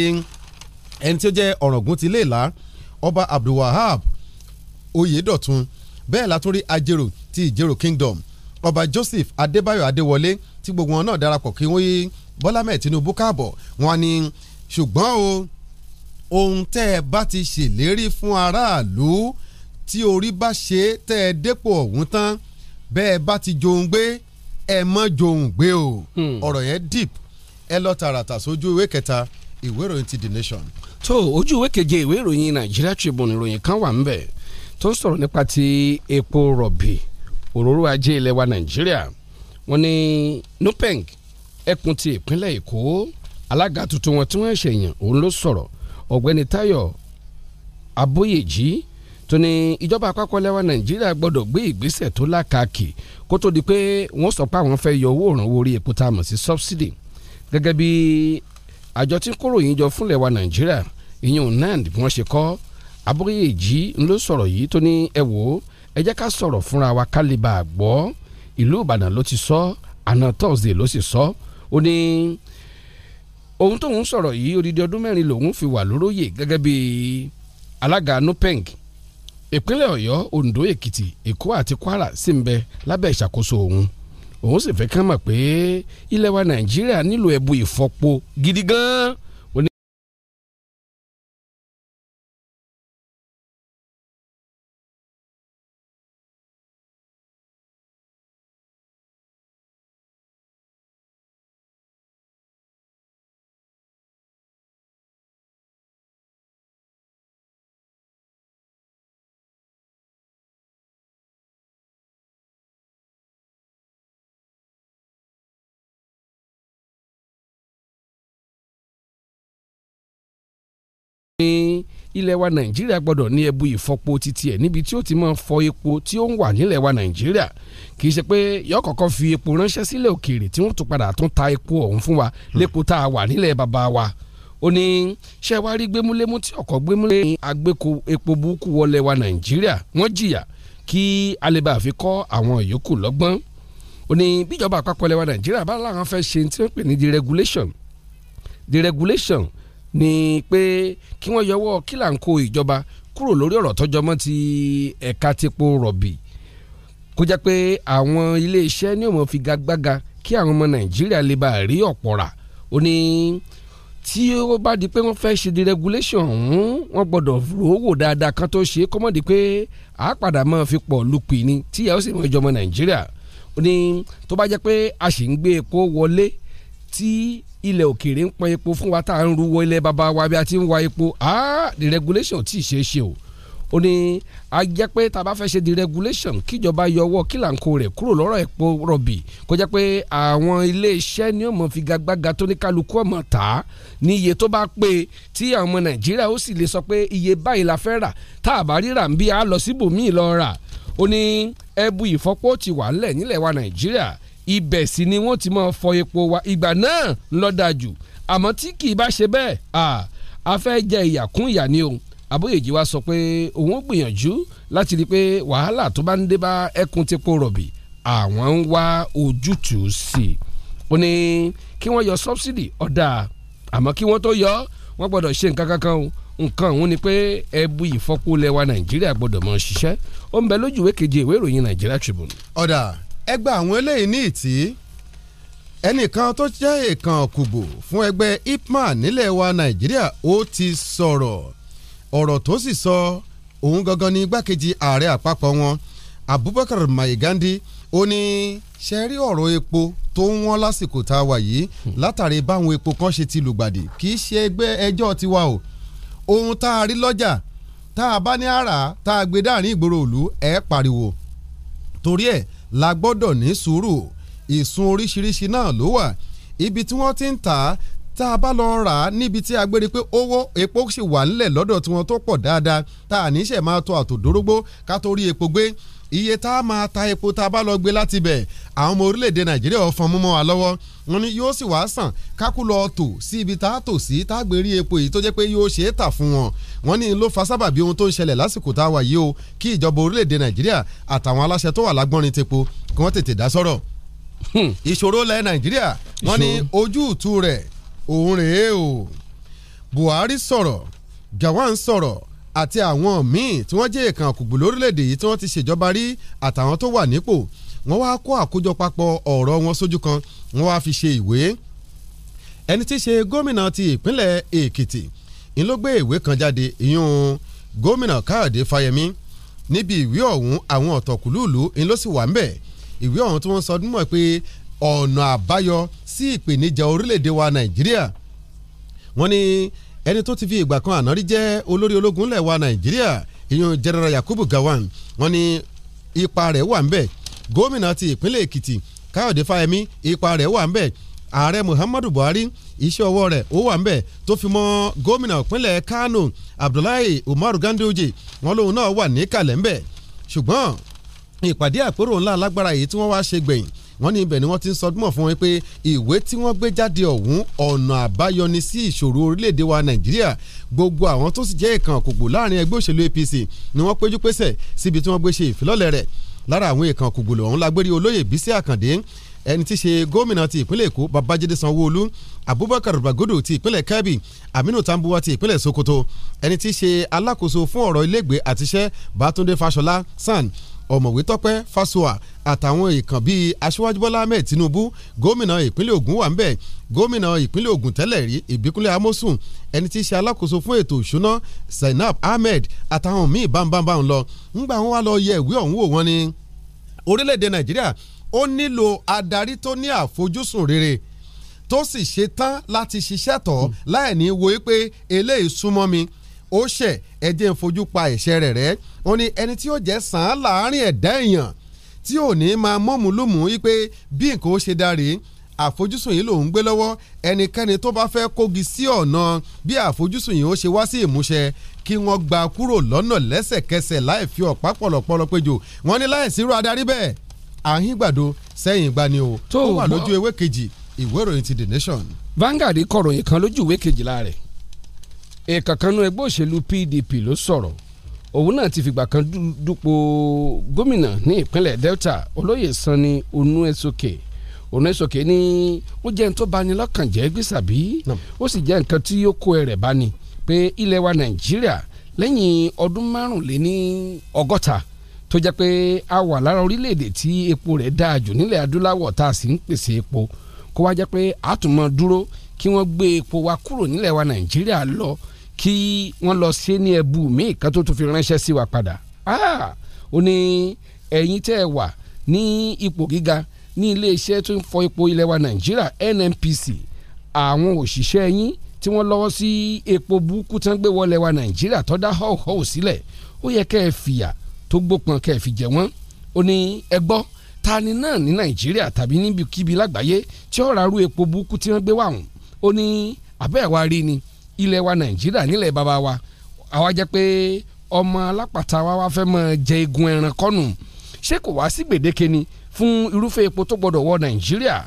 Speaker 6: ẹni tí ó jẹ́ Ọ̀ràngún ti Iléèlá ọba Abdulwahab Oyèdọ̀tun bẹ́ẹ̀ látúrí ajérò ti Ìjérò Kingdom ọba Joseph Adébáyọ̀ Adéwọlé tí gbogbo wọn náà darapọ̀ kí wọ́n yí Bọ́lá mẹ́ẹ̀ Tinubu káàbọ̀ wọ́n ní ṣùgbọ́n o ohun tẹ́ ẹ bá ti ṣèlérí fún aráàlú tí orí bá ṣe tẹ́ ẹ dépò ọ̀hún tán bẹ́ẹ̀ bá ti jòun gbé ẹ mọ́ jòun gbé o hmm. ọ̀rọ̀ yẹn deep ẹ lọ tààràtà sójú ìwé kẹta ìwé ìròyìn ti The Nation.
Speaker 7: tó ojú ìwé keje ìwé ìròyìn Nigeria Tribune ìròyìn kan wà ńbẹ tó ń sọ̀rọ̀ nípa ti epo rọ̀bì òróró ajé ilẹ̀ wa Nàìjíríà wọ́n ní NUPENG ẹkùn ti ìpínlẹ̀ Èkó alága tuntun wọn tí wọ́n ṣèyàn òun ló sọ̀rọ̀ ọ̀gbẹ́ni tayo aboyeji tó ní ìjọba àpapọ̀ lẹ́wà Nàìjíríà gbọ́dọ̀ gbé ìgbésẹ̀ tó lákàkì kó tó di pé wọ́n sọ pé àwọn fẹ́ yọ owó òrànwó orí epo tá a mọ̀ sí subsidy gẹ́gẹ́ bí àjọ tí ń kó ròyìn jọ fúnlẹ̀ wa Nàìjíríà ìyẹn bí wọ́n ṣe kọ́ sọ àná sọ ó ní òun tóun sọ̀rọ̀ yìí odidi ọdún mẹ́rin lòun fi wà lóróyè gẹ́gẹ́ bí alága nupeng ìpínlẹ̀ ọ̀yọ́ ondo èkìtì èkó àti kwara sì ń bẹ lábẹ́ ìṣàkóso òun òun sì fẹ́ kán mọ̀ pé ilẹ̀ wa nàìjíríà nílò ẹ̀bù ìfọpo gidi gan-an ní ilẹ̀ wa nàìjíríà gbọ́dọ̀ ní ẹbu ìfọpo titi ẹ̀ níbi tí ó ti máa fọ epo tí ó ń wà nílẹ̀ wa nàìjíríà kì í ṣe pé yọ kọ̀ọ̀kan fi epo ránṣẹ́ sílẹ̀ òkèèrè tí wọ́n tún padà tún ta epo ọ̀hún fún wa hmm. lépo tá a wà nílẹ̀ bàbá wa ó ní ṣé wàá rí gbémúlémú tí ọkọ̀ gbémúlé ní agbéko epo burúkú wọlé wa nàìjíríà wọ́n jìyà kí alẹ́bà fi kọ́ àwọn yòókù lọ́gbọ́n ó ní bíjọba àpapọ̀ ilẹ̀ nàìjíríà bá láwọn fẹ́ ṣe tí wọ́n pè ní deregulation deregulation ni pé kí wọ́n yọwọ́ kílàǹkó ìjọba kúrò lórí ọ̀rọ̀ tọ́jọ́ mọ́ ti ẹ̀ka tepo rọ̀bì kó jẹ́ pé àwọn iléeṣẹ́ ní òmò figagbága kí àwọn ọmọ nàìjíríà lè bá rí ọ̀pọ̀ rà ó ní tí ó bá di pé wọ́n fẹ́ ṣe deregulation ọ̀hún wọ́n gbọ́dọ̀ rówó dáadáa kan tó ṣe kó mọ̀ di pé a padà máa fi pọ̀ lupì ni tí ìyàwó sì mọ ìjọba nàìjíríà ó ní tó bá jẹ́ pé a sì ń gbé epo wọlé tí ilẹ̀ òkèèrè ń pọn epo fún wa tá à ń ruwọ ilẹ̀ baba wa bí a ti ń wa epo ah the regulation tí ì ṣeé ṣe o ó ní a jẹ́ pé tá a bá fẹ́ ṣe the regulation kíjọba yọ ọwọ́ kílàǹkó rẹ̀ kúrò lọ́rọ̀ epo rọ̀bì kó jẹ́ pé àwọn iléeṣẹ́ ní ọmọ figagbága tó ní kálukú ọmọ tà á ní iye tó bá pé tí àwọn ọmọ nàìjíríà ó sì lè sọ pé iye báyìí la fẹ́ rà tá a bá ríra ń bí a lọ síbòmíì lọ rà ó ní ẹbu ìfọpọ́ ti wà ńlẹ̀ nílẹ̀ wa nàìjíríà ibẹ̀ sì ni wọ́n ti máa fọ epo wa ìgbà náà lọ́dà jù àmọ́ tí kì í bá ṣe bẹ́ẹ̀ a fẹ́ jẹ ìyà kún ìyà ni o Abóyèjì wa sọ pé òun ó gbìyànjú láti rí i pé wàhálà tó bá ń dé bá ẹkùn tepo rọ̀bì àwọn ń wá ojútùú sí i ó ní kí wọ́n yọ sọ́bsidì ọ̀dà àmọ́ kí wọ́n tó yọ wọ́n gbọ́dọ̀ ṣe nǹkan kankan o nǹkan òun ni pé ẹbu ìfọ́pọ̀ lẹ́wà Nàìjíríà gbọ́dọ̀ mọ̀ ṣiṣẹ́ ó ń bẹ lójú keje ìwé ìròyìn Nàìjíríà Tribune.
Speaker 6: ọ̀dà ẹgbẹ́ àwọn eléyìí ní ìtì ẹnìkan tó jẹ́ èèkàn kùbò fún ẹgbẹ́ IPMAN nílẹ̀ wa Nàìjíríà ó ti sọ̀rọ̀ ọ̀rọ̀ tó sì sọ òun gangan ní igbákejì ààrẹ àpapọ̀ wọn Abubakar Maigandi ó ní ṣe rí ọ̀rọ̀ epo tó ń wọ́n lásìkò tá a wà yìí látàrí báwọn epo kan ṣe ti lùgbàdì kì í ṣe ẹgbẹ́ ẹjọ́ tiwa o ohun tá a rí lọ́jà tá a bá ní àrà tá a gbé dáàrin ìgboro òlu ẹ̀ pariwo torí ẹ̀ la gbọ́dọ̀ ní sùúrù ìsun oríṣiríṣi náà ló wà ibi tí wọ́n ti ń tà á tá a bá lọ rà á níbi tí a gbére pé owó epo sì wà ńlẹ̀ lọ́dọ̀ tiwọn tó pọ̀ dáadáa tá a níṣẹ̀ máa tọ àtòdórógbó ká tó rí epo gbé iye tá a máa ta epo tá a bá lọ gbé láti bẹ̀ àwọn ọmọ orílẹ̀-èdè nàìjíríà ọ̀fọ̀n mú mọ́ wa lọ́wọ́ wọn ni yóò sì wáá sàn kákú lọ tò sí ibi tá a tò sí tá a gbèrí epo yìí tó jẹ́ pé yóò ṣe é tà fún wọn wọn ni ló fa sábàbí ohun tó ń ṣẹlẹ̀ lásìkò tá a wà yìí o kí ìjọba orílẹ̀-èdè nàìjíríà àtàwọn aláṣẹ tó wà lágbọ́nrin tepo kí wọ́n tètè dá sọ́rọ̀ hmm. ìṣòro o Buhari sọ̀rọ̀ Gawon sọ̀rọ̀ àti àwọn míì tí wọ́n jẹ́ èèkàn àkùgbù lórílẹ̀‐èdè yìí tí wọ́n ti ṣèjọba rí àtàwọn tó wà nípò wọ́n wá kó àkójọ papọ̀ ọ̀rọ̀ wọn sójú kan wọ́n wá fi ṣe ìwé ẹni tí í ṣe gómìnà ti ìpínlẹ̀ Èkìtì ń ló gbé ìwé kan jáde ìyún gómìnà Káyọ̀dé Fáyẹmí níbi ìwé ọ̀hún àwọn ọ̀tọ̀kùlùlù ń ló sì wà ń bẹ̀ ìwé ọ̀hún tí wọ́n sọ ọdún mọ̀ pé ọ̀nà àbáyọ sí ìpèníjà orílẹ̀-èdè wa Nàìjíríà wọ́n ní ẹni tó ti fi ìgbà kan àná jẹ́ olórí ológun lẹ̀ wa nàìjíríà ìyún general yakubu gowon wọ́n ní ipa rẹ̀ wà ńbẹ̀ gómìnà ti ìpínlẹ̀ èkìtì káyọ̀dé fáyemí ipa rẹ̀ wà ńbẹ̀ ààrẹ muhammadu buhari iṣẹ́ ọwọ́ rẹ̀ ó wà ńbẹ̀ tó fi mọ́ gómìnà ìpínlẹ̀ kano abdullahi umaru ganduje wọn lòun náà wà ní kalẹ̀ ńbẹ̀ ṣùgbọ́n ìpàdé àpérò ńlá alágbára yìí tí wọ́n wá ṣe gbẹ̀yìn wọ́n ní ibẹ̀ ni wọ́n ti ń sọdúnmọ̀ fún wọn pé ìwé tí wọ́n gbé jáde ọ̀hún ọ̀nà àbáyọ ni sí ìṣòro orílẹ̀-èdè wa nàìjíríà gbogbo àwọn tó sì jẹ́ ìkan òkùnkùn láàrin ẹgbẹ́ òṣèlú APC ni wọ́n péjú pésẹ̀ síbi tí wọ́n gbé ṣe ìfilọ́lẹ̀ rẹ̀ lára àwọn ìkan òkùnkùn lòun lágbérí olóyè bísí àkàndé ẹni tí í ṣe gómìnà ti ìpínlẹ̀ èkó babájídé sanwó abubakar bagudu ti ìpínlẹ̀ kebbi aminu tambuwa ti ìpínlẹ̀ sokoto ẹni tí í ṣe alákòóso fún ọ̀rọ̀ ilégbèé àtiṣẹ́ bátúndé fáṣọlá san ọ̀mọ̀wé tọ́pẹ́ fásua àtàwọn èèkàn bíi aṣíwájú bọ́lá ahmed tinubu gómìnà ìpínlẹ̀ ògùn wà ń bẹ̀ gómìnà ìpínlẹ̀ ògùn tẹ́lẹ̀ rí ìbíkúnlẹ̀ amósùn ẹni tí í ṣe alákòóso fún ètò ìṣúná zainab ahmed àtàwọn míì bámbámbá ń lọ ńgbà wọn wá lọ yẹ ìwé ọ̀hún wò wọ́n ní orílẹ̀-èdè nàìjíríà ó nílò adarí tó ní àfojúsùn rere tó sì ṣetán láti ṣiṣẹ́ tọ̀ láì ní wo pé eléyìí súnmọ́ mi ó ṣẹ̀ ẹjẹ́ ń fojú pa ẹ̀ṣẹ̀ rẹ̀ rẹ́ ó ní ẹni tí ó jẹ́ sàn án láàárín ẹ̀dá èèyàn tí ò ní máa mọ́mùlùmù wípé bí nǹkan ó ṣe darí àfojúsùn yìí lòún gbé lọ́wọ́ ẹnikẹ́ni tó bá fẹ́ kógi sí ọ̀nà bí àfojúsùn yìí ó ṣe wá sí ìmúṣẹ kí wọ́n gba kúrò lọ́nà lẹ́sẹ̀kẹsẹ̀ láì fi ọ̀pá pọ̀lọ̀pọ̀lọ̀ péjò wọ́n ní láì sírò adarí bẹ́ẹ̀
Speaker 7: àhín sẹ́yìn gbani o tó wà lójú ewé kejì ìwé ìròyìn ti The Nation. Vanguard kọ̀ròyìn kan lójú ìwé kejìlá rẹ̀ ìkànnì ẹgbẹ́ òṣèlú PDP ló sọ̀rọ̀ òun náà ti fìgbà kan dúpọ̀ gómìnà ní ìpínlẹ̀ Delta olóyè Sanni Onuesoke Onuesoke ní ó jẹ́ ní tó bani lọ́kàn jẹ́ gbèsàbí ó sì jẹ́ nǹkan tí ó kó ẹrẹ̀ bani pé ilẹ̀ wa Nàìjíríà lẹ́yìn ọdún márùnléní ọgọ́ta tó jẹ́ pé a wà lára orílẹ̀-èdè tí epo rẹ̀ dáa jù nílẹ̀ adúláwọ̀ tá a sì ń pèsè epo kó wá jẹ́ pé a dúró kí wọ́n gbé epo wa kúrò nílẹ̀ wa Nàìjíríà lọ kí wọ́n lọ ṣe ní ẹ̀bù míì kan tó tún fi ránṣẹ́ sí wa padà ah! ó ní ẹ̀yin tẹ́ ẹ wà ní ipò gíga ní iléeṣẹ́ tó ń fọ epo ilẹ̀ wa Nàìjíríà NNPC àwọn òṣìṣẹ́ yín tí wọ́n lọ́wọ́ sí epo burúkú tán gbé wọlé wa Nàìjíríà tó dá họ́ọ̀họ́ọ̀ sílẹ̀ ó yẹ kẹ́ ẹ fìyà tó gbópọn kẹ́ ẹ fi jẹ wọ́n ó ní ẹ gbọ́ ta ni náà ní Nàìjíríà tàbí níbikíbi lágbàáyé tí ó ra rú epo burúkú tí wọ́n gbé wà wọ́n ó ní àbẹ́ẹ̀ wá rí ni ilẹ̀ wa nàìjíríà nílẹ̀ bàbá wa àwa jẹ́ pé ọmọ alápàtà wa wá fẹ́ máa jẹ egun ẹran kọ́nù ṣé kò wá sí gbèdéke ni fún irúfẹ́ epo tó gbọdọ̀ wọ nàìjíríà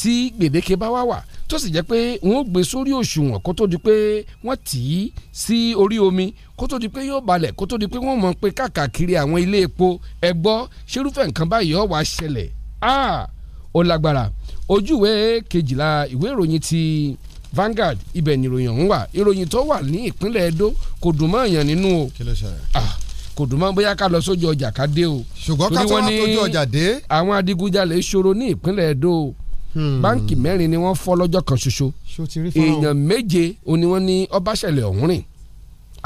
Speaker 7: tí gbèdéke bá wá wà tó sì jẹ́ pé wọ́n gbé sórí òṣùwọ̀n kó tó di pé wọ́n tì í sí orí omi kó tó di pé yóò balẹ̀ kó tó di pé wọ́n mọ̀ pé káàkiri àwọn ilé epo ẹ̀gbọ́ ṣerúfẹ́ nǹkan báyìí ó wá ṣẹlẹ̀ ó lágbára ojú kejìlá ìwé ìròyìn ti Vanguard ibẹ̀ nìròyìn ọ̀hún wà ìròyìn tó wà ní ìpínlẹ̀ Edo kò dùn mọ́ èèyàn nínú o kò dùn mọ́ bóyá ká lọ sójú ọjà ká dé o ṣùgbọ́n ká tó wá tójú ọjà dé àwọn adigunjalè ṣòro ní ìpínlẹ̀ Edo o hmm. mẹ́rin ni wọ́n fọ́ lọ́jọ́ kan ṣoṣo èèyàn méje òní wọ́n ní ọbaṣẹ̀lẹ̀ ọ̀hún rìn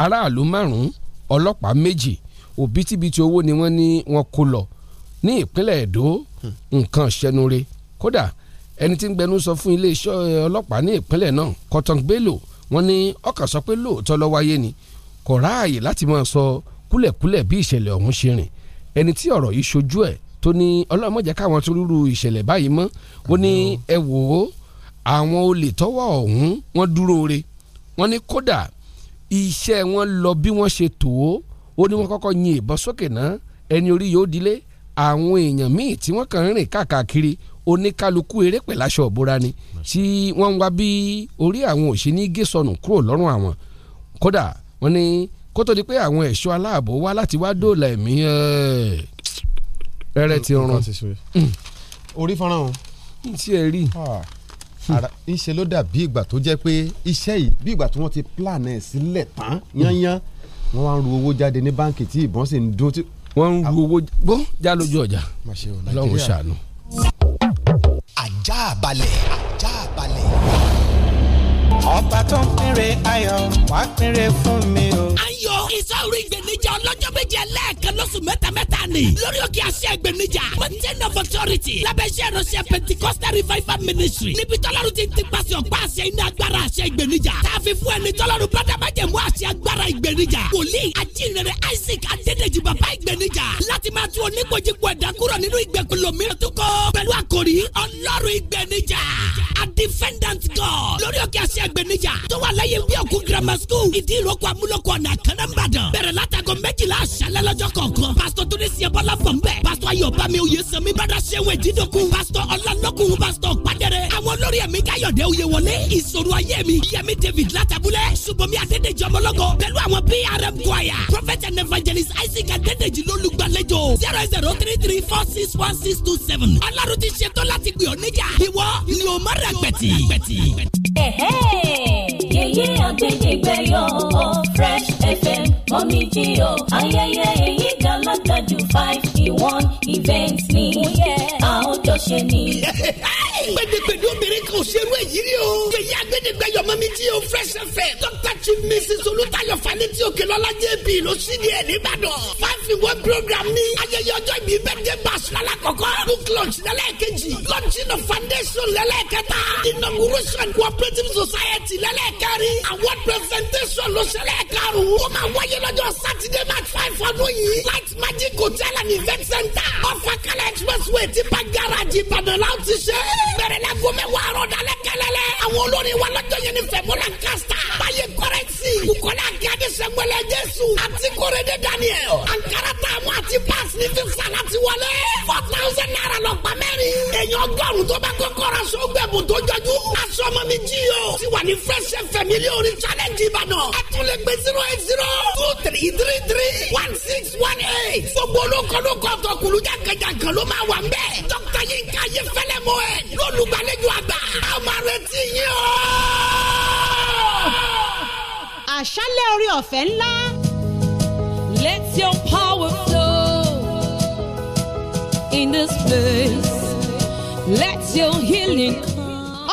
Speaker 7: aráàlú márùn-ún ọlọ́pàá méjì òbítíbitì owó ni wọ́n ní wọ́n kó lọ ní ìpínlẹ̀ Edo hmm. nǹkan ṣẹnure kódà ẹni tí ń gbẹnu sọ fún iléeṣẹ́ ọlọ́pàá ní ìpínlẹ̀ náà Cotton Bello wọ́n ní ọkàn sọ pé lóòótọ́ ló wáyé ni kò ráàyè láti máa sọ kúlẹ̀kúlẹ̀ bí ìṣẹ̀lẹ̀ ọ̀hún ṣe rìn ẹni tí ọ̀rọ̀ yìí ṣojú ẹ̀ tó ní ọlọ́mọdé káwọn tó rúru ìṣẹ̀lẹ̀ báyìí mọ́ ó ní ẹ wò ó àwọn olè tọ́wọ́ ọ̀hún wọ́n dúró re wọ́n ní kódà iṣẹ́ wọn lọ bí wọ́n ṣe tò ó ó ní wọ́n kọ́kọ́ yin ìbọn sókè náà ẹni orí yóò dilé àwọn èèyàn míì tí wọ́n kàn ń rìn káàkiri oníkálukú erépè láṣọ òbora ni tí wọ́n ń wá bí orí àwọn òṣè ní gé sọnù kúrò lọ́rùn àwọn kódà wọ́n ní kó tó di pé àwọn ẹ̀ṣọ́ aláàbò wá láti wá dóòlà ẹ̀mí rẹ́rẹ́ ti rún.
Speaker 6: orí fọ́nrán o. n ti ẹ rí.
Speaker 7: iṣẹ́ ah, ló dà bí ìgbà
Speaker 6: tó jẹ́ pé iṣẹ́ yìí bí ìgbà tí wọ́n ti plan ẹ̀ sílẹ̀ tán yányán wọ́n wá ń ru owó jáde ní báǹkì tí ìbọn sì ń dún wọ́n ń ru owó gbó
Speaker 7: já lójú ọjà lọ́wọ́ ṣàánú.
Speaker 2: ọba tó ń pínre ayọ̀ wá pínre fún mi o
Speaker 9: yọ. ìsọ̀rù ìgbènijà ọlọ́jọ́ méje lẹ́ẹ̀kan lóṣù mẹ́tamẹ́ta ni. lórí òkè àṣẹ ìgbènijà. mountain of authority. lábẹ́sẹ̀ ìránṣẹ́ pentikosta revival ministry. níbi tọ́lọ́run ti ti pàṣẹ ọ̀pá àṣẹ iná agbára àṣẹ ìgbènijà. tààfin fún ẹni tọ́lọ́run bọ́dà májẹ̀mú àṣẹ agbára ìgbènijà. wòlíì ajínrere isaac adédèjì bàbá ìgbènijà. láti máa tún oníkojúkọ ẹ̀dá kúrò nínú ìgbèkùlòmíràn tó kọ́. pẹ̀lú àkòrí ọlọ́run ìgbènijà. a defendant god. lórí òkè àṣẹ ìgbènijà. tó wà lẹ́yìn bí grammar school. ìdí ìrókò amúlòkọ ọ̀nà kẹ̀nẹ́ ń bàdàn. bẹ̀rẹ̀ látago méjìlá àṣálẹ́ lọ́jọ́ kọ̀ọ̀kan. pásítọ̀ tó ní sèbọ́lá Pastor, nbẹ̀. pásítọ̀ ayọ̀bámi oyèsẹ̀mí bàdà sẹ́wọ̀n ìdídókun. pásítọ̀ ọlálọ́kùn pásítọ̀ pàdẹ́rẹ́. àwọn olórí ẹ̀mí káyọ̀dé oyèwọlé. ìṣòro ayé mi yẹmi david látàbúlẹ̀. ṣùgbọ́n mi adédèjì ọmọlọ́gọ. pẹ̀lú àwọn prm choir. prophet and evangelist isaac adédèjì lólùgbàlejò. zero zero three three four six one six two seven. ọlọ́run ti ṣetán láti gbìyànjú níjà. ìwọ ni o mọ̀ rẹ̀ pẹ̀tì. ẹ̀hẹ́
Speaker 5: yẹ̀yẹ́ àgbẹ̀dẹ̀gbẹ̀ yọ̀ fresh fm mọ́mídì o ayẹyẹ èyí gàlágà ju five in one event ni
Speaker 9: àwọn oh, jọ ṣe ni. gbẹdẹgbẹdẹ obìnrin kan ò ṣerú èyí rí o. kèyí agbẹdẹgbẹ yọmọ mi tí o fresh fẹ. dr chief mrs olutayo falẹti òkèlọlá jb ló sì ní ẹ nìbàdàn. five in one program ní. ayẹyẹ ọjọ́ ìbí birthday bash lọ́la kọ̀kọ́. book launch lọ́la kejì. launching of foundation lọ́la kẹta. inauguration cooperative society lọ́la kẹrin. award presentation ló ṣẹlẹ̀ karùn-ún. ó máa wáyé lọ́jọ́ saturday march five ọdún yìí. light magic hotel and event center. ọ̀fà kala expressway ti pa garaji ìbàdàn láti ṣe bẹ̀rẹ̀ la gomẹ wa arọ dalẹ kẹlẹlẹ. àwọn olórí wa lọ́jọ́ yẹn ni fẹ̀mú la kásá. báyé kọrẹ́sì. u gadi sẹ́gbẹ̀lẹ̀ jésù. àti kóre de daniel. ankara taamu àti paasi ni fi salati wọlé. four thousand naira lọ gbàmẹ́rin. èèyàn gọ́rù tó bá kọ́kọ́rọ́ so gbẹ̀bù tó jọjú. asọ́mọ mi jí o. ti wà ní fresh fm mílíọ̀nù challenge ìbàdàn. a tún lè gbé zero eight zero two three three three one six one eight. gbogbo olókòlókò tó kulujà kẹjà kan ló máa wà ń bẹ́ẹ̀ moe lólùgbàlejò àgbà a máa retí yín o.
Speaker 3: àṣálẹ̀ orí ọ̀fẹ́ ńlá. let your power flow in this place let your healing.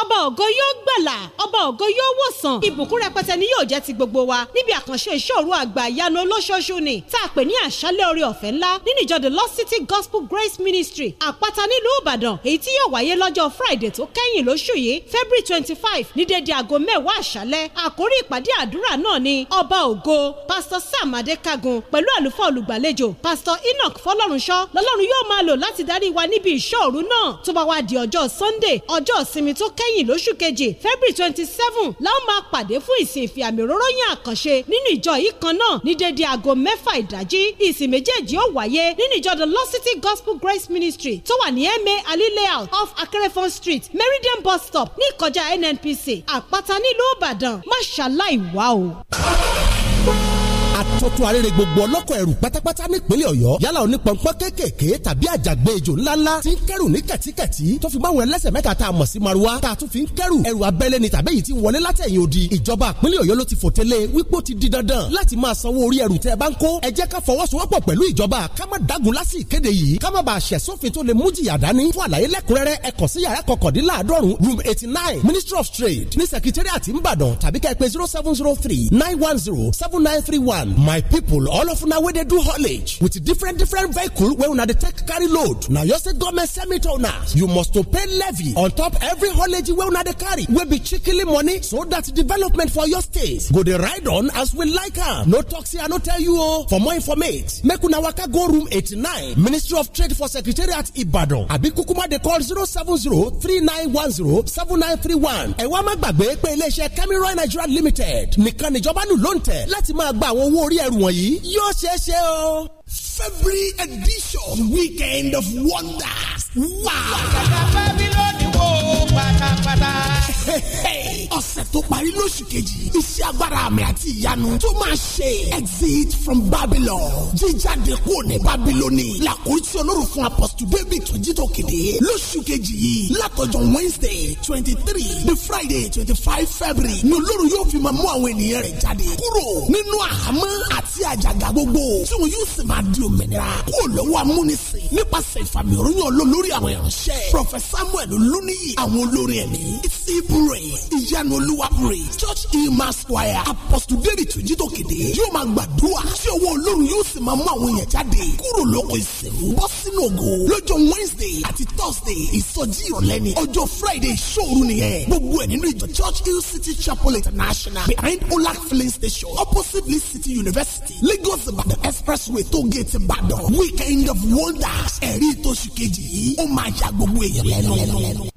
Speaker 3: ọba ògo yóò àlà ọba ògo yóò wòsàn ìbùkún rẹpẹtẹ ni yóò jẹ́ ti gbogbo wa níbi àkànṣe ìṣòro àgbà ìyanu olóṣooṣù ni tá a pè ní àṣálẹ́ orí ọ̀fẹ́ ńlá nínú ìjọ the lost city gospel grace ministry àpáta nílùú ìbàdàn èyí tí yóò wáyé lọ́jọ́ friday tó kẹ́yìn lóṣù yìí february twenty five ní dédé aago mẹ́wàá àṣálẹ́ àkórí ìpàdé àdúrà náà ni ọba ògo pastor sam adekagun pẹ̀lú àlùfáà olùgbàlejò pastor enoch fọlọ́runṣọ́ lọ́lọ́run yóò máa lò láti darí wa níbi ìṣòro náà tó bá wá di ọjọ́ sunday ọjọ́ ìsinmi tó kẹ́yìn lóṣù kejì f february twenty seven láwọn máa pàdé fún ìsìn ìfìàmì òróró yàn àkànṣe nínú ìjọ yìí kan náà ní dédé aago mẹ́fà ìdájí ìsìn méjèèjì ó wáyé nínú ìjọ the lost city gospel grace ministry tó wà ní ma ali layout off Akerefon street meridian bus stop ní ìkọjá nnpc àpáta nílùú ìbàdàn má ṣàláì wá o
Speaker 2: tuntun arére gbogbo ọlọ́kọ̀ ẹrù pátápátá nípínlẹ̀ ọ̀yọ́ yálà onípọ̀npọ̀ kéékèèké tàbí àjàgbé ejò ńláńlá ti ń kẹ́rù ní kẹ̀tíkẹ̀tí tó fi máwọn ẹlẹ́sẹ̀ mẹ́ta tá a mọ̀ sí maruwa tá a tún fi ń kẹ́rù ẹrù abẹ́lé ni tàbí èyí ti wọlé látẹ̀yìn odi ìjọba ìpínlẹ̀ ọ̀yọ́ ló ti fòtélé wípé ó ti di dandan láti máa sanwó orí ẹrù tẹ́ ẹ bá ń kó ẹ jẹ́ ká fọwọ́sowọ́pọ̀ pẹ̀lú ìjọba ká má dágun lásì ìkéde yìí ká má bàa ṣẹ̀ sófin tó lè mú jìyà dání fún àlàyé lẹ́kùnrẹ́rẹ́ ẹ kàn sí yàrá kọkàndínláàdọ́rùn room eighty nine ministry of trade ní secretariat ìbàdàn tàbí ká ẹ pè zero seven zero three nine one zero seven nine three one my people all of una wey dey do haulage with different different vehicle wey una dey take carry load na your say government send me to una you must to pay levy on top every haulage wey una dey carry wey be chikili money so that development for your state go dey ride on as we like am no talk say i no tell you o oh, for more information, make una waka go room eighty-nine ministry of trade for secretariat ibadan Abi kúkúmá dey call zero seven zero three nine one zero seven nine three one ẹ̀wọ́n má gbàgbé pé iléeṣẹ́ cameroon nigeria limited nìkan níjọba nù ló ń tẹ̀ láti máa gba àwọn owó orí ẹrù wọ̀nyí yóò
Speaker 9: ṣeé o. February edition weekend of wonders.
Speaker 5: Wow
Speaker 9: pátápátá. ọ̀sẹ̀
Speaker 1: tó parí lóṣù kejì iṣẹ́ agbára àmì àti ìyanu tó máa ṣe exit from Babylon jíjáde kúrò ní Babilóni làkúrú tí Ọlọ́run fún apọ́sítù David tó jí tó kéde
Speaker 2: lóṣù kejì yìí látọjọ́ Wednesday twenty three the Friday twenty five February ni Ọlọ́run yóò fi máa mú àwọn ènìyàn rẹ̀ jáde kúrò nínú àhámọ́ àti àjàgà gbogbo tí wọn yóò sì máa di òmìnira kúrò lọ́wọ́ amúnisìn nípasẹ̀ ìfàmì òróyìn olólórí àwọn ìránṣẹ́ Prophet Samuel Olúniyì àwọn olórin ẹ̀mí Isibu Praise ìyanu olúwa praise church emma square apostle david tuji tó kéde yóò máa gbàdúrà tí owó olórun yóò sì máa mú àwọn èèyàn jáde kúrò lóko ìsìn bọ́ sínú ògo lọ́jọ́ wednesday àti thursday ìsọjí ìrọ̀lẹ́ ni ọjọ́ friday ìṣòru nìyẹn gbogbo ẹ̀ nínú ìjọ church hill city chapel international behind olak filling station opposite lee city university lagos ibadan expressway tó gate ibadan weekend of wonders ẹ̀rí ìtòsù kejì yìí ó máa
Speaker 9: ya gbogbo èèyàn lẹ́nu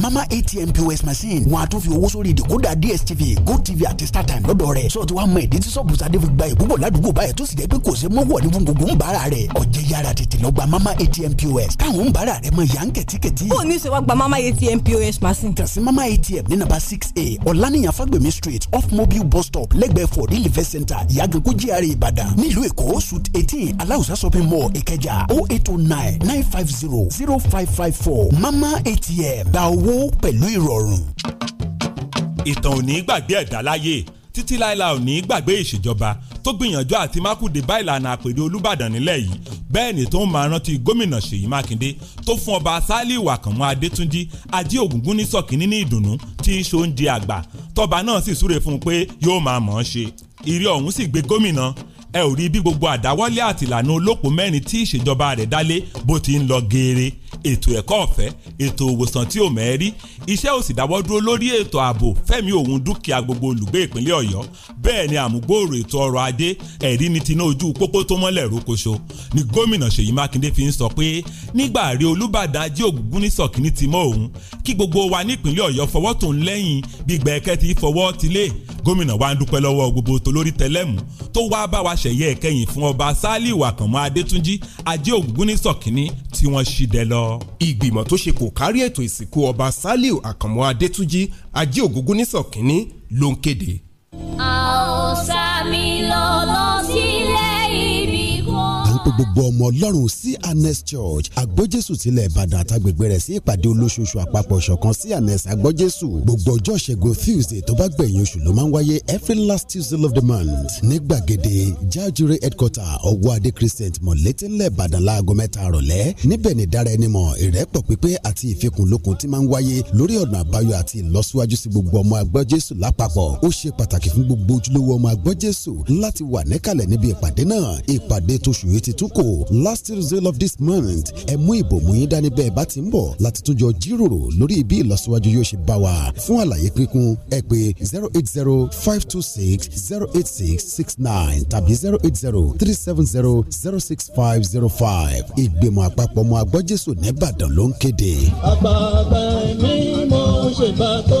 Speaker 2: mama atm pos machine wọn a tún fi owó sórí ìdèkódà dstv gotv àti startime lọ́dọ̀ rẹ̀ sọ ti wá mọ ìdí tí sọ́ọ̀bù sadé fi gba ìbúbọ̀ ládùúgbò báyìí tó sì jẹ́ pé kò sí mọ́wọ́ ní gbogbo ń bára rẹ̀ ọ̀jẹ̀ yára tètè lọ gba mama atm pos káwọn ń bára rẹ̀ mọ yàn kẹ̀tíkẹ̀tí. ó ní sèwá gba mama atm pos machine. kàn sí mama atm ní nàbà six a ọ̀lànìyàn fagbemi street off mobile bus stop lẹ́gbẹ̀ẹ́ for the live center ìyàgànkú GRA ìbàdàn nílùú èkó suit eighteen aláùsá shopping mall ìkẹjà o oh eight o oh nine nine five zero zero five five four mama atm gba owó náwó pẹ̀lú ìrọ̀rùn.
Speaker 10: ìtàn ò ní gbàgbé ẹ̀dá láyé títí láìla ò ní gbàgbé ìṣèjọba tó gbìyànjú àti mákùdé bá ìlànà àpèrè olùbàdàn nílẹ̀ yìí bẹ́ẹ̀ ni tó ń máa rántí gómìnà ṣèyí mákindé tó fún ọba sálíù àkànmú adétúnjì ajé ògúngún ní sọ̀kínní ní ìdùnnú tí í ṣoúnjẹ àgbà tọba náà sì súre fún un pé yóò máa mọ̀ ọ́n ṣe ìrí ọ̀hún sì gbé gómìnà ẹ ò rí bí gbogbo àdáwọ́lé àtìlànà olóko mẹ́rin tí ìṣèjọba rẹ̀ dálé bó ti ń lọ geere ètò ẹ̀kọ́ ọ̀fẹ́ ètò òwòsàn tí ò mẹ́rí iṣẹ́ ò sì dáwọ́ dúró lórí ètò ààbò fẹ́mi òun dúkìá gbogbo olùgbé ìpínlẹ̀ ọ̀yọ́ bẹ́ẹ̀ ni àmúgbòòrò ètò ọrọ̀ ajé ẹ̀rí ni tinú ojú pópó tó mọ́lẹ̀ rókoṣo ni gómìnà ṣèyí mákindé fi ń sọ pé nígbà rí olúbàdàn ajé ògúngúnnísọ̀ kìíní ti mọ́ òun kí gbogbo wa nípínlẹ̀ ọ̀yọ́ fọwọ́ tó ń lẹ́yìn gbígbẹ́ ẹ̀kẹ́ ti fọwọ́ tilé gómìnà wa ń dúpẹ́ lọ́wọ́ gbogbo tolórí tẹlẹ́mù tó wá bá wa ṣẹ̀yẹ ẹ̀kẹ́yìn fún ọba sálíù adétúnjì ajé ògúngúnnísọ̀ kìíní tí wọ́n ṣì dẹ lọ lọ. ìgbìmọ̀ tó ṣe kò kárí ètò ìsìnkú ọba Sàlíù Àkànmú Adétúnjì ajé ògúngún nísọ̀kínní ló ń
Speaker 6: kéde.
Speaker 5: a ò lọ lọ sí
Speaker 6: pe gbogbo ọmọ ọlọ́run sí anes church agbójésù tilẹ̀ ìbàdàn àtàgbègbè rẹ̀ sí ìpàdé olóṣooṣù àpapọ̀ ṣọ̀kan sí anes agbójésù gbogbo ọjọ́ ṣẹ́gun tuesday tó bá gbẹ̀yìn oṣù ló máa ń wáyé every last tuesday of the month ní gbàgede jajure headquarter ọwọ́ adé christian mọ̀lẹ́tẹ̀ ńlẹ̀ ìbàdàn láago mẹ́ta rọ̀lẹ́ níbẹ̀ ni dára ẹni mọ̀ ìrẹ́pọ̀ pípé àti ìfikùnlukùn ti máa ń wáyé lórí ọ̀nà àbáyọ àti ìlọsíwájú sí gbogbo ọmọ agbọ́jésù lápapọ̀ ó ṣe pàtàkì fún gbogbo ojúlówó àtúnkò last result of this month ẹ mú ìbòmú yín dání bẹ́ẹ̀ bá ti ń bọ̀ láti tún jọ jíròrò lórí bí ìlọsíwájú yóò ṣe bá wa fún àlàyé kíkún ẹ pè zero eight zero five two six zero eight six six nine tàbí zero eight zero three seven zero zero six five zero five ìgbìmọ̀ àpapọ̀ ọmọ agbọ́jésù nìbàdàn ló ń kéde.
Speaker 5: àgbààgbà mi mo ṣèbàtò.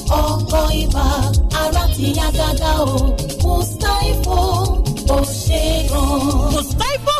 Speaker 4: ọkọ̀ ibà ara ti yá gágá o mustapho ò ṣe é gan. mustapho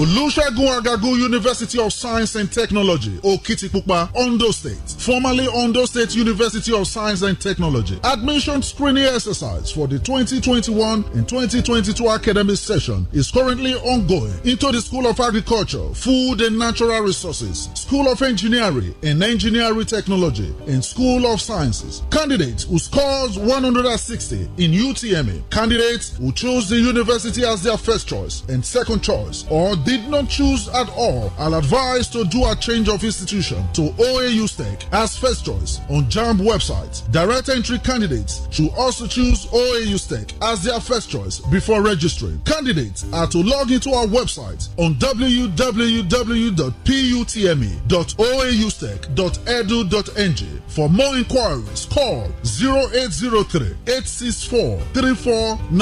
Speaker 11: Olusegun Agagu University of Science and Technology, Okitipupa, Ondo State, formerly Ondo State University of Science and Technology. Admission screening exercise for the 2021 and 2022 academic session is currently ongoing into the School of Agriculture, Food and Natural Resources, School of Engineering and Engineering Technology, and School of Sciences. Candidates who scores 160 in UTME, candidates who choose the university as their first choice and second choice or the did not choose at all are advised to do a change of institution to OAU Tech as first choice on JAMB website. Direct entry candidates should also choose OAU Tech as their first choice before registering. Candidates are to log into our website on www.putme.oaustech.edu.ng. For more inquiries, call 0803 864 349.